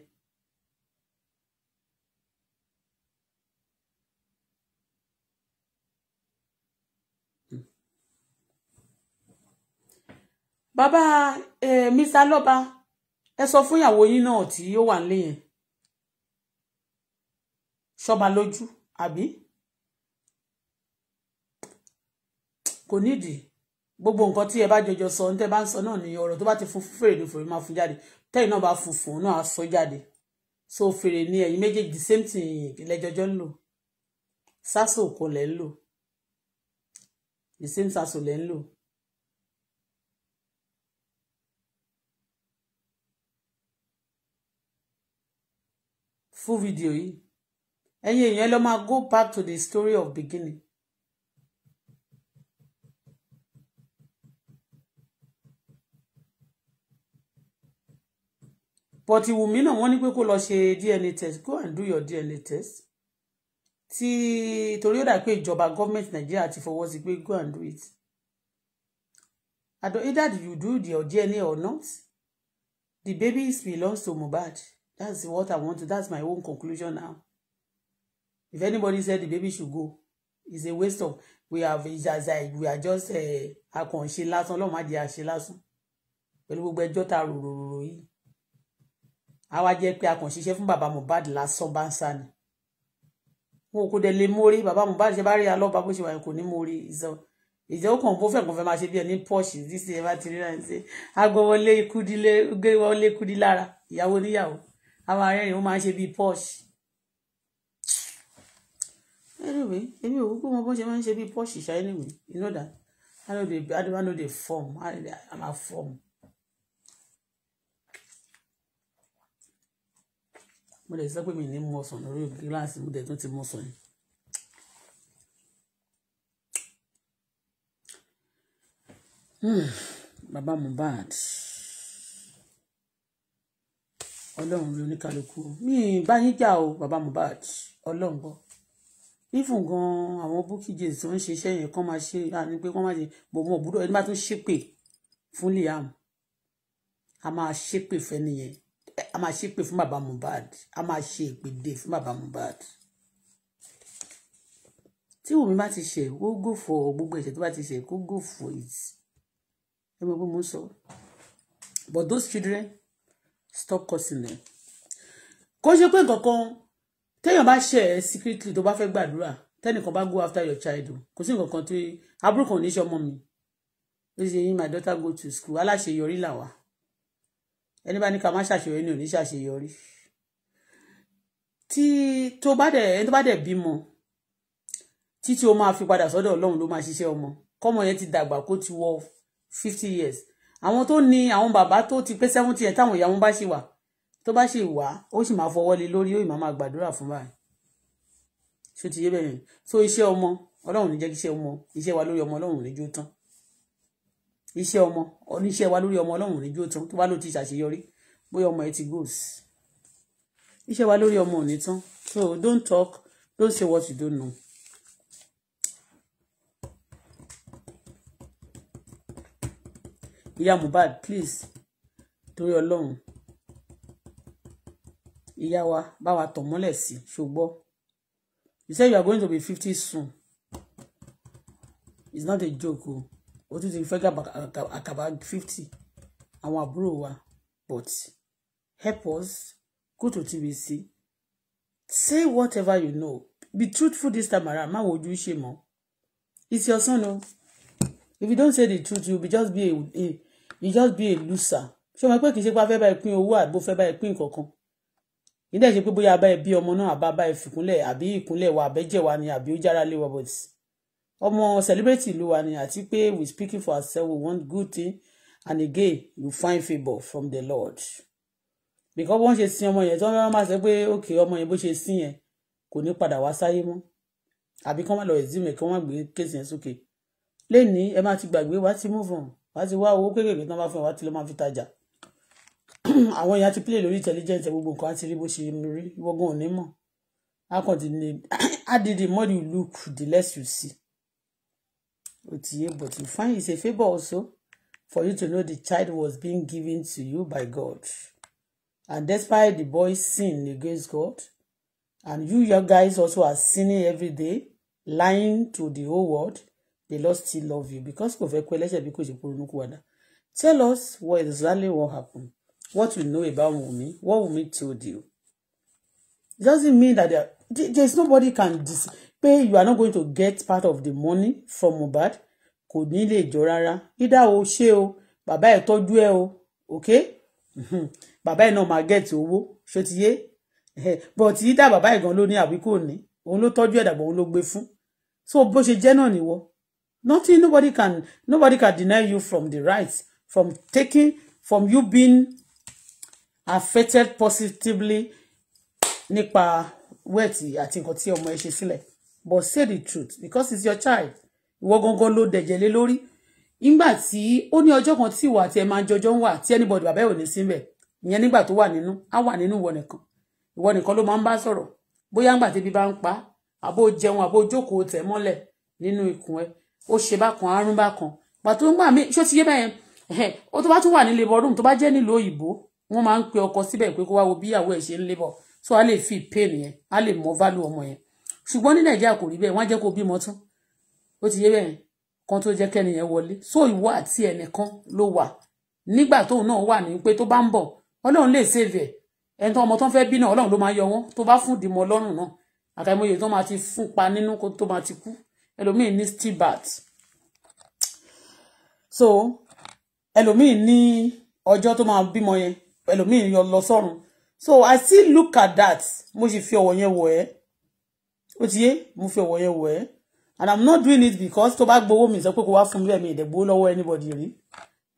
bàbá eh, Mr. Lọ́ba ẹ sọ fún ìyàwó yín náà tí ó wà nílé yẹn ṣọba lójú àbí. kò nídìí gbogbo nǹkan tí ẹ bá jọjọ sọ ní tẹ bá ń sọ náà ní ọ̀rọ̀ tó bá ti fún fèrè ní fèrè máa fún jáde tẹyìn náà bá fún fún náà á sọ jáde so fèrè ní ẹ̀yin méjèèjì the same thing lẹjọjọ ń lò sásò kò lẹ ń lò the same sásò lẹ ń lò. fún fídíò yìí ẹ̀yin èèyàn lọ máa go back to the story of beginning but Wùmí náà wọ́n ní pé kó lọ ṣe DNA test go and do your DNA test tí torí ó dà pé ìjọba gọ́ọ̀mẹ̀ntì Nàìjíríà ti fọwọ́ sí pé go and do it àdó either you do your DNA or not the baby belongs to Mohbad that's what I want to that's my own conclusion now if anybody said the baby should go it's a waste of we have it's as I we are just eh, akànṣe lásán ọlọ́run má jẹ́ àṣe lásán pẹ̀lú gbogbo ẹjọ́ ta ròròrò yìí a wá jẹ́ pé a kàn ṣiṣẹ́ fún bàbá Mohbad lásán bá ń sá ni wọn kò dẹ̀ lè mórí bàbá Mohbad ṣe bá rí alọ́ba bó ṣe wà kò ní mórí ìjẹ́ ó kàn bó fẹ́ kàn fẹ́ máa ṣe bí ẹni pọ́ọ̀ṣì dísè ẹ bá ti rí náà ṣe aago wọlé kúdílé gbé wọlé kúdí lára ìyàwó oníyàwó àwọn arẹ́rìn ó máa ń ṣe bí pọ́ọ̀ṣì. anyway èmi ò kúkú mọ bó ṣe máa ń ṣe bí pọ́ọ̀ṣì ṣáà anyway you know that i no dey i no dey form i am a form. mo dẹ̀ sọ pé mi ní mu ọsàn lórí gíláàsì mo dẹ̀ tún ti mu ọsàn yìí. Hmm, bàbá Mohbad ọlọ́run rí oníkálukú mi bá yín jà o bàbá Mohbad ọlọ́run gbọ́ ifun gan àwọn bókì jésù tó ń ṣiṣẹ́ yẹn kán máa ṣe àní pé kán máa ṣe bò mọ̀ ẹni bá tún ṣépè fún Liam a máa ṣépè fẹ́ nìyẹn a máa ṣépè fún bàbá Mohbad a máa ṣe ìpèdè fún bàbá Mohbad tí Wùmí bá ti ṣe kó gò fọ gbogbo ẹ̀ṣẹ̀ tó bá ti ṣe kó gò fọ it ẹ mọ̀ pé mo sọ but those children stop cursing them kó ṣe pé kankan téèyàn bá ṣe ẹ secretly tó bá fẹ́ gbàdúrà tẹ́nìkan bá go after your child kò sí nǹkan kan tó aburú kan ò ní ṣe ọmọ mi ó ṣe yín my daughter go to school aláṣeyọrí làwà ẹni bá ní ká má ṣàṣeyọrí ni ò ní ṣàṣeyọrí tí tó bá dẹ̀ ẹni tó bá dẹ̀ bímọ títí o máa fi padà sọ́dọ̀ ọlọ́run ló máa ṣiṣẹ́ ọmọ kọ́mọ yẹn ti dàgbà kó ti wọ fifty years àwọn tó ní àwọn bàbá tó ti pé seventy yẹn táwọn ìyá wọn bá ṣì wà tó bá ṣì wà ó sì máa fọwọ́ lé lórí ó ì máa máa gbàdúrà fún báyìí ṣó ti yé bẹ́ẹ̀ yẹn so iṣẹ́ ọmọ ọlọ́run ní jẹ́ kí iṣẹ́ ọmọ iṣẹ́ wa lórí ọmọ ọlọ́run ní jó tán iṣẹ́ ọmọ oníṣẹ́ wa lórí ọmọ ọlọ́run níjó tán tó bá ló ti ṣàṣeyọrí bóyá ọmọ ẹ ti goals iṣẹ́ wa lórí ọmọ òní tán so don't talk don't say what you don't know. ìyá Mohbad please torí ọlọ́run ìyá wa bá wa tọ̀ mọ́lẹ̀ sí ṣùgbọ́n you say you are going to be fifty soon it's not a joke o. Oh ó tún ti fẹ́ gàbà àkàbà fifty àwọn àbúrò wa but help us go to TVC say whatever you know be truthful this time around má wojú ṣe mọ́ it's your son o if you don't say the truth you be just be a, a you just be a loser ṣé o mọ̀ pé kì í ṣe pé a fẹ́ bá ẹ pín owó àbí o fẹ́ bá pín nǹkan kan nígbà tí pé bóyá abá bí ọmọ náà àbá bá fìkúnlẹ̀ àbí ìkúnlẹ̀ wa àbẹ́jẹ̀ wa ni àbí ó jára lé wa bọ̀tì ọmọ celebrity ló wà ní àti pé we speaking for ourselves we want good thing and again you find favour from the lord because wọ́n ṣe sin ọmọ yẹn tí wọ́n fẹ́ràn máa sọ pé òkè ọmọ yẹn bó ṣe sin yẹn kò ní padà wá sáyé mọ́ àbí kí wọ́n lọ ẹ̀dínmẹ̀ kí wọ́n gbé kéèsì yẹn sókè lẹ́ni ẹ máa ti gbàgbé wá ti move on wá ti wá owó kéékèèké tí wọ́n bá fún ẹ wá ti lọ́ máa fi tajà àwọn èèyàn ti play lórí intelligence. gbogbo nǹkan àti rí bó ṣe rí wọ́gbọ́n ò ní mọ̀ how continue how did more you look the less you see with you, but you find it's a favor also for you to know the child was being given to you by God. And despite the boy sin against God, and you young guys also are sinning every day, lying to the whole world, the Lord still love you because of fẹ́ kú ẹlẹ́ṣẹ̀ bí kò ṣe polonúkúwàdà. Tell us what exactly what happened, what you know about Wunmi, what Wunmi told you. It doesn't mean that there, there's nobody can deceive pé you are not going to get part of the money from Mohbad kò ní lè jọ rárá ìdá o ṣe o bàbá ẹ̀ tọ́jú ẹ o ok mhm. bàbá ẹ̀ náà máa get owó ṣó ti yé but ìdá bàbá ẹ̀ gan ló ní àbí kò ní òun ló tọ́jú ẹ̀ dàgbà òun ló gbé fún so bó ṣe jẹ́ náà nìwọ nothing nobody can nobody can deny you from the right from taking from you being affected positively nípa wẹ́ẹ̀tì àti nǹkan tí ọmọ ẹ ṣe sílẹ̀ but say the truth because it's your child ìwọ gangan ló dẹ̀jẹ̀ lé lórí nígbà tí ó ní ọjọ́ kan tí ìwà àti ẹ̀ máa jọjọ́ ń wà tí anybody bàbá ẹ̀ ò ní síbẹ̀ ìyẹn to tó wà nínú á wà nínú ìwọ nìkan ìwọ nìkan ló máa ń bá sọ̀rọ̀ bóyá ńgbà tẹ́bi bá ń pa àbó jẹun àbó jókòó tẹ̀ mọ́lẹ̀ nínú ikùn ẹ̀ ó ṣe bákan arún bákan pàtó ńgbà mi ṣó ti yé bẹ́ẹ̀ ó tó bá tún wà ní labour room tó bá jẹ́ nílùú òyìnbó wọ́n máa ń pe ọkọ síbẹ̀ pé kó wá wo bí ìyàwó ẹ̀ ṣe ń labour so a lè fi pain yẹn a lè mọ value ọmọ yẹn ṣùgbọ́n ní nàìjíríà kò rí bẹ́ẹ̀ wọ́n á jẹ́ kó bímọ tán ó ti yé bẹ́ẹ̀ kan tó jẹ́ kẹ́ni yẹn wọlé so ìwọ àti ẹnìkan ló wà nígbà tóun náà wà ní pé tó bá ń bọ̀ ọlọ́run lè save ẹ̀ ẹni tó ọmọ tó ń fẹ́ bí náà ọlọ́run ló máa yọ wọ́n tó bá fún ìdìmọ̀ ọlọ́run náà àkàìmọye tó máa ti fún pa nínú tó máa ti kú ẹlòmíì ní steel so ẹlòmíì ní ọjọ́ tó máa bímọ yẹn ẹlòmíì yọ lọ sọ́run so I still look at that mo sì fi ọ̀wọ̀ yẹn wọ̀ ẹ́ ó ti yé mo fi ọ̀wọ̀ yẹn wọ̀ ẹ́ and i'm not doing it because tó bá gbowó mi sọ pé kò wá fún mi bẹ́ẹ̀ mi ìdẹ̀ gbowó lọ́wọ́ anybody rí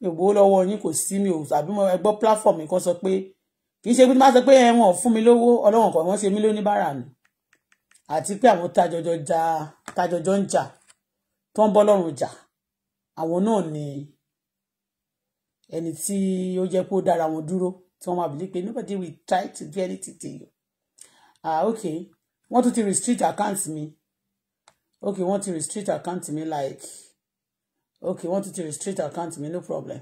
mi ò gbowó lọ́wọ́ yín kò sí mi ò àbí mo ẹgbọ́ platform mi kan sọ pé kì í ṣe pé tí wọ́n sọ pé ẹ̀wọ̀n ò fún mi lówó ọlọ́wọ̀n kan wọ́n ṣe mí lóní bára mi àti pé àwọn tajọjọ ja tajọjọ ń jà tó ń bọ́ lọ́rùn jà àwọn náà ni ẹni tí ó jẹ́ pé ó dára wọn dúró tí wọ́n máa bìlí pé nobody will try to do anything to you ah okay wọ́n tún ti restrict account mi okay wọ́n ti restrict account mi like okay wọ́n tún ti restrict account mi no problem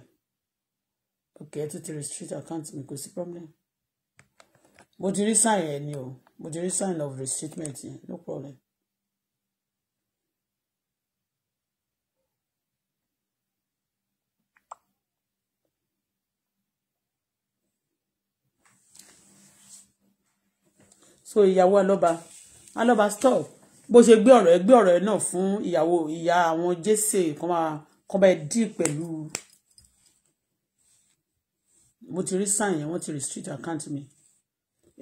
okay ẹ tún ti restrict account mi kò sí problem mo ti rí sign ẹ ni o mo ti rí sign of restrictment yẹn no problem. so ìyàwó ọlọ́ba má lọ bá stop bó ṣe gbé ọ̀rọ̀ ẹ gbé ọ̀rọ̀ ẹ náà fún ìyàwó ìyá àwọn jésè kan máa kan bá ẹ dí pẹ̀lú mo ti rí sign yẹn wọ́n ti restrict account mi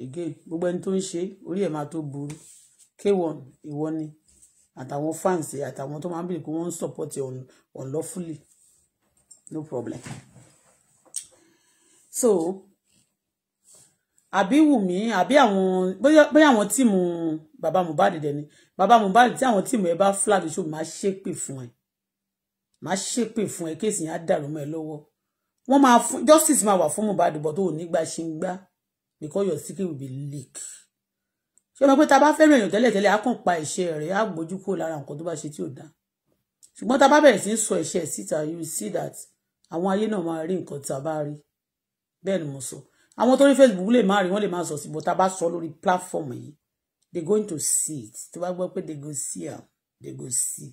again gbogbo ẹni tó ń ṣe orí ẹ̀ máa tó burú k1 ìwọ ni àtàwọn fans àtàwọn tó máa ń bèrè pé wọ́n ń support on lawfully. no problem so àbí wùmí àbí àwọn bóyá àwọn tíìmù. Baba Mohbad dẹ̀ ni bàbá Mohbad tí àwọn tíìmù ẹ bá flag show máa ṣépè fún ẹ máa ṣépè fún ẹ kéèsì yẹn á dàrú mọ́ ẹ lọ́wọ́ wọ́n máa fún justice máa wà fún Mohbad but ò ní gba ṣe ń gbá because your secret will be leak ṣé mo pé ta bá fẹ́ràn èèyàn tẹ́lẹ̀tẹ́lẹ̀ á kàn pa ẹ̀ṣẹ̀ rẹ̀ á gbójú kúrò lára nǹkan tó bá ṣe tí ò dáa ṣùgbọ́n ta bá bẹ̀rẹ̀ sí í sọ ẹ̀ṣẹ̀ síta you see that àwọn ayé náà máa rí nǹkan tá a bá rí bẹ́ẹ̀ ni mo sọ àwọn tó rí Facebook lè má rí wọ́n lè má sọ sí bọ́ ta bá sọ lórí platform yìí they going to see it To bá gbọ́ pé they go see am they go see.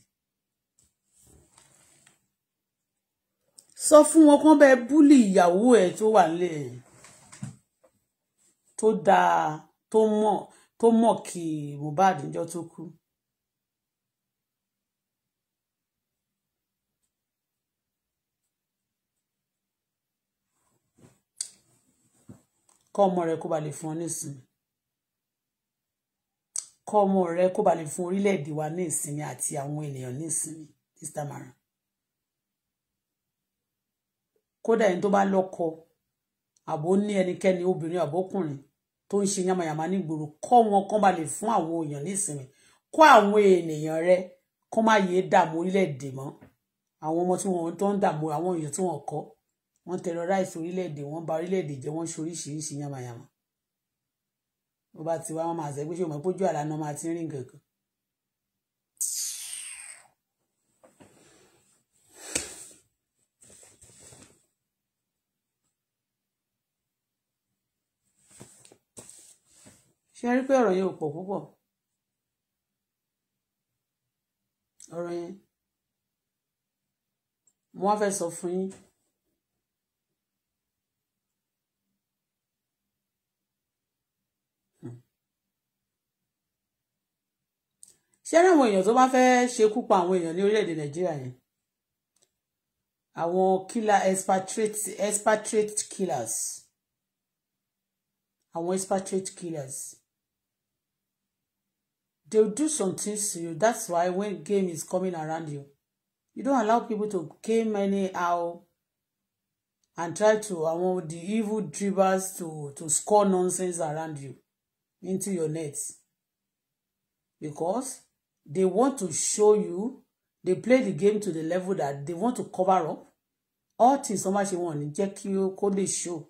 So fun wọn kán bẹ́ẹ̀ búlì ìyàwó ẹ̀ tó wà nílé to tó to mo mọ̀ tó mọ̀ kí Mohbad níjọ́ tó kú. kọ́ ọmọ ba lè fún ọ kọ́ ọmọ rẹ kó ba lè fún orílẹ̀-èdè wa ní ìsinmi àti àwọn ènìyàn ní ìsinmi Sister Mara kódà ẹni tó bá lọ́kọ àbó ní ẹnikẹ́ni obìnrin àbókùnrin tó ń ṣe yamayama nígboro kọ́ wọn kán ba lè fún àwọn èèyàn ní ìsinmi kọ́ àwọn ènìyàn rẹ kán má yéé dààmú orílẹ̀-èdè mọ́ àwọn ọmọ tí wọn tó ń dààmú àwọn èèyàn tí wọn kọ́ wọn terrorize orílẹ̀-èdè wọn ba orílẹ̀-èdè jẹ́ wọn ṣoríṣiríṣi yamayama mo bá ti wá wọn máa sẹ ṣé o mọ̀ pójú àlá náà máa ti rìn gangan. ṣe rí pé ọ̀rọ̀ yẹn ò pọ̀ púpọ̀ ọ̀rọ̀ yẹn mo wá fẹ́ sọ fún yín. ṣé ara àwọn èèyàn tó bá fẹ́ ṣekú pa àwọn èèyàn ní orílẹ̀-èdè nàìjíríà yẹn àwọn killer expatriate expatriate killers àwọn expatriate killers they do some things to you that's why when game is coming around you you don't allow people to game anyhow and try to àwọn the evil drivers to to score nonsense around you into your net because they want to show you they play the game to the level that they want to cover up all things wọ́n bá ṣe wọ́n ní jẹ́ kí ó show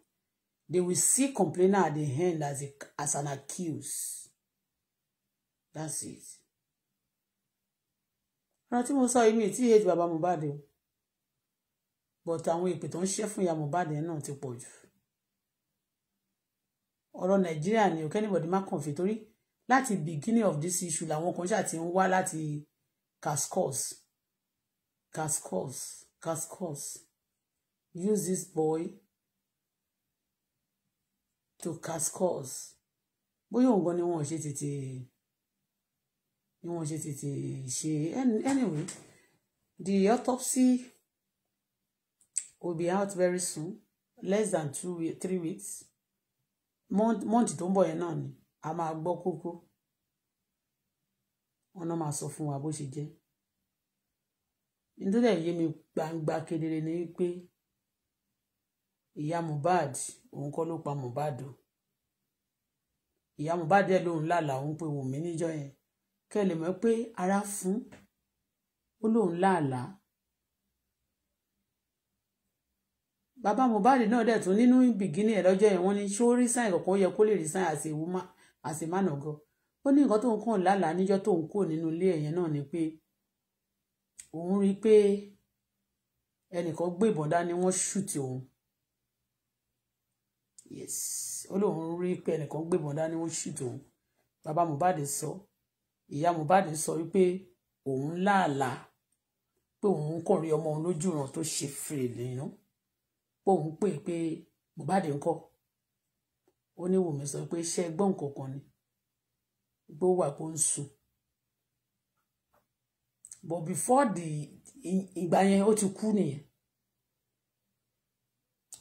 they will see complainer at the end as, a, as an accuse. that's it. ọ̀rọ̀ tí mo sọ yìí mi tí èyí bàbá Mohbad but àwọn èpè tó ń ṣe fún ìyá Mohbad yẹn náà ti pọ̀ jù ọ̀rọ̀ Nàìjíríà ni ò kẹ́nìbọ̀dì má kàn láti beginning of this issue làwọn kan ṣáà ti ń wá láti cascos cascos cascos use this boy to cascos bóyá òǹgan ni wọn ṣe tètè ni wọn ṣe tètè ṣe anyway the autopsy will be out very soon less than two three weeks month tó ń bọ̀ yẹn náà ni a máa gbọ́ kókó wọn náà máa sọ fún wa bó ṣe jẹ́ nítorí ẹ̀yẹ mi gbangba kedere ni wípé ìyá Mohbad òun kọ́ ló pa Mohbad o ìyá Mohbad ẹ̀ lòun lálàá òun pé Wùmí níjọ́ yẹn kẹ́ lè mọ̀ pé ara fún ó lóun láàlàá bàbá Mohbad náà dẹ̀ tún nínú bìgínì ẹ̀ lọ́jọ́ yẹn wọ́n ní ṣó rí sáìn kọ̀ọ̀kan ó yẹ kó lè rí sáìn àti ìwúmá as a man of God ó ní nǹkan tó ń kàn lálàá níjọ́ tó ń kó nínú ilé ẹ̀yẹn náà ni pé òun rí i pé ẹnìkan gbé ìbọn dání wọ́n ṣùtì òun yes ó lóun rí i pé ẹnìkan gbé ìbọn dání wọ́n ṣùtì òun bàbá Mohbad sọ ìyá Mohbad sọ wípé òun láàlàá pé òun kò rí ọmọ òun lójú ràn tó ṣe fèrè lẹ́yìn pé òun pè pé Mohbad ń kọ́ ó ní Wùmí sọ pé iṣẹ́ ẹgbọ́n nǹkan ni gbó wà kó ń sùn but before the ìgbà yẹn ó ti kú nìyẹn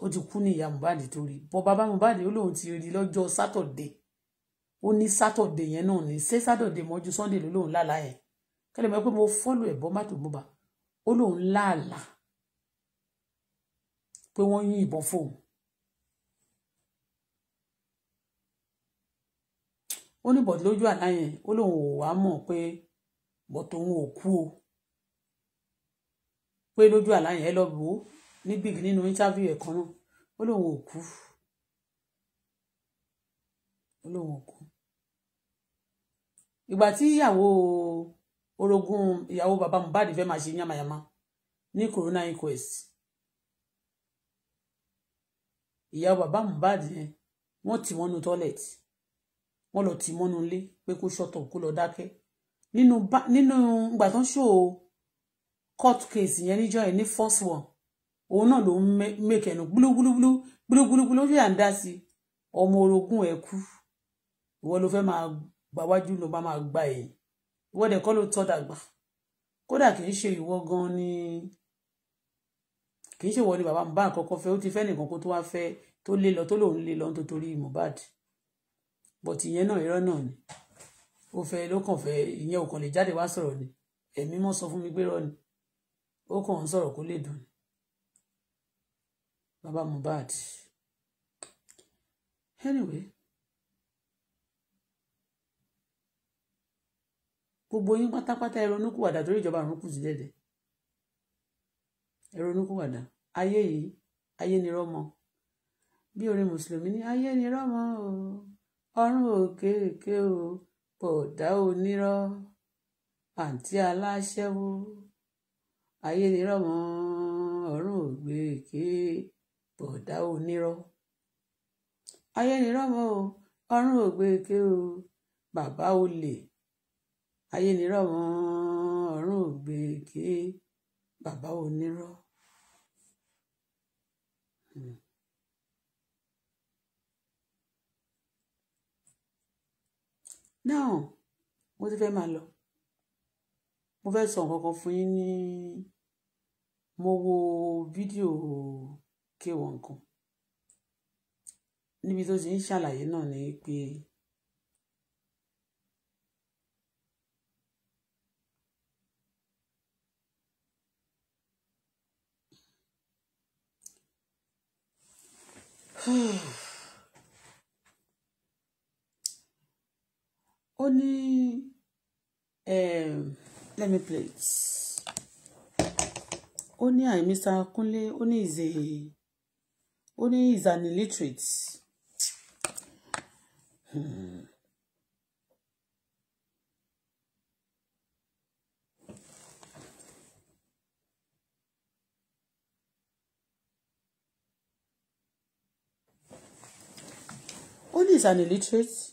ó ti kú ní ìyá Mohbad torí bọ bàbá Mohbad ó lóun ti rí lọ́jọ́ sátọ̀dé ó ní sátọ̀dé yẹn náà ní ṣé sátọ̀dé mọ́jú sunday ló lóun lálá yẹn kẹlẹ̀ mọ́ pé mo fọ́lù ẹ̀bọ́ mátò mọ́ba ó lóun láàlá pé wọ́n yín ìbọn fóun ó ní bọ̀dé lójú àná yẹn ó lóun ò wá mọ̀ pé bọ̀tò òun ò kú o pé lójú àlá yẹn lọ bò ó ní big nínú interview ẹ̀ kan náà ó lóun ò kú ó lóun ò kú ìgbà tí ìyàwó orogún ìyàwó bàbá Mohbad fẹ́ máa ṣe yàmàyàmà ní corona inquest ìyàwó bàbá Mohbad yẹn wọ́n tì wọ́n nu toilet wọ́n lọ tì mọ́nú ilé pé kó ṣọ́tọ̀ kó lọ dákẹ́ nínú nínú ìgbà tó ń ṣò court case yẹn níjọ́ yẹn ní first one òun náà ló ń mẹ́kẹ̀ ẹnu gbúlúgbúlúgbúlú gbúlúgbúlúgbúlú yóò yàn dá sí ọmọ orogún ẹ̀ kú ìwọ ló fẹ́ máa gbà wájú ló bá máa gba ẹ̀yìn ìwọ dẹ̀ kọ́ ló tọ́ dàgbà kódà kì í ṣe ìwọ gan ni kì í ṣe ìwọ ni bàbá Mohbad kọ́kọ́ fẹ́ ó ti fẹ́ nìkan kó tó wá fẹ́ tó lé lọ tó lòun lé lọ nítorí Mohbad but ìyẹn náà irọ́ náà ni ó fẹ́ ló kàn fẹ́ ìyẹn ò kàn lè jáde wá sọ̀rọ̀ ni ẹ̀mí mọ́ sọ fún mi pé ni ó kàn ń sọ̀rọ̀ kó lè dùn ni bàbá Mohbad anyway gbogbo yín pátápátá ẹ ronúkúwàdà torí ìjọba àrùn kù sí dẹ̀dẹ̀ ẹ ayé yìí ayé ni rọmọ bí orin mùsùlùmí ní ayé ni rọmọ o. ọrùn òkèèkè o bọ̀dá onírọ́ àǹtí aláṣẹ́wó ayé nírọ́ mọ́ ọrùn òkèèkè bọ̀dá onírọ́ ayé nírọ́ mọ́ o ọrùn òkèèkè o bàbá olè ayé nírọ́ mọ́ ọrùn òkèèkè bàbá onírọ́. Hmm. now mo ti fẹ́ máa lọ mo fẹ́ sọ nǹkan kan fún yín ní mo wo fídíò kéwọn kan níbi tó ti ń ṣàlàyé náà ni pé Hmm. ó ní let me play it ó ní àì Mr. ó ní is a ó ní is an illiterate. Hmm. Only is an illiterate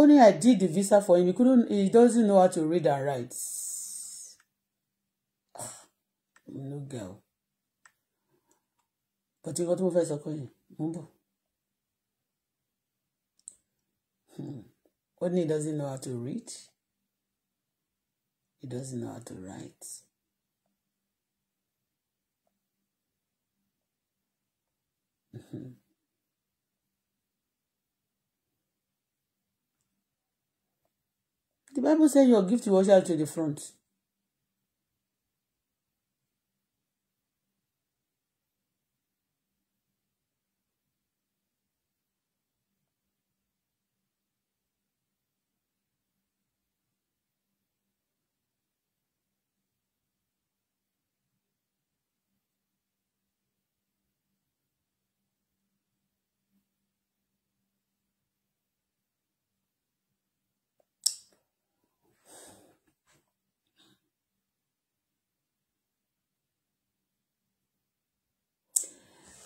Only I did the visa for him. He couldn't. He doesn't know how to read and write. No girl. But you got to move as a coin. Only he doesn't know how to read. He doesn't know how to write. Mm-hmm. The Bible says your gift will usher to the front.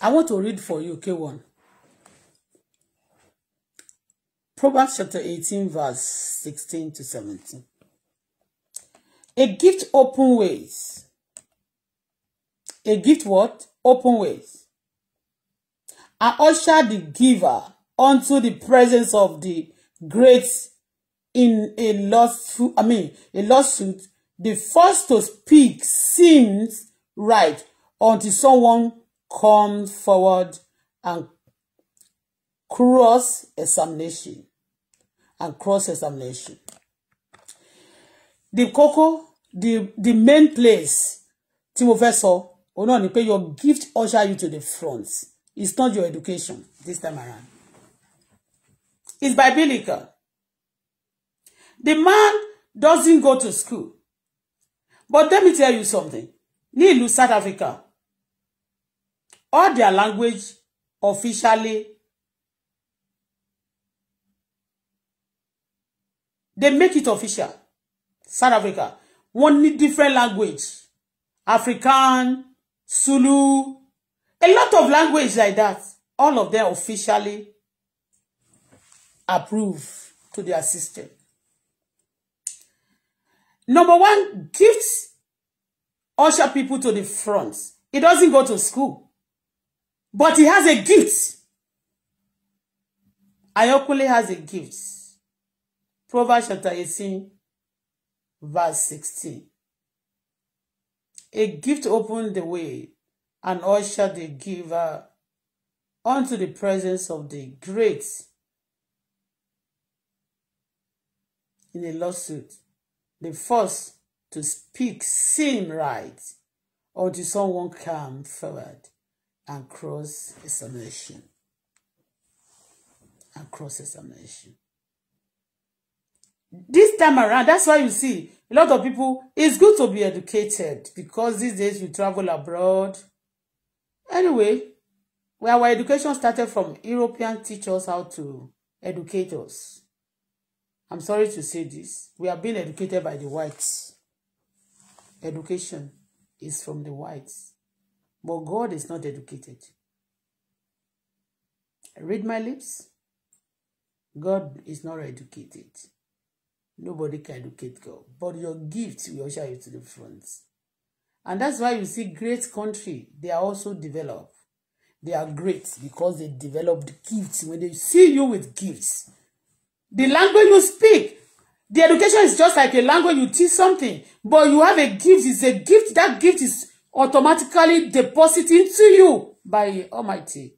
I want to read for you K1. Proverbs chapter 18, verse 16 to 17. A gift open ways. A gift what? Open ways. I usher the giver unto the presence of the great in a lawsuit. I mean, a lawsuit. The first to speak seems right until someone come forward and cross examination and cross examination. The koko, the the main place tí mo fẹ́ sọ òun náà ni pé your gift usher you to the front it's not your education this time around it's biblical the man doesn't go to school but let me tell you something ní ìlú South Africa all their language officially they make it official South Africa one ní different language African Zulu a lot of language like that all of them officially approve to their system number one gift usher people to the front it doesn't go to school But he has a gift. Ayokunle has a gift. Proverbs chapter 18, verse 16. A gift opened the way and ushered the giver unto the presence of the great in a lawsuit. The first to speak seem right until someone come forward and cross examination. And cross examination. This time around, that's why you see a lot of people. It's good to be educated because these days we travel abroad. Anyway, where well, our education started from European teachers how to educate us. I'm sorry to say this. We are being educated by the whites. Education is from the whites. But God is not educated. Read my lips. God is not educated. Nobody can educate God. But your gift will usher you to the front. And that's why you see great country, they are also developed. They are great because they developed gifts. When they see you with gifts, the language you speak, the education is just like a language you teach something, but you have a gift, it's a gift, that gift is automatically deposit into you by Almighty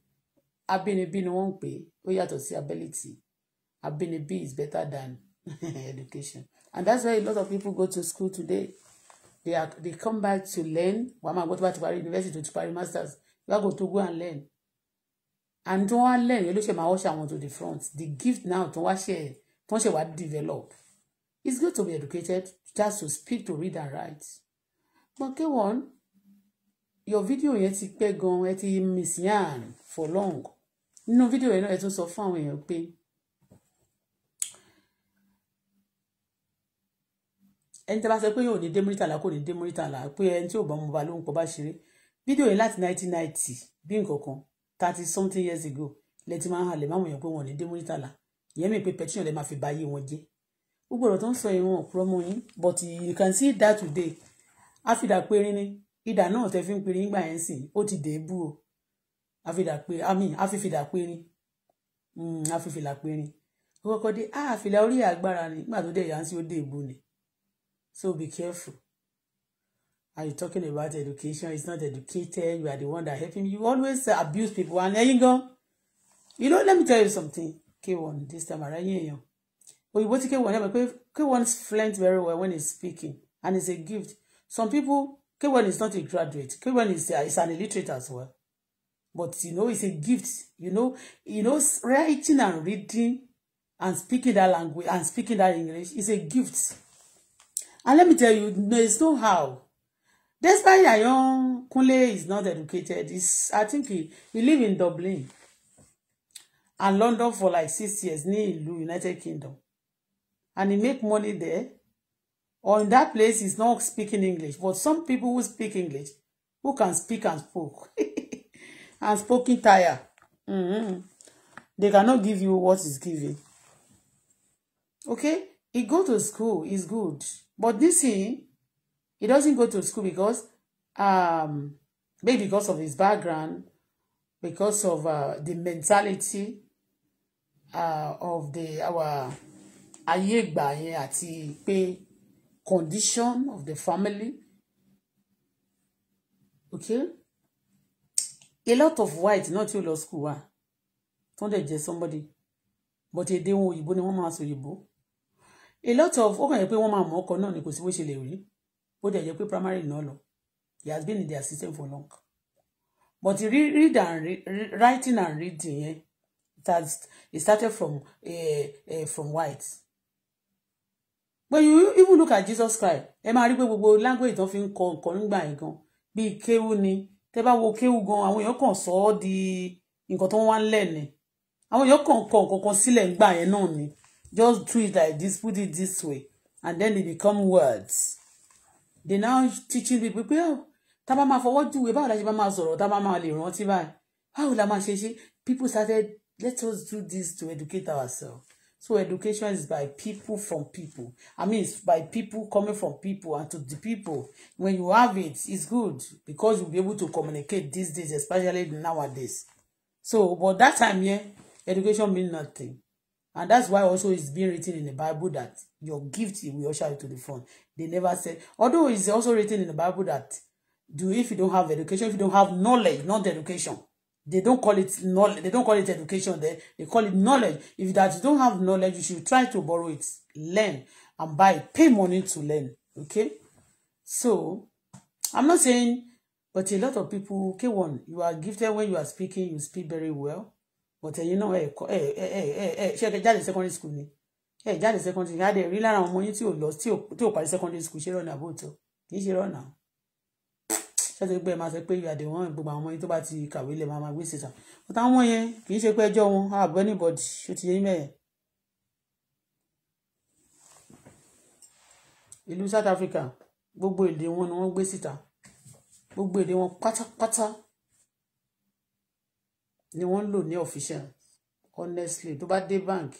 abínibí ni wọ́n ń pè ó yàtọ̀ sí ability abínibí is better than education and that's why a lot of people go to school today they are they come back to learn wàá máa gbọ́ tó bá ti parí university to ti parí masters you are go to go and learn and tó wá learn ló ṣe máa wọ́ṣẹ̀ àwọn to the front the gift now tó wá ṣe tó ṣe wá develop it's good to be educated just to speak to read and write but kéwọ́n. Okay, your video yẹn ti pẹ́ gan ẹ ti miss yarn for long nínú video, yẹn náà ẹ tún sọ fún àwọn èèyàn pé ẹni tí a bá sọ pé yóò ní démúrítàlá kò ní démúrítàlá pé ẹni tí ò bá mú ba ló ń pọ̀ bá ṣeré Video yẹn láti 1990 bí nǹkan kan thirty something years ago lẹ ti máa ń halẹ̀ máwọn èèyàn pé wọn ò ní démúrítàlá ìyẹn mi pé petition lẹ máa fi ba ayé wọn jẹ́ gbogbo ọ̀rọ̀ tó ń sọ ìwọ̀n ọ̀pọ̀lọmọ yín but you can see that today á fi dà ni ìdà náà tẹ fi ń pinrin nígbà yẹn sìn ó ti dèébù o àfìfìdà pinrin àfìfìlà hmm, pinrin ó kọ́kọ́ dé àfìlà ah, orí agbára ni nígbà tó dẹ̀ yá sí ó dèébù ni so be careful are you talking about education it's not educated you are the one that helping you always abuse people and ẹyin gan you know let me tell you something k1 this time ara yín èèyàn òyìnbó tí k1 yẹn mọ̀ pé k1 is very well when he's speaking and it's a gift some people K1 is not a graduate. K1 is, uh, is an illiterate as well. But, you know, it's a gift. You know, you know, writing and reading and speaking that language and speaking that English is a gift. And let me tell you, there's no how. Despite Yayon Kunle is not educated, he's, I think he, he live in Dublin and London for like six years near ìlú United Kingdom. And he make money there or in that place is not speaking English. But some people who speak English, who can speak and spoke, and spoken tire, mm-hmm. They cannot give you what is given. Okay, he go to school is good, but this he, he doesn't go to school because, um, maybe because of his background, because of uh, the mentality uh, of the our ayé ìgbà yẹn àti pé condition of the family. Okay? A lot of whites not you law school wa. Tán dẹ̀ somebody. But èdè wọn òyìnbó ni wọ́n máa sọ òyìnbó. A lot of okay you pay pé wọ́n máa mọ̀ ọkọ náà ni kò sí bó ṣe lè primary no lọ. He has been in their system for long. But read, read and re, writing and reading, eh, it has it started from uh, uh, from whites when you even look at Jesus Christ ẹ máa rí pé gbogbo language tó fi ń kọ nǹkan nígbà yẹn gan bíi kéwú ni tẹ bá wo kéwú gan àwọn èèyàn kàn sọ ọ di nǹkan tó ń wá ńlẹ̀ ni àwọn èèyàn kàn kọ nǹkan kan sílẹ̀ nígbà yẹn náà ni just do it like this put it this way and then they become words they now teaching people pé ọ oh, tá a bá máa fọwọ́ júwe báwo la ṣe bá máa sọ̀rọ̀ tá a bá máa lè rántí báyìí báwo la máa ṣe ṣe people started let us do this to educate ourselves So education is by people from people. I mean, it's by people coming from people and to the people. When you have it, it's good because you'll be able to communicate these days, especially nowadays. So, but that time, yeah, education means nothing. And that's why also it's being written in the Bible that your gift will usher you to the front. They never said, although it's also written in the Bible that do if you don't have education, if you don't have knowledge, not education, they don't call it knowledge they don't call it education there they call it knowledge if that you don't have knowledge you should try to borrow it learn and buy pay money to learn okay so i'm not saying but a lot of people k one, you are gifted when you are speaking you speak very well but eh, you know, ẹ̀yin eh, náà eh, ẹ ẹ ẹ She ẹ ṣe jáde secondary school ni ẹ jáde secondary school had a real amount of money tí ò lọ tí ò parí secondary school ṣe rọnà about kì She ṣe rọnà o ṣẹ́sẹ́ pé ẹ máa sọ pé you are the one gbogbo àwọn ọmọ yìí tó bá ti kàwé lẹ̀ máa máa gbé síta ọ̀tá wọn yẹn kì í ṣe pé ẹjọ́ wọn ààbọ̀ anybody ó ti yẹ ní mẹ́yẹn. ìlú South Africa gbogbo èdè wọn ni wọ́n gbé síta gbogbo èdè wọn pátápátá ni wọ́n ń lò ní official honestly tó bá dé bank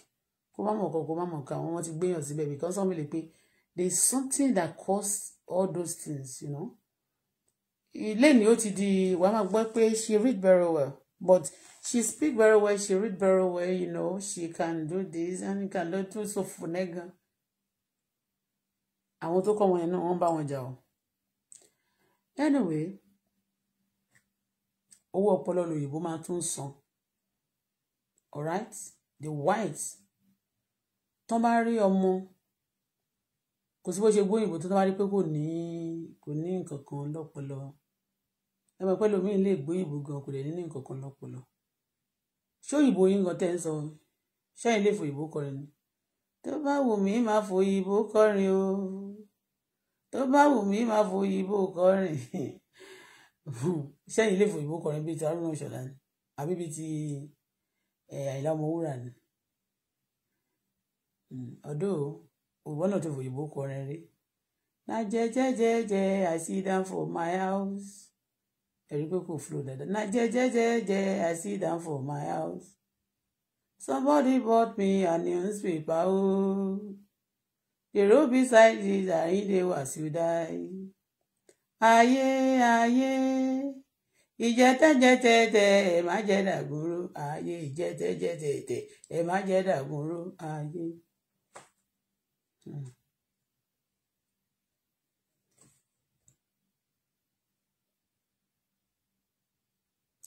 kó má mọ̀ kan kó má mọ̀ kan àwọn wọn ti gbéyàn síbẹ̀ because wọ́n mi lè pe there is something that cause all those things you know lẹ́ni ó ti di wàá máa gbọ́ pé she read very well but she speak very well she read very well you know she can do this and she can learn too so fúnẹ́ gan àwọn tó kọ́ wọn yẹn náà wọ́n bá wọn jà o anyway owó ọpọlọ lòyìnbó máa tún san alright the white tán bá rí ọmọ kò sí bó ṣe gbóyìnbó tó tán bá rí pé kò ní kò ní nǹkan kan lọ́pọlọ ẹ mọ̀ pé lómi lè gbé ìbò gan kò lè ní nǹkan kan lọ́pọ̀lọ́ ṣó ìbò yín gan tẹ́ ń sọ ṣáà lè fò ìbò kọrin ni tó bá wù mí máa fò ìbò kọrin o tó bá wù mí máa fò ìbò kọrin ṣẹ́yìn lè fò ìbò kọrin bíi ti arúgbó ṣọ̀lá ni àbí bíi ti àìlá ọmọwúrà ni hmm, ọdọ òwò náà ti fò ìbò kọrin rí na jẹjẹjẹjẹ I sit down for my house ẹ̀rí pé kò flow dáadáa na jẹjẹjẹjẹ i see down for my house somebody bought me a newspaper o oh. the road beside the Ayinde Wasiu die ayé ayé ìjẹtẹjẹtẹtẹ ẹ má jẹ dàgúrú ayé ìjẹtẹjẹtẹtẹ ẹ má jẹ dàgúrú ayé. Hmm.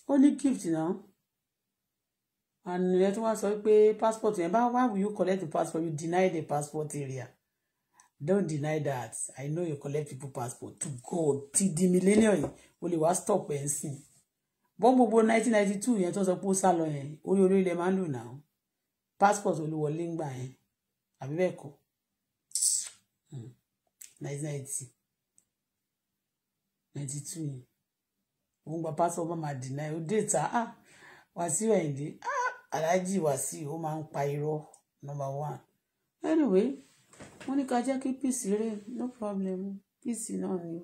only gift now and let one wá sọ pé passport yẹn bá why will you collect the passport you deny the passport area don't deny that i know you collect people passport to go ti di millennium yìí o lè wá stop ẹ̀ ń sìn bọ́n gbogbo 1992 yẹn tó sọ pé ó sá lọ yẹn orí orílẹ̀ máa ń lù náà passport olúwọlé ń gbà yẹn àbí bẹ́ẹ̀ kọ́ 1990 hmm. 92 òun gba pásọ ọba máa dìnnà ẹ ó déètà á wàsíù ẹ̀yìndé á aláàjì wàsíù ó máa ń pa irọ́ number one anyway wọ́n ní ká jẹ́ kí peace rè no problem peace náà ni o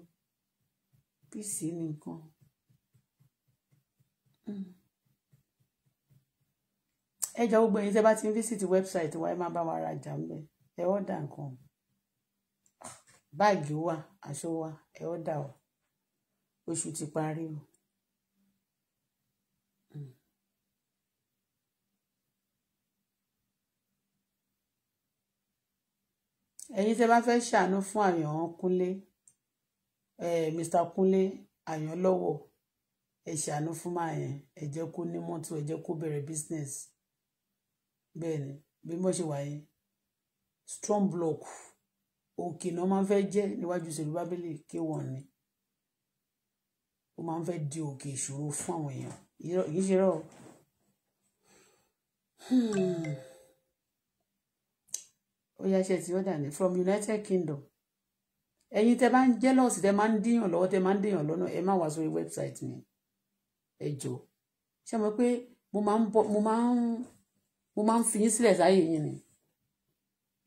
peace nìkan. Mm. ẹ jọ gbogbo ẹ̀yin tẹ́ bá ti ń visit website wa ẹ máa bá wa rajà ńbẹ̀ ẹ ọ́dà nǹkan ah, báàgì wa aṣọ wa ẹ ọ́dà wa oṣù ti parí o. Hmm. ẹ̀yin tẹ́ bá fẹ́ ṣàánú fún àyàn kúnlé Mr kúnlé àyàn lọ́wọ́ ẹ ṣàánú fún máa yẹn ẹ jẹ́ kó ní mọ́tò ẹ jẹ́ kó bẹ̀rẹ̀ business bẹ́ẹ̀ ni bí mo ṣe wà yẹn strong block òkè náà máa ń fẹ́ jẹ́ níwájú ìṣèlú bábélì k1 ni ó máa ń fẹ́ di òkè ìṣòro fún àwọn èèyàn kì í ṣe rọ. Hmm. ó yá ṣe ti order ni from United Kingdom ẹ̀yin tẹ́ bá ń jealous tẹ́ máa ń díyàn lọ́wọ́ tẹ́ máa ń díyàn lọ́nà ẹ má wá sórí website mi ẹ jọ ṣé mo pé mo máa ń bọ mo máa ń mo máa ń fi yín sílẹ̀ sáyè yín ni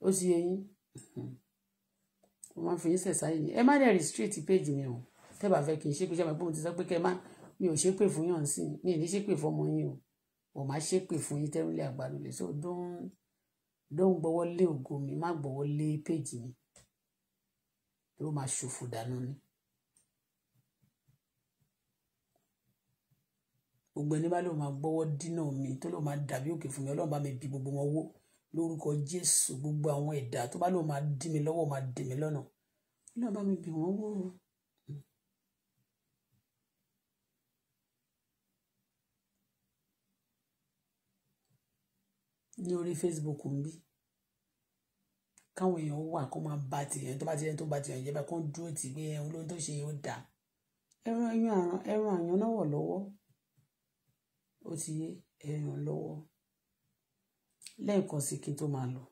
ó sì yẹ yín hmm. mo máa ń fi yín sílẹ̀ sáyè yín ẹ má dẹ̀ restrict page mi o tẹ́ bá fẹ́ kí n ṣépè ṣe àmọ́ ti sọ pé kẹ́ má mi ò ṣépè fún yàn sí mi ì ní ṣépè fọmọ yín o ò má ṣépè fún yín tẹ́rùlé àgbàlulẹ̀ so don don gbọ́wọ́ lé ògo mi má gbọ́wọ́ lé péjì mi tó máa ṣòfò dànù ni. gbogbo ẹni bá ló máa gbọ́wọ́ dínà mi tó ló máa dàbí òkè fún mi ọlọ́run bá mi bí gbogbo wọn wó lórúkọ jésù gbogbo àwọn ẹ̀dá tó bá ló máa dí mi lọ́wọ́ máa dí mi lọ́nà ọlọ́run bá mi bí wọn wó ní orí Facebook ń bí káwọn èèyàn wà kó máa bá tìyàn tó bá tìyàn tó bá tìyàn jẹ́ bá kó dúró tì gbé ẹ̀hún lóhun tó ṣe yóò dà ẹran ẹran àyàn náà wọ̀ lọ́wọ́ ó ti yé ẹran lọ́wọ́ lẹ́ẹ̀kan sí kí n tó máa lọ.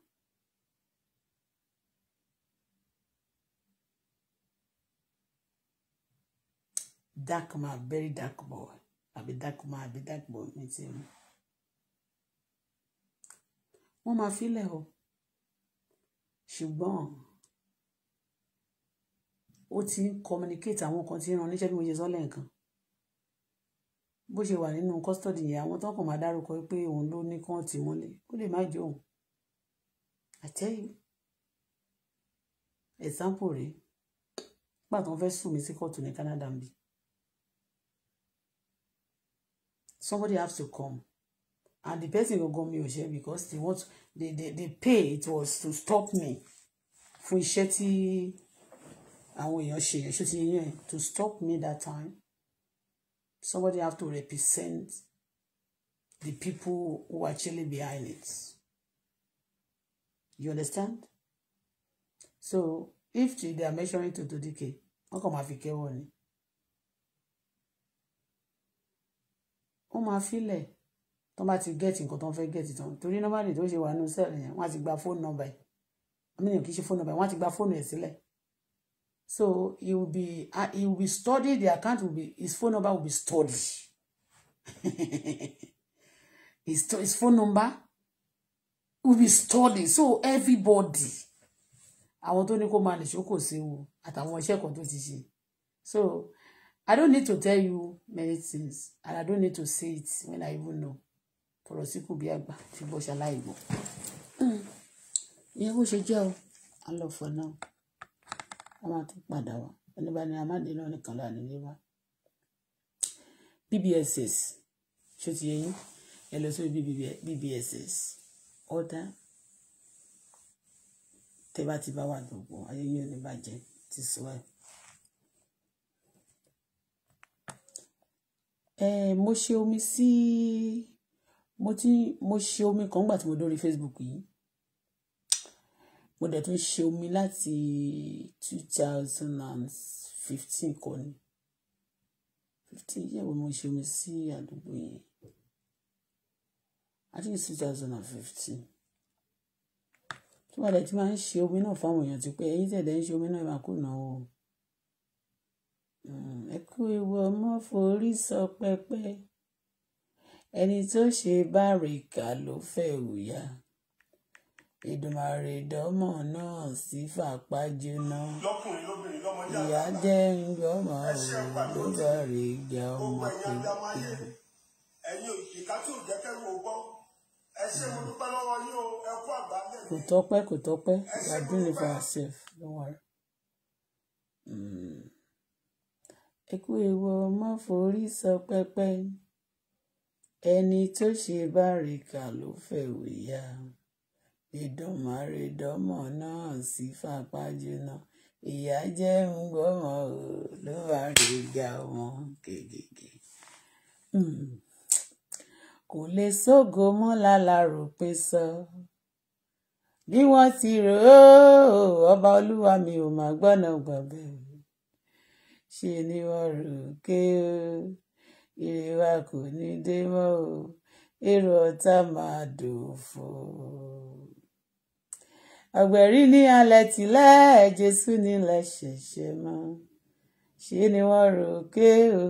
dark man very dark boy àbí dark man àbí dark boy mi ti mú wọ́n máa filẹ̀ o ṣùgbọ́n ó ti ń communicate àwọn kan tí ń ran níṣẹ́ bí mo ṣe sọ lẹ́ẹ̀kan bó ṣe wà nínú custody yẹn àwọn tó kàn máa dárúkọ pé òun ló ní kán tí wọ́n lé ó lè má jẹ́ òun àtẹ́yìn example rèé nígbà tí wọ́n fẹ́ sùn mí sí kóòtù ní Canada ń bì somebody has to come and the person go go me ò ṣe because they want they they they pay it was to stop me fún iṣẹ́ tí àwọn èèyàn ṣe yẹn ṣe ti yẹn to stop me that time somebody have to represent the people who actually behind it you understand so if they are measuring to do decay wọn come máa fi kẹwọn ni wọn máa filẹ̀ tó bá ti gẹ̀ẹ́tì nǹkan tó ń fẹ́ gẹ̀ẹ́tì tán torí normally tó ṣe wà nínú sẹ́ẹ̀lì yẹn wọ́n á ti gba fóònù nọ́mbà ẹ̀ àmìyàn kì í ṣe fóònù nọ́mbà ẹ̀ wọ́n á ti gba fóònù ẹ̀ sílẹ̀ so he will be ah, he will be studied the account will be his phone number will be studied his, his phone number will be studied so everybody àwọn tó ní kó máa lè ṣókò séwu àtàwọn iṣẹ́ kan tó ti ṣe so I don't need to tell you many things and I don't need to say it when I even know fọ̀rọ̀ síkù bí àgbà tí gbọ́ ṣaláì gbọ́ ìyẹn bó ṣe jẹ́ o a lọ fọ náà a máa tún padà wá ẹni amáde náà nìkan là nílé wá bbss ṣó ti yẹ yín ẹ lọ sórí bbss ọ̀dà tẹ bá ti bá wà gbogbo ayé yín ò ní bàjẹ́ ti sọ ẹ. mo ṣe omi sí mo ti mo ṣe omi kan nígbà tí mo dórí Facebook yìí mo dẹ̀ tún ṣe omi láti two thousand and fifteen kọ́ ni fifteen yẹ̀wò mo ṣe omi sí àdúgbò yẹn I think it's two thousand and fifteen tí wọ́n dẹ̀ ti máa ń ṣe omi náà fáwọn èèyàn ti pé ẹ̀yin tẹ̀lé ń ṣe omi náà ẹ̀ máa kó ìnáwó hmm, ẹ kú ewu ọmọ forí sọ pẹpẹ ẹni tó ṣe bárìkà ló fẹ̀wù ya ìdùmàrèdọ́mọ̀ náà sì fàpá jóná ìyá jẹ́ ń gbọ́mọ òun ló bẹ̀rẹ̀ ìjà ọmọ kékeré. mo dúpẹ́ lọ́wọ́ yín o ẹ kú kò tọ́pẹ́ kò tọ́pẹ́ yàdùn ní for herself don't worry. Hmm. ẹ kú ewu ọmọ forí sọ pẹ́pẹ́. So ẹni tó ṣe bárakà ló fẹ̀wé ya ìdùnmọ̀rẹ́dọ́mọ náà sí fapájúná ìyá jẹ́ ń gbọ́mọ o ló bá rí ga wọn gègègè. Hmm. kò lè ṣògo mọ́ lálárò pé sọ bí wọ́n ti rò ó ọba olúwa mi ò má gbọ́nà gbọ̀bẹ̀ ṣe ni wọ́n rò ó ké o ire kò ní dé mọ́ o èrò ọ̀tá máa dòfo. ọ̀gbẹ̀rí ní alẹ́ tìlẹ̀ Jésù nílẹ̀ ṣẹ̀ṣẹ̀ mọ́ ṣe ni wọ́n rò ké o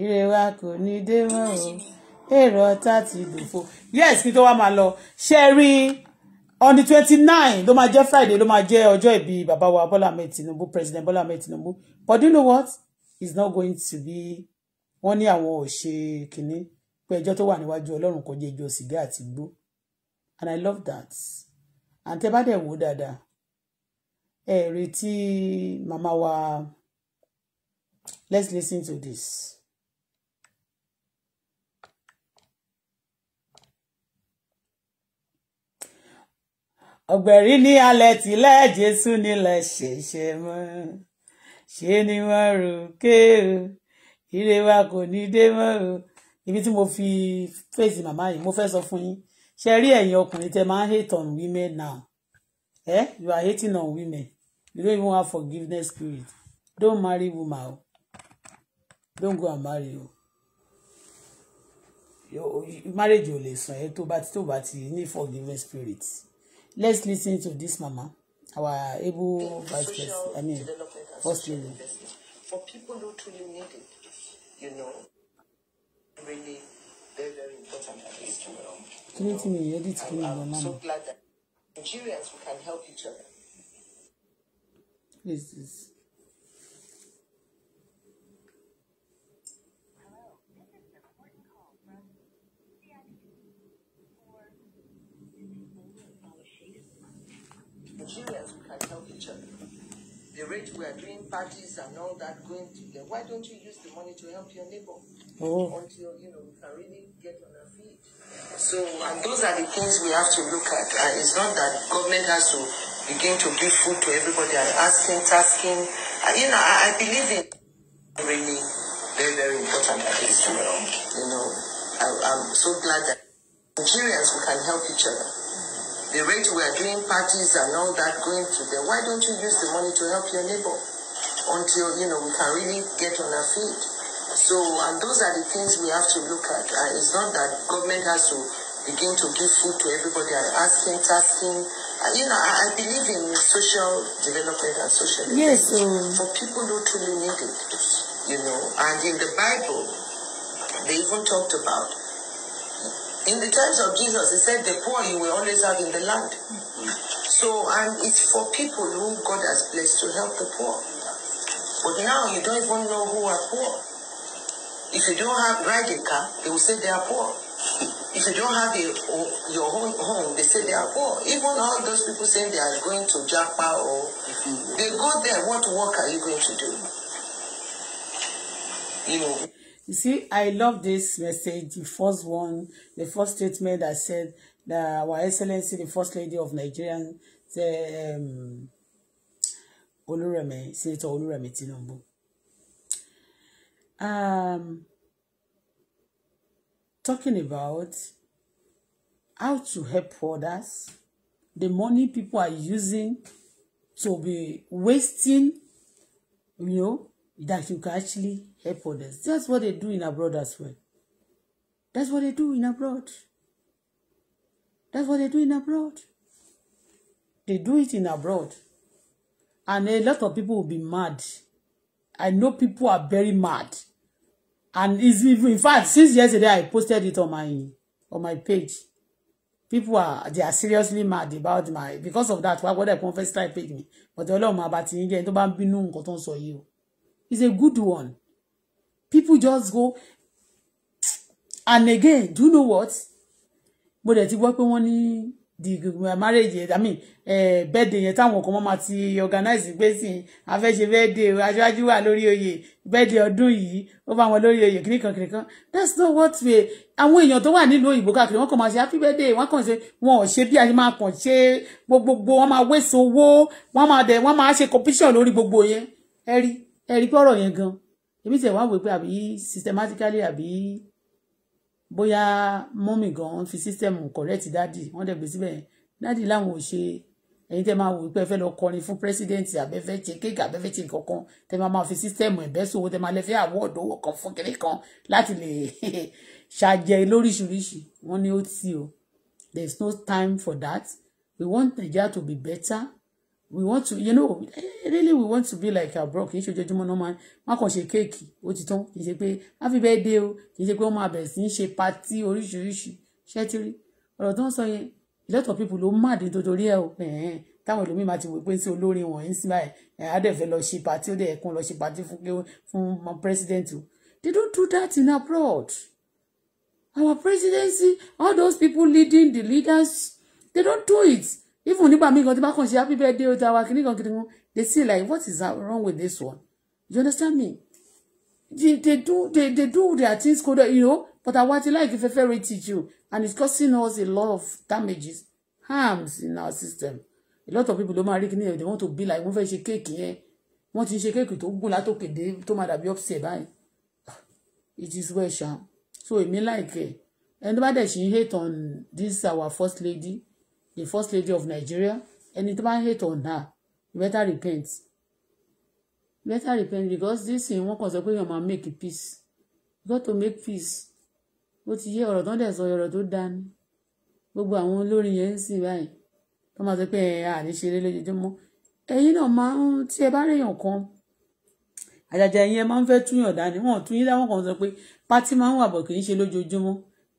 ire wa kò ní dé mọ́ o èrò ọ̀tá ti dòfo. yes kí tó wá máa lọ ṣe rí on the twenty nine ló máa jẹ́ Friday ló máa jẹ́ ọjọ́ ìbí bàbá wa Bọ́lá Ahmed Tinubu President Bọ́lá Ahmed Tinubu but do you know what it's not going to be wọ́n ní àwọn ò ṣe kínní pé ẹjọ́ tó wà níwájú Ọlọ́run kò jẹ́ ẹjọ́ sìgá àti igbó and I love that àǹtẹ bá dẹ̀ wò dáadáa ẹ rí tí màmá wa let's listen to this. ọ̀gbẹ̀rí ní alẹ́ tilẹ̀ Jésù nílẹ̀ ṣẹ̀ṣẹ̀ mọ́ ṣe ni wọ́n rò kéèrò ire wa kò ní dé mọ́ o ibi tí mo fi fèsì màmá yìí mo fẹ́ sọ fún yín ṣe rí ẹ̀yin ọkùnrin tẹ́ máa ń hate on women now eh you are hating on women you don't even have forgiveness spirit don't marry woman o don't go and marry o marriage ò lè sàn ẹ́ tó bá ti tó bá ti ní forgiveness spirit let's listen to this mama our able vice president i mean first lady. for people who truly need it you know really very very important at least you know. kí ló ti mi yẹ edit kí ni ìlànà mi. I'm so glad that Nigerians we can help each other. This is. Nigerians the rate we are doing parties and all that going together, why don't you use the money to help your neighbor oh. until you know we can really get on our feet? So, and those are the things we have to look at. Uh, it's not that government has to begin to give food to everybody and asking, tasking. Uh, you know, I, I believe in really very, very important at least. You know, I, I'm so glad that Nigerians can help each other the rate we are doing parties and all that going to them, why don't you use the money to help your neighbor until, you know, we can really get on our feet? So, and those are the things we have to look at. Uh, it's not that government has to begin to give food to everybody and asking, tasking. Uh, you know, I, I, believe in social development and social yes, um... for people who truly need it. You know, and in the Bible, they even talked about in the times of Jesus, he said, The poor you will always have in the land. Mm-hmm. So, and it's for people whom God has blessed to help the poor. But now you don't even know who are poor. If you don't have ride a car, they will say they are poor. If you don't have a, your own home, they say they are poor. Even all those people saying they are going to Japa or mm-hmm. they go there, what work are you going to do? You know. You see, I love this message, the first one, the first statement that said that Our Excellency, the First Lady of Nigeria, um, Olúrẹ̀mí, Senator Olúrẹ̀mí Tinubu. Um, talking about how to help others, the money people are using to be wasting, you know, that you can actually help others. That's what they do in abroad as well. That's what they do in abroad. That's what they do in abroad. They do it in abroad. And a lot of people will be mad. I know people are very mad. And it's even, in fact, since yesterday I posted it on my on my page. People are they are seriously mad about my because of that. Why would I confess type page me? But the má bá ti ń jẹ́ tó bá ń bínú nǹkan tó Is a good one. People just go. And again, do you know what? Mo dẹ̀ ti gbọ́ pé wọ́n ní the marriage yẹn, I mean, uh, birthday yẹn táwọn kan máa ti organize pé sí afẹ́ṣe birthday aṣáájú wà lórí oyè birthday ọdún yìí ó bá wọn lórí oyè kìnìkan kìnìkan. That's not what we àwọn èèyàn tó wà nílùú òyìnbó káàkiri wọn kàn máa ṣe happy birthday wọn kàn ṣe wọn ò ṣe bí a ṣe máa kàn ṣe gbogbogbò wọn máa wéṣọ owó wọn máa dẹ̀ wọn máa ṣe competition lórí gbogbo yẹn ẹ rí ẹ rí pé ọ̀rọ̀ yẹn gan èmi tiẹ̀ wá wò pé àbí systematically àbí bóyá mọ́mì gan fi system correct dádì wọ́n dẹ̀ gbé síbẹ̀ yẹn dádì láwọn ò ṣe ẹ̀yin tẹ́ máa wò pé ẹ fẹ́ lọ kọrin fún president abẹ́fẹ́ ṣe kéèkì abẹ́fẹ́ ṣe nǹkan kan tẹ́ máa máa fi system ẹ̀bẹ́ sòwò tẹ́ máa lẹ́fẹ́ award owó kan fún kiri kan láti lè ṣàjẹ lóríṣiríṣi wọ́n ní ó tì o there is no time for that we want Nigeria to be better we want to you know really we want to be like our bro. í ṣe ojoojúmọ́ náà máa má kàn ṣe kéèkì ó ti tán kì í ṣe pé happy birthday o kì í ṣe pé wọ́n máa bẹ̀rẹ̀ sí í ṣe patí oríṣiríṣi ṣẹ́tírí ọ̀rọ̀ tó ń sọ yẹn a lot of people ló má dín torí ẹ̀ o táwọn ẹlòmíín máa ti wò pé sí olórin wọ̀nyí sí báyìí ẹ̀ á dẹ̀ fẹ́ lọ ṣe patí ó dẹ̀ kún lọ ṣe patí fún fún president o they don't do that in abroad our presidency all those people leading the leaders they don't do it even nígbà míì kan tí bá kàn ṣe happy birthday ó ta wa kìnnì kan kìnnì kan they see like what is wrong with this one you understand me they, they do they, they do their things kódà you know but àwa ti like fẹ́fẹ́ rẹ teach you and it's causing us a lot of damages harms in our system a lot of people ló máa rí kìnnì they want to be like wọ́n fẹ́ ṣe kéèkì yẹn wọ́n ti ń ṣe kéèkì tó gùn látòkè dé tó máa dàbí ọ̀pṣẹ̀ báyìí it is well ṣá so èmi like ẹ ẹni tó bá dẹ̀ ṣe hate on this our first lady the first lady of Nigeria ẹni tó bá hate on her you better repent you better repent because this thing wọ́n kàn sọ pé yóò make peace you got to make peace ó ti yé ọ̀rọ̀ tó ń dẹ̀ sọ ọ̀rọ̀ tó dáa ni gbogbo àwọn olórin yẹn ń sìn báyìí tó máa sọ pé àlè ṣeré lójoojúmọ́ ẹ̀yin náà máa ń tí ẹ bá réèyàn kan àjàjà ẹ̀yin ẹ máa ń fẹ́ túyàn dání wọn ò tún yín láwọn kan sọ pé pátí máa ń wà bọ̀ kì í ṣe lójoojúmọ́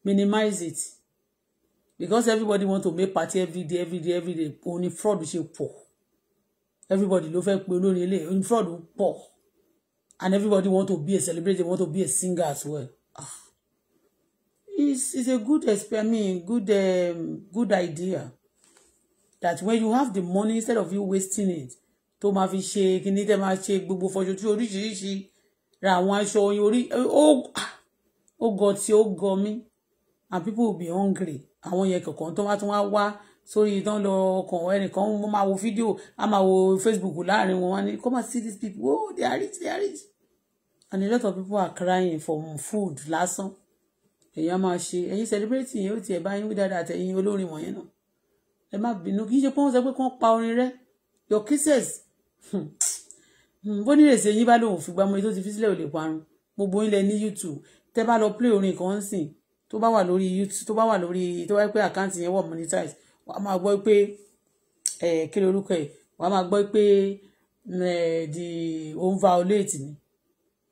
minimize it because everybody want to make party every day every day every day Only fraud fraud ṣe poor. everybody ló fẹ́ pe olórin ilé òun fraud poor, and everybody want to be a celebrity They want to be a singer as well ah it's it's a good experiment I mean, good um, good idea that when you have the money instead of you wasting it tó máa fi ṣe kíní tẹ́ máa ṣe gbogbo fọṣọ tí oríṣiríṣi ra àwọn aṣọ oyin orí ó ó gọ tí ó gọ and people will be hungry àwọn yẹn kọ̀ọ̀kan tó wá tún wá wá sórí tán lọ ọkàn ẹnìkan wọn máa wo fídíò á máa wo Facebook láàrin wọn wọn ni come and see these people oh they are rich they are rich and a lot of people are crying for food lásán èèyàn máa ṣe ẹ̀yin celebrate yẹn ó tiẹ̀ bá yín wí dáadáa àtẹ̀yìn olórin wọ̀nyẹn náà ẹ má bínú kì í ṣe pé sọ pé kí wọ́n pa orin rẹ your kisses hmm. Hmm, bó ní èsì eyín bá lòun fìgbà mọ́ èyí tó ti fi sílẹ̀ ò lè parun gbogbo yín lẹ ní YouTube tẹ́ bá lọ play orin kan sìn tó bá wà lórí youtube tó bá wà lórí tó bá pé àkáǹtì yẹn wọ̀ monetize wàá máa gbọ́ pé ẹ̀ kí ló orúkọ ẹ̀ wàá máa gbọ́ pé ẹ̀ di òun violate mi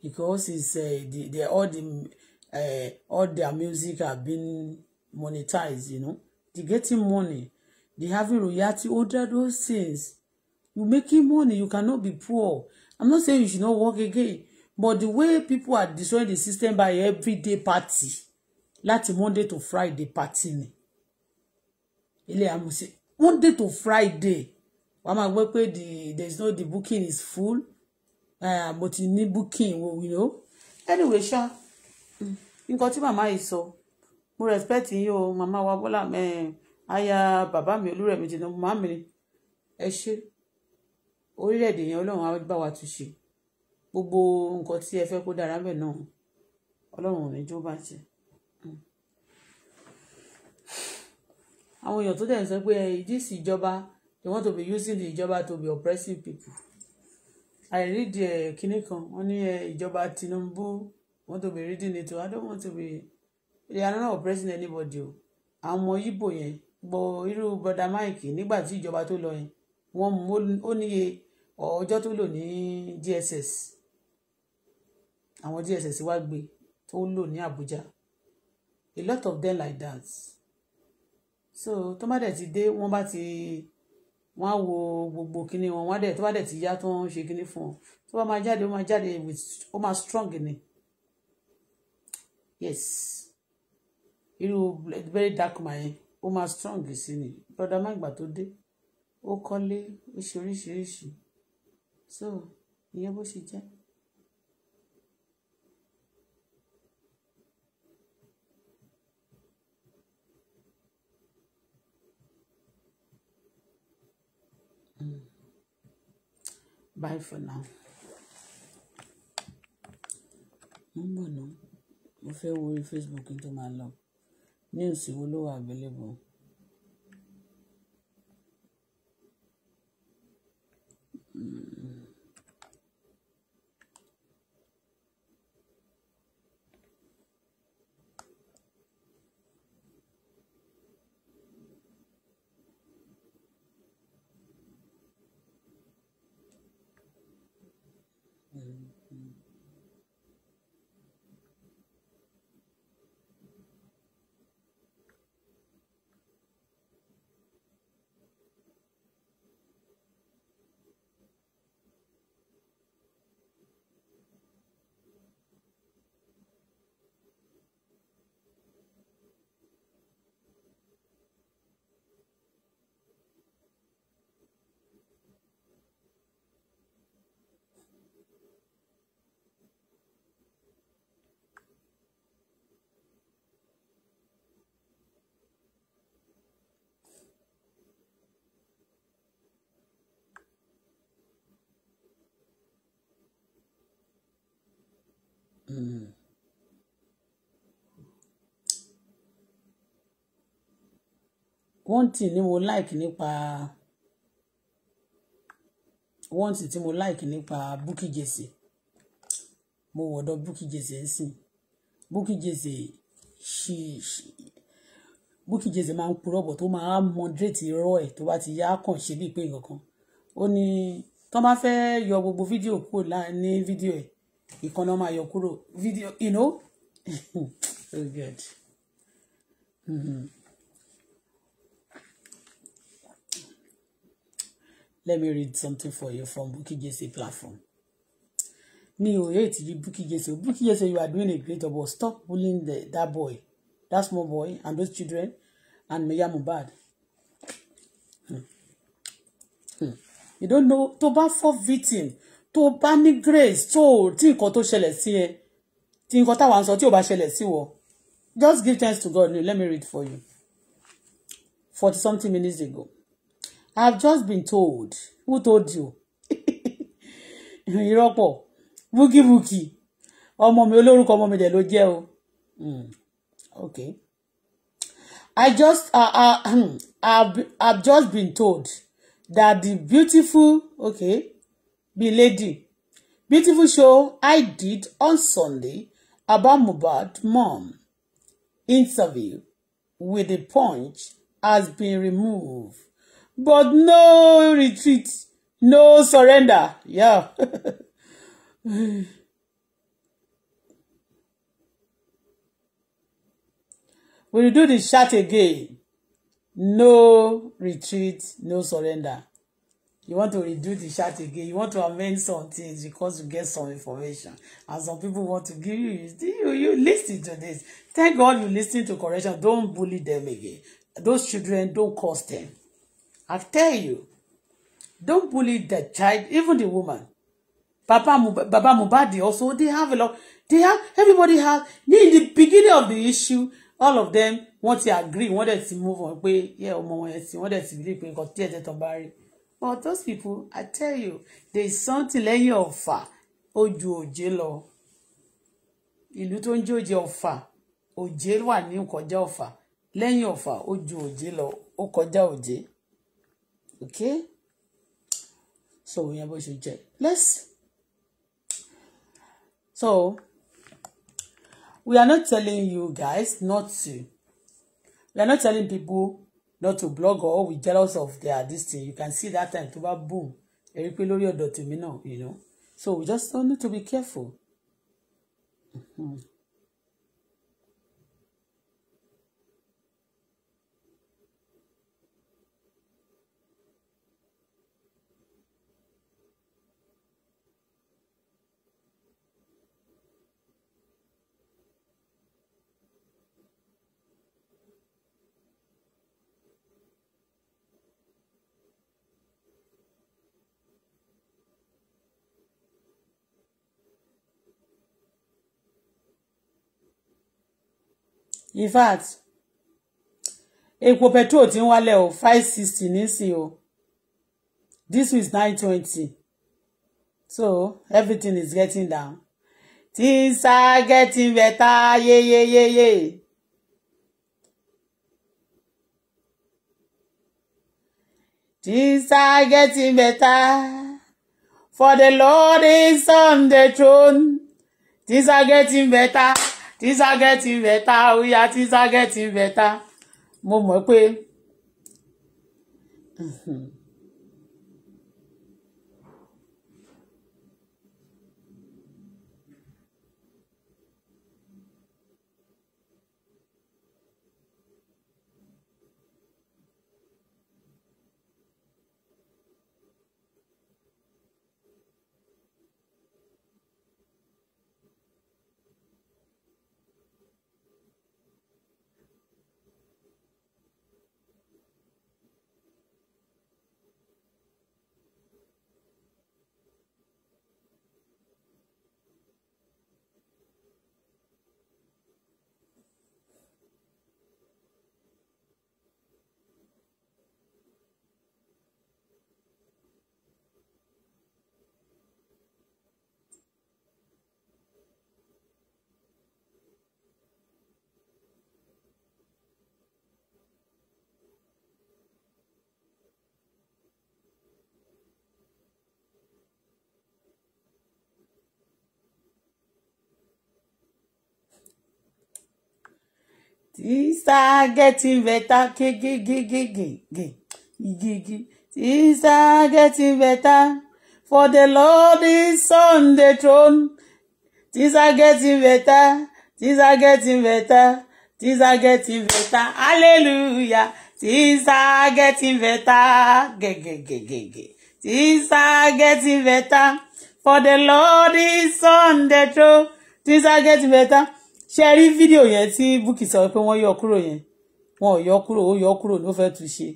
because it's uh, the, the, all the uh, all their music have been monetized you know they getting money they having royalty all those things you making money you cannot be poor i'm not saying you should not work again but the way people are destroying the system by everyday party láti monday to friday party ni ilé àmùsí monday to friday wàá máa gbọ́ pé the there is no the booking is full eh, mo ti ní booking wo you know anyway ṣá nǹkan tí màmá yìí sọ mo respect yín o màmá wa bọ́lá eh, aya bàbá mi olúrẹ̀mí Tinubu màmá mi ẹ ṣe orílẹ̀-èdè yẹn ọlọ́run á bá wa tún ṣe gbogbo nǹkan tí ẹ fẹ́ kó dára bẹ̀ náà ọlọ́run ò ní jó bàjẹ́ àwọn èèyàn tó dẹ̀ ń sọ pé this ìjọba they want to be using the ìjọba to be oppressive people I read the eh, kinní kan wọ́n ní eh, ìjọba Tinubu want to be reading it I don't want to be they are not oppressing anybody o àwọn ọmọ Ìgbò yẹn gbọ́ irú broda Mike nígbà tí ìjọba tó lọ yẹn wọ́n mú ó níye eh, ọjọ́ tó lò ní DSS àwọn DSS wá gbé tó lò ní Abuja a lot of them like that so tó bá dẹ̀ ti dé wọ́n bá ti wọ́n á wo gbogbo kíní wọn wọ́n á dẹ̀ tó bá dẹ̀ ti yá tó ń ṣe kíní fún wọn tó bá máa jáde ó máa jáde ó máa strong ni yes irú very dark man yẹn ó máa strong sí ni broda magba tó dé ó kọ́lé ó ṣe oríṣiríṣi so ìyẹn bó ṣe jẹ́. Bye for now. Mo ń bọ̀ náà. Mo fẹ́ wo orí Facebook kí n tó máa lọ. News wo ló wà available? Mm. Mm. one thing ni mo like nípa one thing tí mo like nípa Bukky Jesse mo wọ̀dọ̀ Bukky Jesse ń sìn Bukky Jesse ṣì Bukky Jesse máa ń purọ́ bọ̀ tó máa moderate irọ́ ẹ̀ tó bá ti yá kàn ṣe bíi pé nǹkan kan ó ní tó bá fẹ́ yọ gbogbo fídíò kúrò ní fídíò ẹ̀ ìkànnà máa yọ kúrò video you know so oh, good. Mm-hmm. Let me read something for you from Bukky Jesse platform. Me o hate you, Bukky Jesse. Bukky Jesse, you are doing a great job. Stop bullying the, that boy, that small boy, and those children, and Meya Mohbad. Hmm. hmm. You don't know, tó bá fall victim tó bá ní grace tó tí nǹkan tó ṣẹlẹ̀ sí ẹ tí nǹkan táwa ń sọ tí ò bá ṣẹlẹ̀ sí wọ just give thanks to God let me read for you forty something minutes ago I have just been told who told you ìrọ́pọ̀ wúkìwúkì ọmọ mi olórúkọ ọmọ mi dẹ̀ ló jẹ́ o hmm. okay I just uh, uh, I've, I've just been told that the beautiful okay bíi lady beautiful show I did on Sunday about Mohbad mom interview with the Punch has been removed but no retreat no surrender yeah. we will do the chat again no retreat no surrender you want to redo the chat again you want to amend some things because you get some information and some people want to give you you you listen to this thank God you listen to correction don't bully them again those children don't cause them I tell you don't bully the child even the woman Papa Mub Baba Mohbad also they have a lot they have everybody has. in the beginning of the issue all of them wọ́n ti agree Wanted to move on pé yẹ ọmọ wọn yẹn ti wọ́n believe pé nǹkan tí ẹ̀ tẹ̀ tán But those people, I tell you, they is something lẹ́yìn ọ̀fà ó ju òjé lọ. Ìlú tó ń jòjé ọ̀fà òjé wà ní kọjá ọ̀fà lẹ́yìn ọ̀fà ó ju òjé lọ ó kọjá òjé. Okay? So ìyẹn bó ṣe jẹ. Let's. So we are not telling you guys not to. We are not telling people not to blog or we jealous of their this thing you can see that time tó bá boom ẹ rí pé lórí ọ̀dọ̀ tèmi náà you know so we just don't need to be careful. Mm-hmm. in fact epo petrol ti ń wálẹ̀ o five sixty nísìnyí o this is nine twenty so everything is getting down things are getting better yeyeyeye. Ye, ye. Things are getting better. For the Lord is on the throne. Things are getting better tíṣà gẹ́tì bẹ̀ta oya tíṣà gẹ́tì bẹ̀ta mo mọ̀ pé. Mm-hmm. Sister getting better, Sister getting better. For the Lord is on the throne. Things are getting better. Things are getting better. Things are getting better. Hallelujah. Things are getting better. Things are getting better. For the Lord is on the throne. Things are getting better ṣe rí fídíò yẹn tí Bukky sọ pé wọ́n yọ kúrò yẹn wọn ò yọ kúrò ó yọ kúrò ló fẹ́ tún ṣe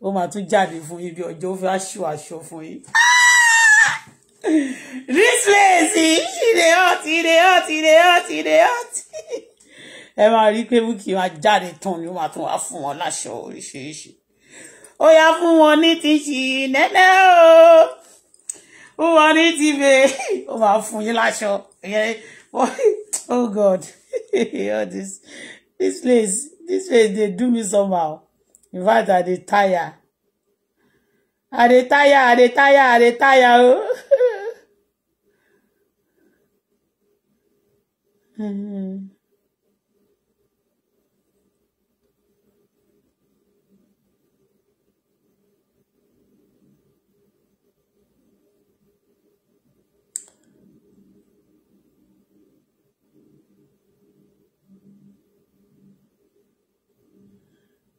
ó máa tún jáde fún yín bí ọjọ́ ó fẹ́ aṣọ aṣọ fún yín. this place e dey hot e hot e hot e hot ẹ máa rí pé Bukky máa jáde tán ni ó máa tún wá fún wọn láṣọ oríṣiríṣi ó yá fún wọn ní ti ṣì nẹ́nẹ́ o ó wọn ní ti bè ó máa fún yín láṣọ oh god all this this place this place they do me somehow in fact i dey tire i dey tire i dey tire i dey tire o. Oh. Mm-hmm.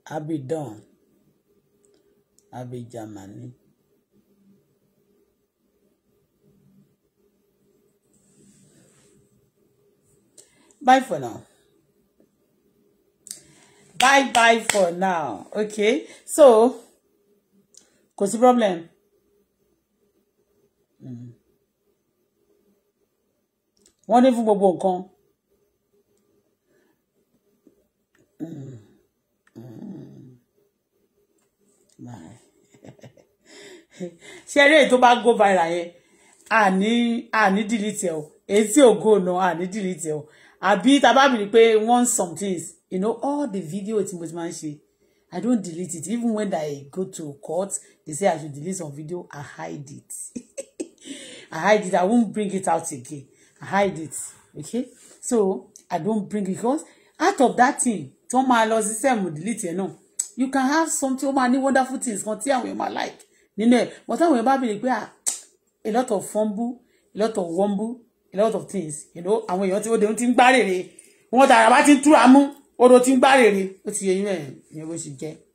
Abidjan Abidjan Bye for now. Bye bye for now. Okay, so what's the problem. Mm. Wọ́n ní fún gbogbo nǹkan. Mm. ṣé eré tó bá go viral yẹn àní àní delete ẹ o èyí tí ò go náà àní delete ẹ o àbí tábàbí pé one something. you know all the video tí mo ti máa ń ṣe I don't delete it even when I go to court they say I should delete some video I hide it I hide it I won't bring it out again I hide it okay so I don't bring it because out of that thing tó máa lọ sí sẹ́ẹ̀mù delete ẹ̀ náà you can have something ó máa ní wonderful things kan tí àwọn èèyàn máa like nínú ẹ̀ but àwọn èèyàn bá bèrè pé ah, a lot of fumble a lot of wumble a lot of things you know àwọn èèyàn tí ó dẹ̀rùn ti ń gbárèrè wọn tààrà bá ti ń túra mú odò ti ń gbárèrè ó ti yẹ yín mẹ́rin ìyẹn bó ṣe jẹ́.